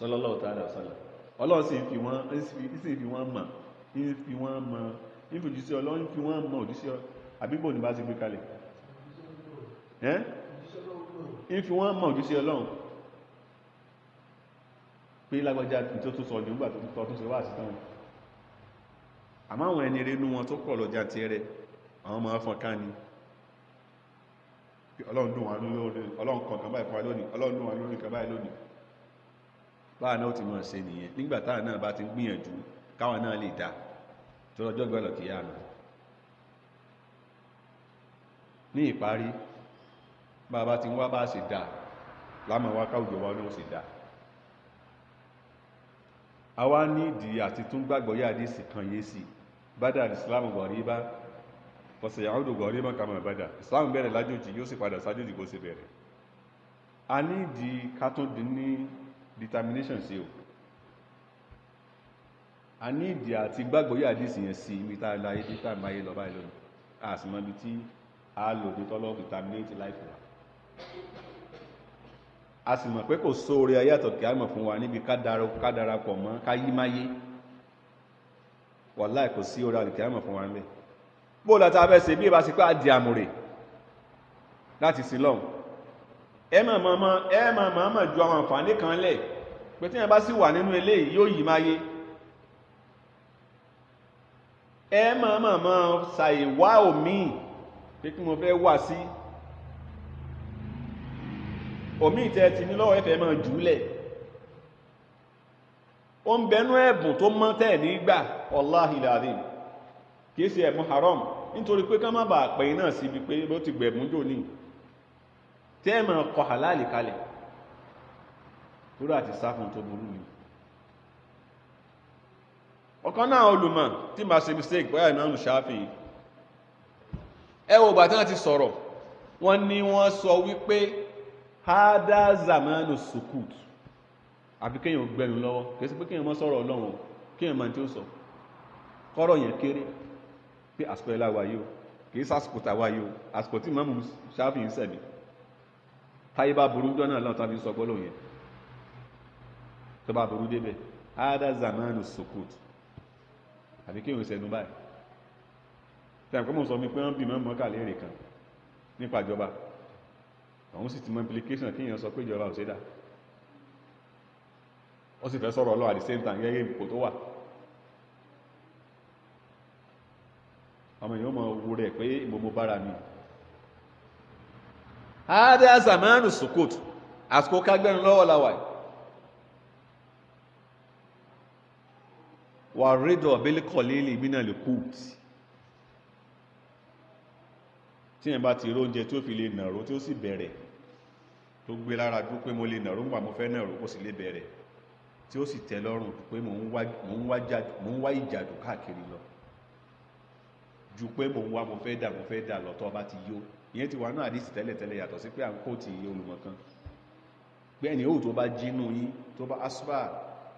sallallahu ta'ala sallam ọlọ́run sì fi wọ́n sì fi wọ́n mọ̀ ní fi wọ́n mọ̀ ní fi òjíṣẹ́ ọlọ́run fi wọ́n mọ̀ òjíṣẹ́ àbíbò ní bá ti gbé kalẹ̀ ẹ́ ní fi wọ́n mọ̀ òjíṣẹ́ ọlọ́run pé lágbàjá tó tó sọ nígbà tó tọ́ tó ṣe wá sí táwọn àmọ́ àwọn ẹni rẹ̀ inú wọn tó pọ̀ lọ́jà ti rẹ̀ àwọn ọmọ afọ́n ká ni ọlọ́run dùn wọn lórí ọlọ́run kọ̀ọ̀kan báyìí fún wa lónìí ọlọ́run dùn wọn lórí kan báyìí lónìí báwa náà ó ti máa ṣe nìyẹn nígbà táwọn náà bá ti ń gbìyànjú káwọn náà lè dá tó lọ́jọ́ gbọ́dọ̀ kìí àná ní ìparí bàbá ti ń wá bá ṣe dá lámọ̀ wá káwùjọ wa náà ṣe dá a wá ní ìdí àti tún gbàgbọ́ yá àdísì kan yé sí bádà islam gọ̀rí bá pọ̀sẹ̀ yàúdù gọ̀rí mọ́ kàmọ̀ ìbádà islam bẹ̀rẹ̀ lájòjì yóò sì padà sájòjì kó sì bẹ̀rẹ̀ a ní ìdí ká tún dín ní determination sí o a ní ìdí àti gbàgbọ́ yà dì sí yẹn sí ibi tá a láyé tí tá a máa yé lọ báyìí lónìí a sì mọ ibi tí a lò ní tọ́lọ́ determinate life wa a sì mọ̀ pé kò sóore ayé àtọ̀kẹ́ àmọ̀ fún wa níbi ká darapọ̀ mọ́ ká yí máyé wàláì kò sí orí àlùkẹ́ àmọ̀ fún wa ń bẹ̀ bó la ta fẹ́ ṣe bí ìbá sí pé àdì àmùrè láti sin ẹ mọ̀ mọ̀ ẹ mọ̀ mọ̀ ju àwọn àǹfààní kan lẹ̀ pé tí yẹn bá sì wà nínú eléyìí yóò yìí máyé ẹ mọ̀ọ́mọ̀ọ́mọ́ ṣàìwá òmíì pé kí mo fẹ́ wà sí òmíì tẹ́ ti ní lọ́wọ́ ẹ̀fẹ̀ mọ̀ jùúlẹ̀ ó ń bẹnú ẹ̀bùn tó mọ́ tẹ́ nígbà ọláhìláàdì kìí ṣe ẹ̀bùn haram nítorí pé ká má bàa pẹ̀yìn náà síbi pé bó ti gbẹ̀bùn jò ní tẹ́ kọ̀ hàlálì kalẹ̀ torí àti sáfún tó burú yìí ọ̀kan náà olùmọ̀ tí ma ṣe mistake bóyá ìmọ̀ ṣáfì ẹ wo bàtí wọ́n ti sọ̀rọ̀ wọ́n ní wọ́n sọ wípé hada zamanu sukut àbí kéèyàn gbẹnu lọ́wọ́ kìí sí pé kéèyàn mọ́ sọ̀rọ̀ ọlọ́run kéèyàn máa tí ó sọ kọ́rọ̀ yẹn kéré pé àsìkò ẹ̀lá wa yìí o kìí sásìkò tàwa yìí o àsìkò tí mọ́mù ṣáfì ń sẹ̀mí táyé bá burú jọ náà lọ́ta fi sọ gbọ́lọ́ yẹn tó bá burú débẹ̀ ada zamanu sukut àbí kí òun sẹnu báyìí tẹ́lẹ̀ kọ́mọ̀ sọ mi pé wọ́n bì mọ́ mọ́ kàlẹ́ èrè kan nípa ìjọba àwọn sì ti mọ implication kí èèyàn sọ pé ìjọba ò ṣe dá ó sì fẹ́ sọ̀rọ̀ ọlọ́wà the same time gẹ́gẹ́ ipò tó wà ọmọ èèyàn mọ owó rẹ̀ pé ìmọ̀mọ̀ bára mi ada zamanu sukut àsìkò kágbẹ́rin lọ́wọ́ làwàyí wà rédọ̀ abẹ́lẹ́kọ̀lẹ́lẹ́ ìmínà lè kú tí yẹn bá ti ró oúnjẹ tí ó fi lè nàró tí ó sì bẹ̀rẹ̀ tó gbé lára dúró pé mo lè nàró nígbà mo fẹ́ nàró ó sì lè bẹ̀rẹ̀ tí ó sì tẹ́ lọ́rùn pé mò ń wá ìjàdù káàkiri lọ ju pé mò ń wá mo fẹ́ dà mo fẹ́ dà lọ tó ọba ti yó ìyẹn ti wà náà àdìsí tẹ́lẹ̀tẹ́lẹ̀ yàtọ̀ sí pé à ń kó ti iye olùmọ̀kan pé ẹni yóò tó bá jínú yín tó bá asúbà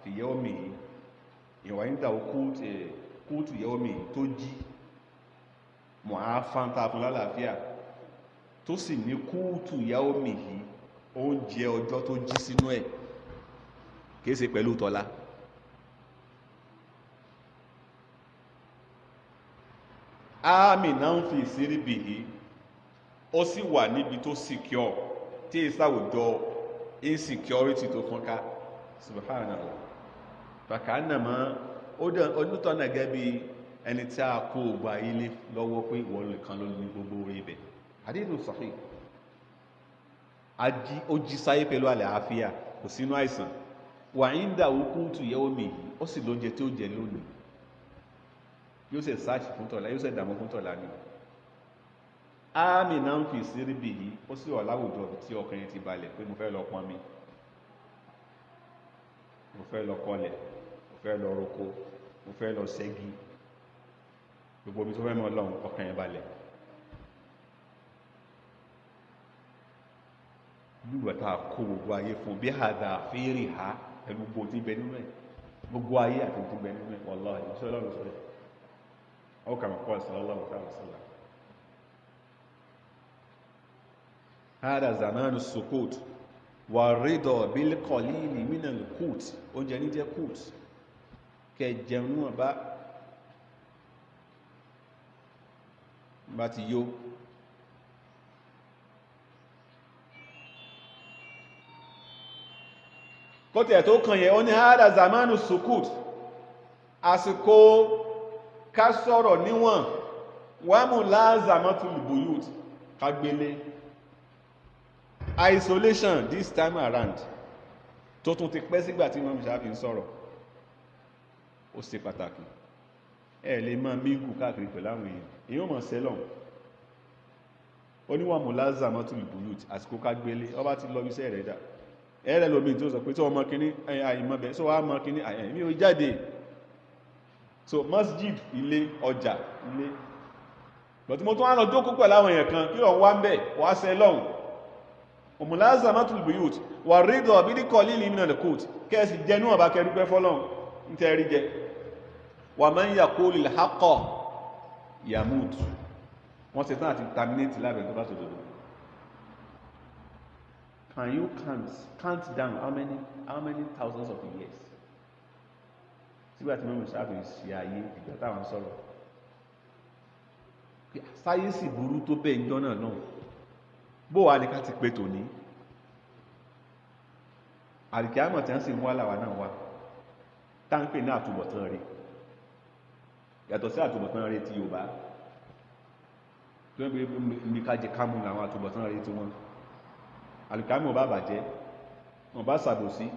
fìyẹ́ ọ̀mì yín ìwà yínda kúùtù eh, yẹ́ omi tó jí mọ̀ á fántà fún lálàáfíà tó sì ní kúùtù yẹ́ omi yìí oúnjẹ ọjọ́ tó jí sínú ẹ̀ kìí ṣe pẹ̀lú tọ́lá áàmì náà ń fi ìsírí yìí ó sì wà níbi tó secure tí ìsàwùjọ insecurity tó fọ́nká subhanallah fàkànàmọ́ onítọ̀ náà gẹ́ bí ẹni tí a kó ògbà ilé lọ́wọ́ pé ìwọ̀n nìkan ló ní gbogbo orí ibẹ̀ àdínú sọ̀hí ó jí sáyé pẹ̀lú àlàáfíà kò sínú àìsàn wà ń dà ókú tù yẹ́wó mi ó sì lóúnjẹ tí ó jẹ lónìí yóò ṣe sáàṣì fún yóò ṣe dààmú fún ni ti balẹ̀ pé mo fẹ́ lọ mi mo fẹ́ fẹ́ lọ roko mo fẹ́ lọ ṣẹ́gi gbogbo omi tó fẹ́ mọ́ lọ́hùn ọkàn yẹn balẹ̀ nígbàtà kó gbogbo ayé fún bí àdá fèrè ha ẹgbogbo tí bẹ nínú ẹ gbogbo ayé àti tí bẹ nínú ẹ wallahi ìṣẹ́ ọlọ́run sọ́rọ̀ ọkà mọ̀ pọ̀ sallallahu alaihi wasallam hada zamanu sukut wà rídọ̀ bil qalili minal kut oúnjẹ ní jẹ́ kut kẹjẹun níwọ̀n bá bá ti yó kọ́tẹ̀ tó kàn yẹ ó ní hádà zamanu sukut àsìkò ká sọ̀rọ̀ níwọ̀n wàmù láàzàmọ́tún buyut kagbélé isolation this time around tó tún ti pẹ́ sígbà tí wọ́n mú sáfí ń sọ̀rọ̀ ó ṣe pàtàkì ẹ lè máa mígù káàkiri pẹ̀lú àwọn èèyàn èèyàn mọ̀ sẹ́lọ̀n oníwàmù lázà mọ́tò ìbúlùt àsìkò ká gbélé ọba ti lọ iṣẹ́ rẹ̀ dà ẹ̀rẹ̀ lómi tó sọ pé tó ọmọ kìíní àìmọ́bẹ̀ tó wá mọ kìíní àìmí ò jáde so masjid ilé ọjà ilé bọ̀tí mo tún wá lọ jókòó pẹ̀lú àwọn èèyàn kan kí lọ wá ń bẹ̀ wá sẹ́lọ̀n òmùláza mọ́tò ìbúlùt wà rí wà máa ń yà kó lè hákọ̀ yamud wọ́n ṣe tán àti terminate lábẹ́ tó bá ṣòdodo can you count count down how many how many thousands of years sígbà tí mọ́mọ́ sábà ṣe ayé ìjọ táwọn sọ̀rọ̀ sáyẹ́nsì burú tó bẹ́ẹ̀ ń náà náà bó wà ní ká ti pé tòní àríkí àmọ̀ tí sì ń wá làwà náà wá táǹpẹ̀ náà túbọ̀ tán yàtọ̀ sí àtúbọ̀tán rẹ̀ ti Yorùbá tó ń gbé mi ká jẹ kámù làwọn àtúbọ̀tán rẹ̀ ti wọn ọba bàjẹ́ wọn bá ṣàbòsí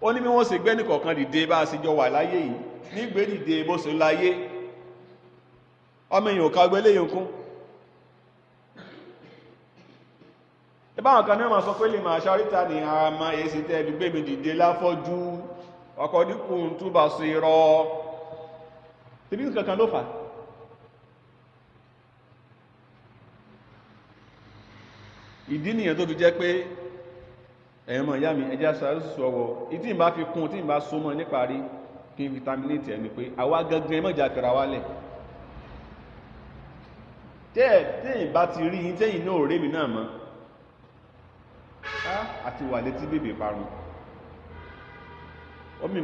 ó ní bí wọ́n sì gbé nìkọ̀ọ̀kan dìde bá a sì jọ wà láyé yìí nígbé dìde bó ṣe láyé ọmọ èèyàn ká gbé léyìn kún ìbáwọn kan náà ma sọ pé lè máa ṣáríta ní àmà èsì tẹ́ ẹ̀bí gbé mi dìde láfọ́jú ọkọ̀ dínkù túbà sí rọ́ọ́ tí bí n kankan ló fà ìdí nìyẹn tó fi jẹ́ pé ẹ̀mọ̀ ìyá mi ẹjá sọ́wọ́ ìtí ìbá fi kún tí ìbá súnmọ́ níparí kí n vitaminate ẹ̀mí pé àwa gangan ẹmọ́jà fẹ́ra wálẹ̀ tẹ́yìn bá ti rí tẹ́yìn náà rí mi náà mọ́ àti wà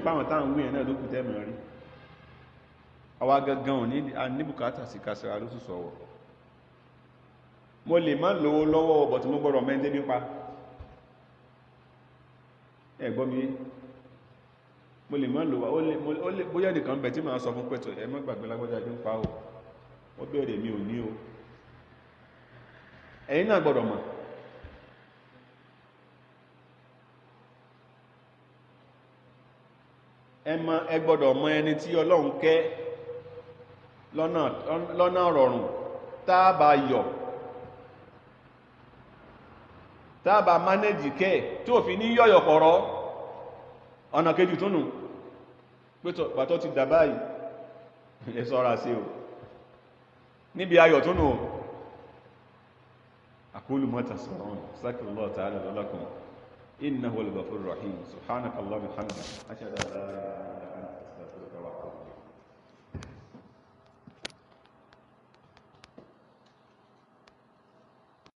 pàwọn táwọn wíyẹn náà lókùtẹ́ mọ̀ rí àwa gangan ní àníbùkátà sí kásìrà ló susu wọ̀ mo lè má lówó lọ́wọ́ ọ̀bọ̀ tí mo gbọ́rọ̀ mẹ́ndé nípa ẹ̀gbọ́n mi mo lè má lówó bóyá nìkan bẹ̀ tí ma sọ fún pẹ̀tọ̀ ẹ má lágbọ́dá ẹjọ́ ń pa mi o ẹ ẹni tí Ọlọ́run kẹ́ lọ́nà rọrùn táàbà yọ̀ táàbà manage care tí ò fi ní yọ̀yọ̀ pọ̀rọ̀ ọ̀nà kejì túnù pẹ́tọ̀ pàtọ́ ti dà báyìí (laughs) ẹ ṣọ́ra sí o níbi ayọ̀ túnù o أقول ما تسمعون أستغفر الله تعالى لكم إنه الغفور الرحيم سبحانك اللهم وبحمدك أشهد أن